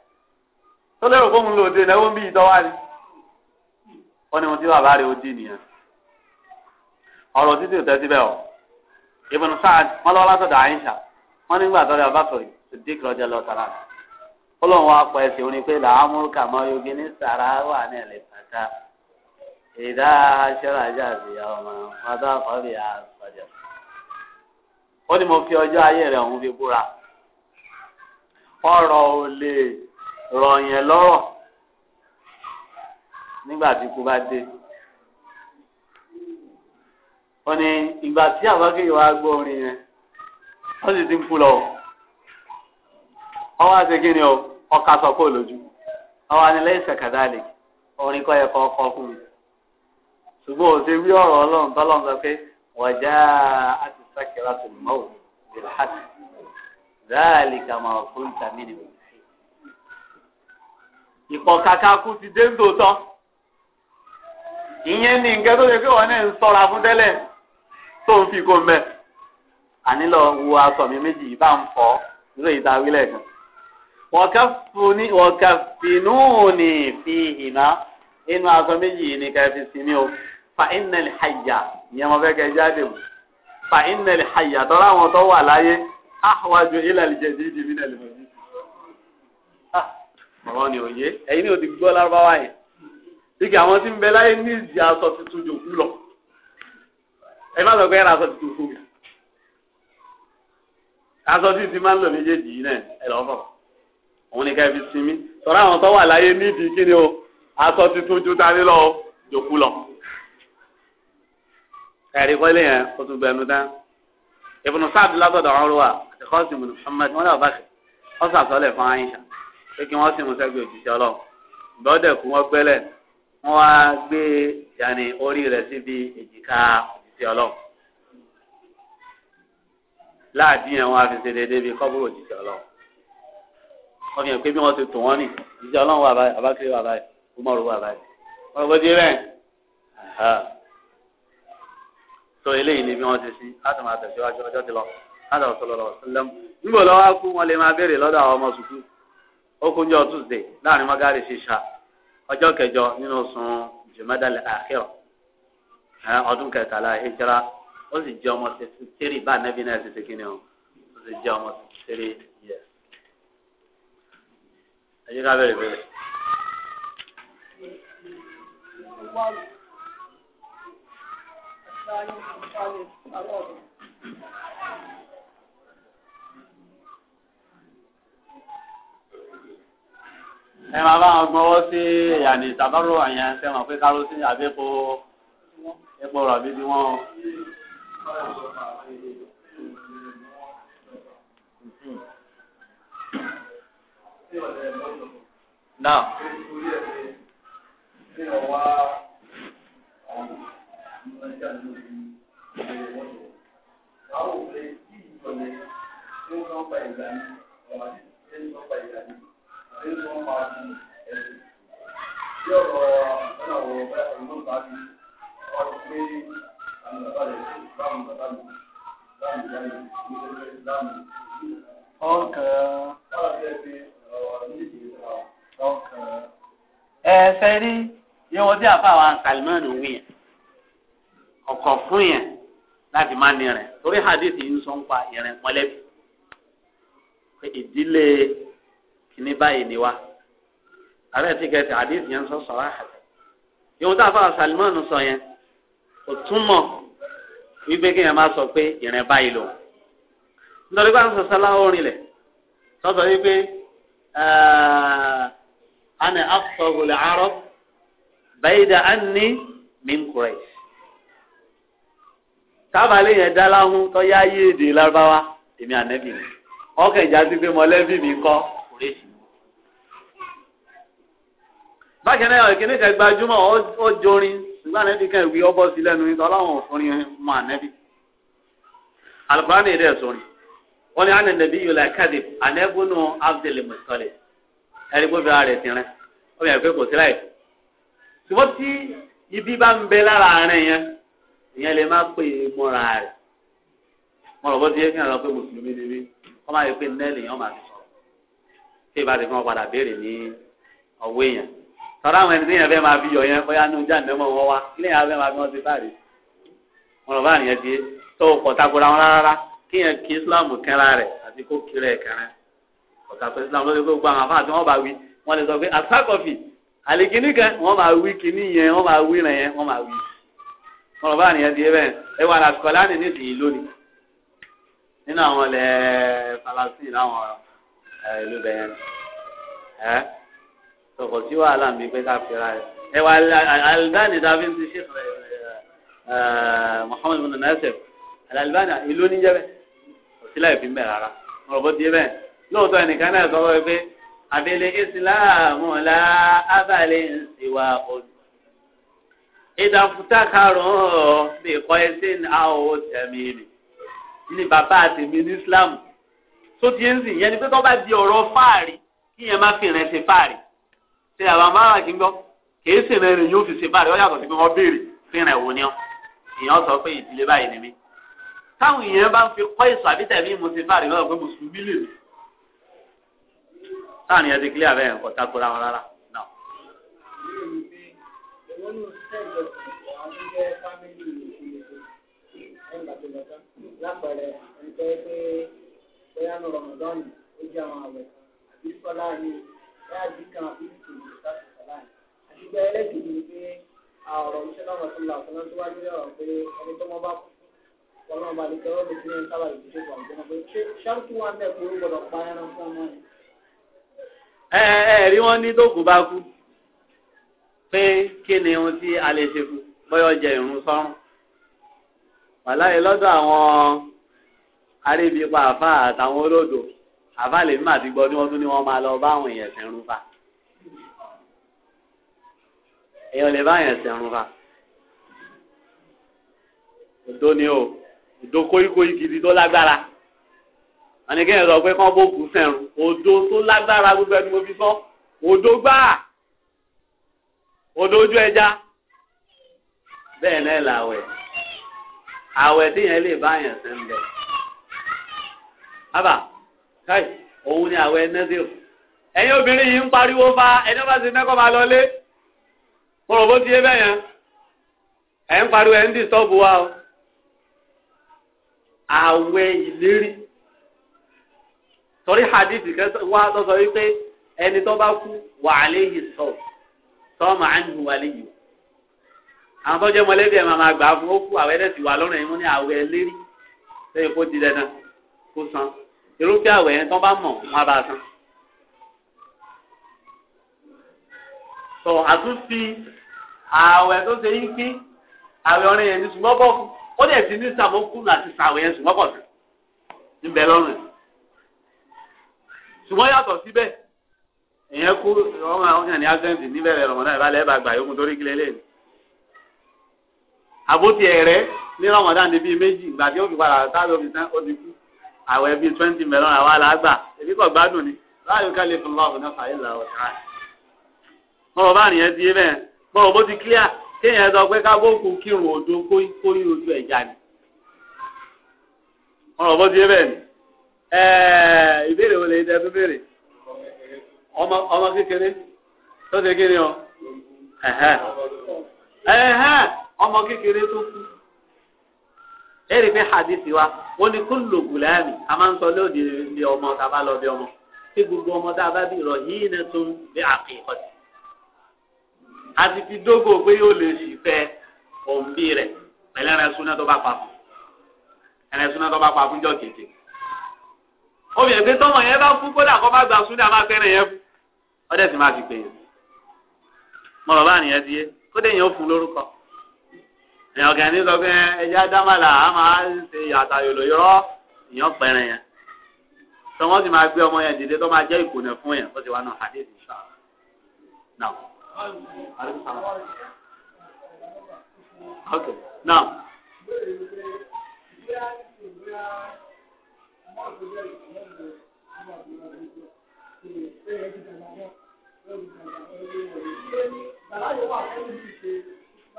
tó lérò fóun lò dé náwó ń bí ìtọ́wá ni wọ́n ní mo ti bàbá rẹ̀ ó dì nìyẹn ọ̀rọ̀ títí ò tẹ́sí bẹ́ẹ̀ o Ibn Sa'ad wọn lọ́wọ́ látọ̀dọ̀ Àyíṣà wọn nígbà tọ́lẹ̀ abákọ̀rì Siddiq rọjò lọ sàrà Ọlọ́run wa pa ẹsẹ̀ orin pé làámú kàmọ́ yogi ní sàrà wà ní ẹ̀lẹ́ pàtà ìdá aṣọ́rajà sí ọmọ ọdọ́ àkọ́bí àṣọjọ. ó ní mo fi ọjọ́ ayé rẹ̀ òun fi búra ọ̀rọ̀ ò lè rọ̀ yẹn lọ́rọ̀ nígbà tí ikú bá dé wọ́n ní ìgbà tí àbákẹ́yọ̀ wá gbọ́ orin yẹn wọ́n sì ti ń kú lọ wọ́n wá ṣe kí ni o ọkà sọ kó lójú ọwọ́ anilẹ́ ìṣẹ̀kàdálì orin kọ́ ẹ̀kọ́ ọkọ fún mi ṣùgbọ́n ò ṣe rí ọ̀rọ̀ ọlọ́run tọ́lọ́run sọ pé wọ̀já àti sákìrà tó mọ́ ò àti dáàlì kàmá ọ̀fun tàmí ìpọ̀kàkà kú ti dé ń tòótọ́ ìyẹn ní nǹkan tó ṣe pé wọn náà ń sọra fún tẹ́lẹ̀ tó ń fi kó mẹ́ àní lọ wo aṣọ mi méjì yìí bá ń fọ́ nítorí ìta wílẹ̀ kan wọ́n kà fínú ní fi hìnà inú aṣọ méjì yìí ní ká fi o fa iná lè ìyẹn mo fẹ́ kẹ́ jáde o fa iná lè tọ́lá àwọn tó wà láyé áhùwájú ilẹ̀ lè jẹ́ dídì mí náà ọ̀rọ̀ ni òye ẹ̀yin ni ò ti gbọ́ lárúbáwá yẹn ike àwọn tí ń bẹ láyé ní ìdí aṣọ tuntun jòkú lọ ẹ má sọ pé ẹ ra aṣọ tuntun fún mi aṣọ tí ti máa ń lò méjèèjì yìí náà ẹ lọ fọ òun ni ká fi sinmi sọ̀rọ̀ àwọn tó wà láyé nídìí kí ni o aṣọ tuntun ju tani lọ jòkú lọ ẹ̀rí kọ́lé yẹn o tún gbẹnu dán ìbùnú sáà dúró látọ̀dọ̀ ọ̀rọ̀ wa àti kọ́sìmù Muhammad wọn náà bá kẹ́ ọ̀sà sọ́lẹ̀ fún Aisha pé kí wọ́n sì mú sẹ́gbẹ̀ẹ́ òjíṣẹ́ ọlọ́run lọ́dẹ̀ kú wọ́n gbẹ́lẹ̀ wọ́n wá gbé yàní orí rẹ̀ síbi èjìká òjíṣẹ́ ọlọ́run láàdín yẹn wọ́n á fi ṣe déédéé bíi kọ́bùrù òjíṣẹ́ ọlọ́run wọ́n fi hàn pé bí wọ́n ti tò wọ́n nì òjíṣẹ́ ọlọ́run wà báyìí abákẹ́ wà báyìí umaru wà báyìí wọ́n bọ́ dé bẹ́ẹ̀ so eléyìí ni bí wọ́n ti sí láti máa tẹ̀síwájú ti lọ láti ọ̀sọ̀ lọ́wọ́ sílẹ̀ nígbà lọ́wọ́ kú wọ́n lè máa béèrè lọ́dọ̀ àwọn ọmọ sùkúù okunjọ tuesday láàrin magari ṣiṣà ọjọ́ kẹjọ nínú oṣù jumadal akhir ọdún kẹtàlá hijra ó sì jẹ ọmọ sixty three bá nẹbí náà ṣiṣẹ kí ni o ó sì jẹ ọmọ sixty three years. ẹ jẹ́ ká bẹ̀rẹ̀ Thank you. ẹ máa bá wọn gbọ́wọ́ sí ìyànì ìtàbárò àyàn ṣe mọ̀ pé sí àbẹ́pọ̀ epo rọ̀bì bí wọ́n Now ayé tó ń pa di ẹ̀sìn bí ọ̀rọ̀ ọ̀nà wo bẹ́ẹ̀ ọ̀rọ̀ ló ń pa di ọ̀rọ̀ tó pé àmì bàbá rẹ̀ láàmú bàbá mi fún yẹn láti má ní rẹ̀ torí hadith yìí ń sọ ń pa ìrìn mọ́lẹ́bí ìdílé ní báyìí ni wá ààrẹ ti gẹ̀ẹ́sì àdéhùn yẹn sọ sọ̀rọ̀ àhàtà ìwọ̀n tá a fà Salman sọ yẹn kò túmọ̀ wípé kéèyàn máa sọ pé ìrìn báyìí lò nítorí pé à ń sọ sálá orin lẹ̀ sọ́sọ́ wípé ana afọ́gùlẹ̀ arọ́ bẹ́ẹ̀dà á mímkúrẹ́ tábàlì yẹn dá láhùn tó yá yé lárúbáwá èmi ànẹ́bì ni ọkàn ìjà sí pé mọ̀lẹ́bí mi kọ́ kùrẹ́sì bákan náà kìnìún kan gbajúmọ̀ ó jorin ṣùgbọ́n ànẹ́bí kan ìwé ọbọ̀ sí lẹ́nu ní ọlọ́run òfin mọ ànẹ́bí alukurani yìí dẹ̀ sọrin wọ́n ní ànẹ́ nàbí yìí làkàdé ànẹ́bùnú abdul mùsọ̀lẹ̀ ẹni gbọ́ fi ààrẹ tìrín ó yẹ pé kò sí láì ṣùgbọ́n tí ibi bá ń bẹ lára àárín yẹn ìyẹn lè má pè é mọ́ra rẹ̀ mọ̀rọ̀ bó ti yẹ kí n lọ pé mùsùlùmí ni mí wọ́n máa yẹ pé nẹ́ẹ̀lì yẹn máa ti sọ̀rọ̀ tọ́lá àwọn ẹni téèyàn fẹ́ máa fi yọ yẹn bóyá ní ojú àdìmọ́ wọn wá kí lèyàn fẹ́ máa fi wọn ti báàrí wọn lọ bá nìyẹn ti tó kọ̀tàkùrà wọn rárá kí yẹn kí Islam kẹ́ra rẹ̀ àti kó kiri ẹ̀ kẹ́ra kọ̀tàkùrà Islam ló lè kó àwọn afáà tí wọ́n bá wí wọ́n lè sọ pé àsákọ̀fì àlèkíní kan wọ́n máa wí kíní yẹn wọ́n máa wí rẹ̀ yẹn wọ́n máa wí wọn lọ bá tó kò sí wàhálà mi pé ká fira rẹ̀ ẹ wà alibani dàbí ti ṣe Muhammad bin Nasir alibani ìlú níjẹ́bẹ̀ kò sí láì fi ń bẹ̀ rárá mo rò bó ti yé bẹ́ẹ̀ lóòótọ́ ẹnìkan náà sọ wọ́n pé àbẹ̀lẹ̀ ìsìláàmù la abàlẹ̀ ń ṣèwà òdù ìdàkútàkàrọ̀ bí kọ́ ẹsẹ̀ ní àwọn tẹ̀mìrì ní bàbá àtẹ̀mí ní Islam tó ti ń sìn yẹn ni pé tó bá di ọ̀rọ̀ fáàrí kí yẹn má fi rẹ̀ ṣe fáàrí ṣe àwọn máa kí n gbọ́ kì í sì rẹ rẹ yóò fi ṣe báyìí ó yàtọ̀ sí pé wọ́n béèrè fínra ẹ̀wò ni ọ́ èèyàn sọ pé ìdílé báyìí ni mí táwọn èèyàn bá ń fi kọ́ ìsọ àbí tẹ̀mí mo ṣe báyìí lọ́dọ̀ pé mùsùlùmí lè rí táwọn èèyàn ti kílẹ̀ abẹ́ ọ̀tá kóra wọn rárá náà. lápẹẹrẹ ẹni pé pé bóyá ní rọmọdọ́nù ó jẹ́ àwọn àwẹ̀ àbí sọ́lá ní bẹ́ẹ̀ àbí kan àbí ìkòlù láti sọ̀lá yìí. àṣìgbẹ́ ẹlẹ́kìtì ni pé ọ̀rọ̀ iṣẹ́ náà wọ́n ti là fún lọ́sí wájú ọ̀rọ̀ pé ẹni tó wọ́n bá kú ọ̀rọ̀ ọba lè kẹ́rọ́ bẹ̀ sílẹ̀ sábà lè ṣe pọ̀ àgbẹ̀ pé ṣáàtú wa bẹ̀ kó gbọ́dọ̀ pa ẹran fún ọmọ yẹn. ẹ ẹ rí wọn ní tó kù bá kú pé kí ni ohun tí a lè ṣe fún bọ́yọ̀ jẹ ìrún sọ́run wàláyé lọ́dọ̀ àwọn arébípa àfáà àtàwọn olódò àbálẹ̀ mímọ̀ àti gbọ́ bí wọ́n tún ní wọ́n máa lọ bá àwọn èèyàn sẹ́run fa èèyàn lè bá èèyàn sẹ́run fa òdo ni o òdo kóríkórí gidi tó lágbára wọn ni kéèyàn sọ pé kán bó kú sẹ́run òdo tó lágbára gbogbo ẹni mo fi sọ òdo gbáà òdo ojú ẹja bẹ́ẹ̀ náà làwẹ̀ àwẹ̀ tíyẹn lè bá èèyàn sẹ́run bẹ́ẹ̀ káì òun ni àwọn ẹnẹ́dẹ́rù ẹ̀yin obìnrin yìí ń pariwo fa ẹni bá ti mẹ́kọ̀ọ́ máa lọ lé kúrò bó ti yé bẹ́ẹ̀ yẹn ẹ̀ ń pariwo ẹ̀ ń dìstọ́bù wa o àwẹ̀ ìlérí torí hadith kan wá sọ́sọ́ wípé ẹni tó bá kú wà á léyìí sọ tọ́mà á ń wà léyìí àwọn tó jẹ́ mọ̀lẹ́bí ẹ̀ máa máa gbà fún ó kú àwẹ̀ ẹ̀dẹ̀ sì wà lọ́rùn ẹ̀yìn mú ní àwẹ̀ ìlérí lẹ́yìn kó di dandan kó san irúfẹ́ àwẹ̀ yẹn tó bá mọ̀ wọn bá san. tó àtúntì àwẹ̀ tó ṣe yín kí àwẹ̀ ọ̀rẹ́ yẹn ní ṣùgbọ́n bọ́ ó dẹ̀ ti ní sàmókùn àti sàwẹ̀ yẹn ṣùgbọ́n pọ̀ sí níbẹ̀ lọ́rùn ẹ̀ ṣùgbọ́n yàtọ̀ síbẹ̀ èèyàn kú ọmọ àwọn èèyàn ní agẹ́ǹtì níbẹ̀rẹ̀ rọ̀mọ̀dá ìbálẹ̀ ẹ̀ bá gbà yókùn torí kílẹ̀ lẹ́nu àbótiẹ̀ rẹ̀ ní rọ̀mọ̀dá níbi méjì ìgbà tí padà tábìlì ó fi ó ti kú àwẹ̀ bíi twenty mẹ́rin àwa là agba èmi kò gbádùn ni láàyò kálí fún lọ́ọ̀bù náà fàyè là ṣáà. mo bọ̀ bá nìyẹn di bẹ́ẹ̀ mo bọ̀ bó ti clear kéèyàn sọ pé kábòkù kírun odò kórí ojú ẹ̀já ni. mo bó ti bẹ́ẹ̀ ni ìbéèrè wo lè tó béèrè ọmọ kékeré tó ṣe kí ni ọ ọmọ ẹ̀rí pé hadithi wa ó ní kullu gùlẹ́ẹ̀mì a máa ń sọ lóde ní ọmọ tá a bá lọ bí ọmọ tí gbogbo ọmọ tá a bá bí rọ yìí ní tún bí àkìkọ̀tì a ti fi dógò pé yóò lè sì fẹ́ òǹbí rẹ̀ pẹ̀lú ẹ̀rẹ́ súná tó bá pa fún ẹ̀rẹ́ súná tó bá pa fún jọ kejì obìnrin pé tọmọ yẹn bá kú kódà kó bá gba súná máa fẹ́ràn yẹn fún ọdẹ sì máa fi pè é mọ̀rọ̀ nìyẹn ti yé kódé yẹn ó fún lórúkọ èèyàn kàn sọ pé ẹja dámàlà á máa ṣe yàtà yòlò yọrọ èèyàn pẹ̀rẹ̀ yẹn tó wọ́n sì máa gbé ọmọ yẹn dìde tó máa jẹ́ ìkùnà fún yẹn tó ti wà náà hadith ṣá now okay now.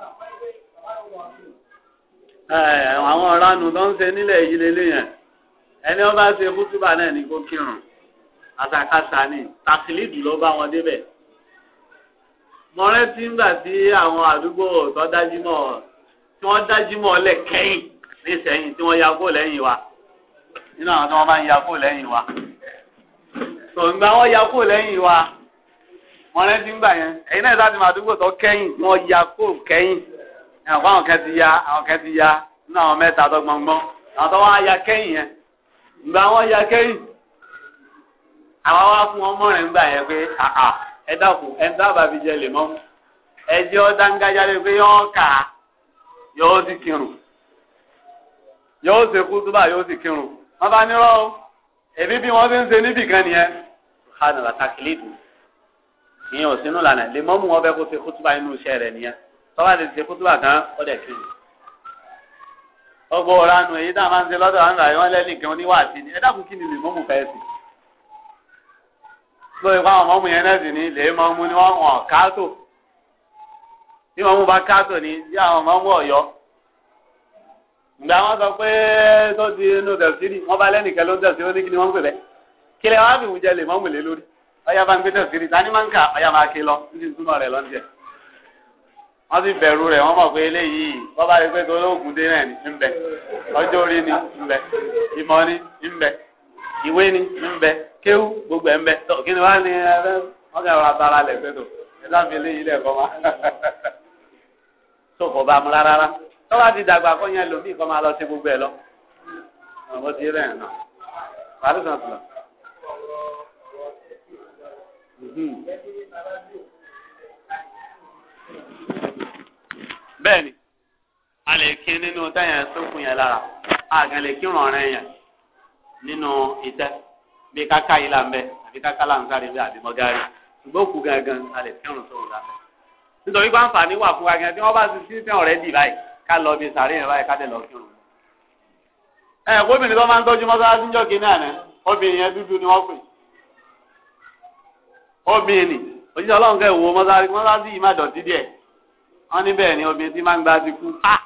Thank you àwọn ọ̀ránù tó ń ṣe nílẹ̀ yìí yẹn ẹni wọ́n ṣe kútúbà náà ní kó kírun àtàkàṣà ni tàkìlìdù ló bá wọn débẹ̀ mọ̀rẹ́ tí ń gbà tí àwọn àdúgbò tó dájímọ̀ tí wọ́n dájímọ̀ lẹ̀ kẹ́yìn ní tí wọ́n ya kó lẹ́yìn wa nínú àwọn tí wọ́n bá ń ya kó lẹ́yìn wa tòǹgbà wọn ya kó lẹ́yìn wa mọ̀rẹ́ tí ń gbà yẹn ẹ̀yin náà ẹ̀kọ́ àwọn kan ya àwọn kan ya nínú àwọn mẹ́ta tó gbọ̀ngbọ̀n àwọn tó wá kẹ́yìn yẹn ìgbà wọn ya kẹ́yìn àwọn wá fún ọmọ rẹ̀ ńgbà yẹn pé àà ẹ dàkú ẹ ń dábàá fi jẹ lè ẹ jẹ́ ọ́ dángájá lé pé yọ́ọ́ kà á yọ́ọ́ sì kírun yọ́ọ́ sì kú túbà yọ́ọ́ sì kírun wọ́n bá nírọ́ o èbí bí wọ́n ti ń ṣe níbì kan nìyẹn hàn làtàkìlì dùn ìyẹn ò sínú lànà lè mọ́mú wọn bẹ́ẹ̀ kó ṣe kú túbà inú iṣẹ́ rẹ̀ nìyẹn. tọ́wá ti ṣe kútúbà kan kiri. ọgbọ ọ̀rá nu èyí tá a máa ń ṣe lọ́dọ̀ àwọn àyàn lẹ́nu ìkẹ́ oníwà àti ni ẹ kí ni lè mọ́mù fẹ́ sí. lórí fáwọn mọ́mù yẹn náà sì ní lè mọ́mù ni wọ́n wọ̀n káàtó. bí mọ́mù bá káàtó ni bí àwọn mọ́mù ọ̀yọ́. wọn sọ pé tó ti inú wọ́n wọ́n ti bẹ̀rù rẹ̀ wọ́n mọ̀ pé eléyìí wọ́n bá rí pé tó lóògùn dé náà ní ńbẹ ọjọ́ orí ni ìmọ̀ ni ni gbogbo ẹ̀ ńbẹ tó kí ni wọ́n á ní ẹ̀rẹ́ abala lẹ̀ eléyìí lẹ̀ tó bá mu rárá tó bá ti dàgbà kó yẹn lòmíì kọ́ máa lọ gbogbo ẹ̀ lọ bẹ́ẹ̀ ni a lè kí nínú táyà sókun yẹn lára a kàn lè kírun yẹn nínú ìtẹ́ bí káká yìí là ń bẹ àbí káká là ń sáré àbí mọ́gárì ṣùgbọ́n òkú gangan a lè nítorí pé àǹfààní wà fún tí wọ́n bá ti sí ọ̀rẹ́ dì báyìí ká lọ bí yẹn báyìí ká dẹ̀ lọ ẹ gómìnà tó obìnrin ni wọ́n pè wọ́n níbẹ̀ ni obìnrin tí máa ń gba ti kú. Ah!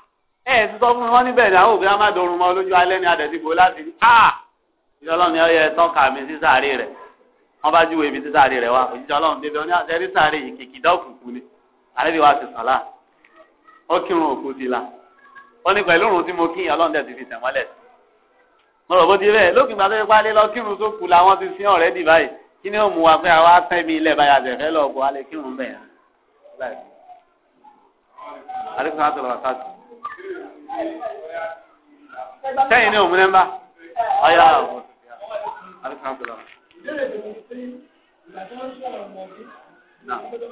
ẹ ẹ ti sọ fún mi wọ́n níbẹ̀ ni àwọn òbí máa dọ̀rùn mọ́ lójú alẹ́ ni adẹ̀dìbò láti rí. Ah! ìjọ ọlọ́run ni ọyẹ tọ́ka mi sí sáré rẹ̀ wọ́n bá júwèé ibi sí sáré rẹ̀ wá òjijì ọlọ́run débi wọn ní àtẹ́rí sáré yìí kìkì dọ́kùnkùn ni àlejò wa ti sàlá ó kírun òkú ti la ó ní pẹ̀lú òrùn tí mo kí ọlọ́run tẹ̀ ti fi tẹ̀ mọ́lẹ̀ mo rò bó ti rẹ̀ lókùn gbàtọ́ ipá lé lọ kírun sókù làwọn ti sin ọ̀rẹ́ dì báyìí kí ni ó mú wa pé àwa tẹ́ ilẹ̀ báyà tẹ̀ lọ́ọ̀kọ́ alẹ́ kírun bẹ̀rẹ̀ àdéhùn àti ọ̀rọ̀ àti àti. sẹ́yìn ní òmìnira ń bá ọ̀yà àbọ̀ àdéhùn àti ọ̀rọ̀. Náà. Náà.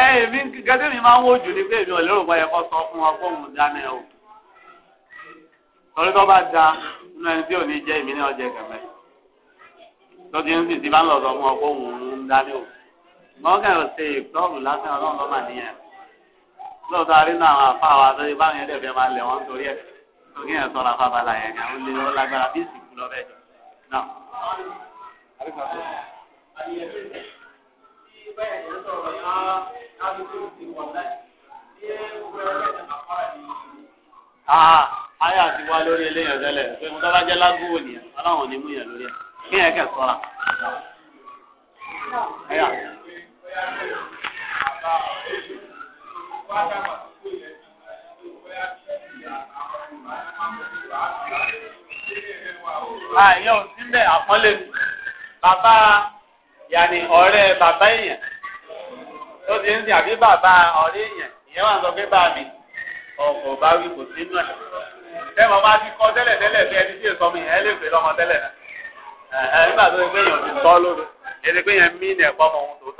ẹ èmi gẹ́gẹ́ mi máa ń wojú ni pé èmi ò lérò báyẹn kọ́ sọ fún wa dáná o torí tó bá da ẹni tí ò ní jẹ́ èmi ní ọjà ìkẹ̀mẹ́ sì ti bá lọ sọ fún wa dáná o ṣe ìtọ́rù lásán ọlọ́run lọ́mà wa tó báwọn máa lẹ̀ wọ́n torí ẹ̀ tó kí yẹn ọ Ah, ayé wá lórí eléyàn tẹ́lẹ̀ pé mo jẹ́ ní lórí ẹ̀ kí sọ́ra. Ah, sí bẹ́ẹ̀ àpọ́nlé bàbá. yàní ọ̀rẹ́ bàbá èèyàn tó ti ń sìn àbí bàbá ọ̀rẹ́ èèyàn ìyẹn wà ń sọ pé bá mi ọ̀pọ̀ bá wí kò sínú ẹ̀ tẹ́wọ̀n bá ti kọ́ tẹ́lẹ̀ tẹ́lẹ̀ bí ẹni tí èso mi yẹn lè pè lọ́mọ tẹ́lẹ̀ náà nígbà tó ṣe pé èèyàn tọ́ lóru èdè mí ní ẹ̀kọ́ ọmọ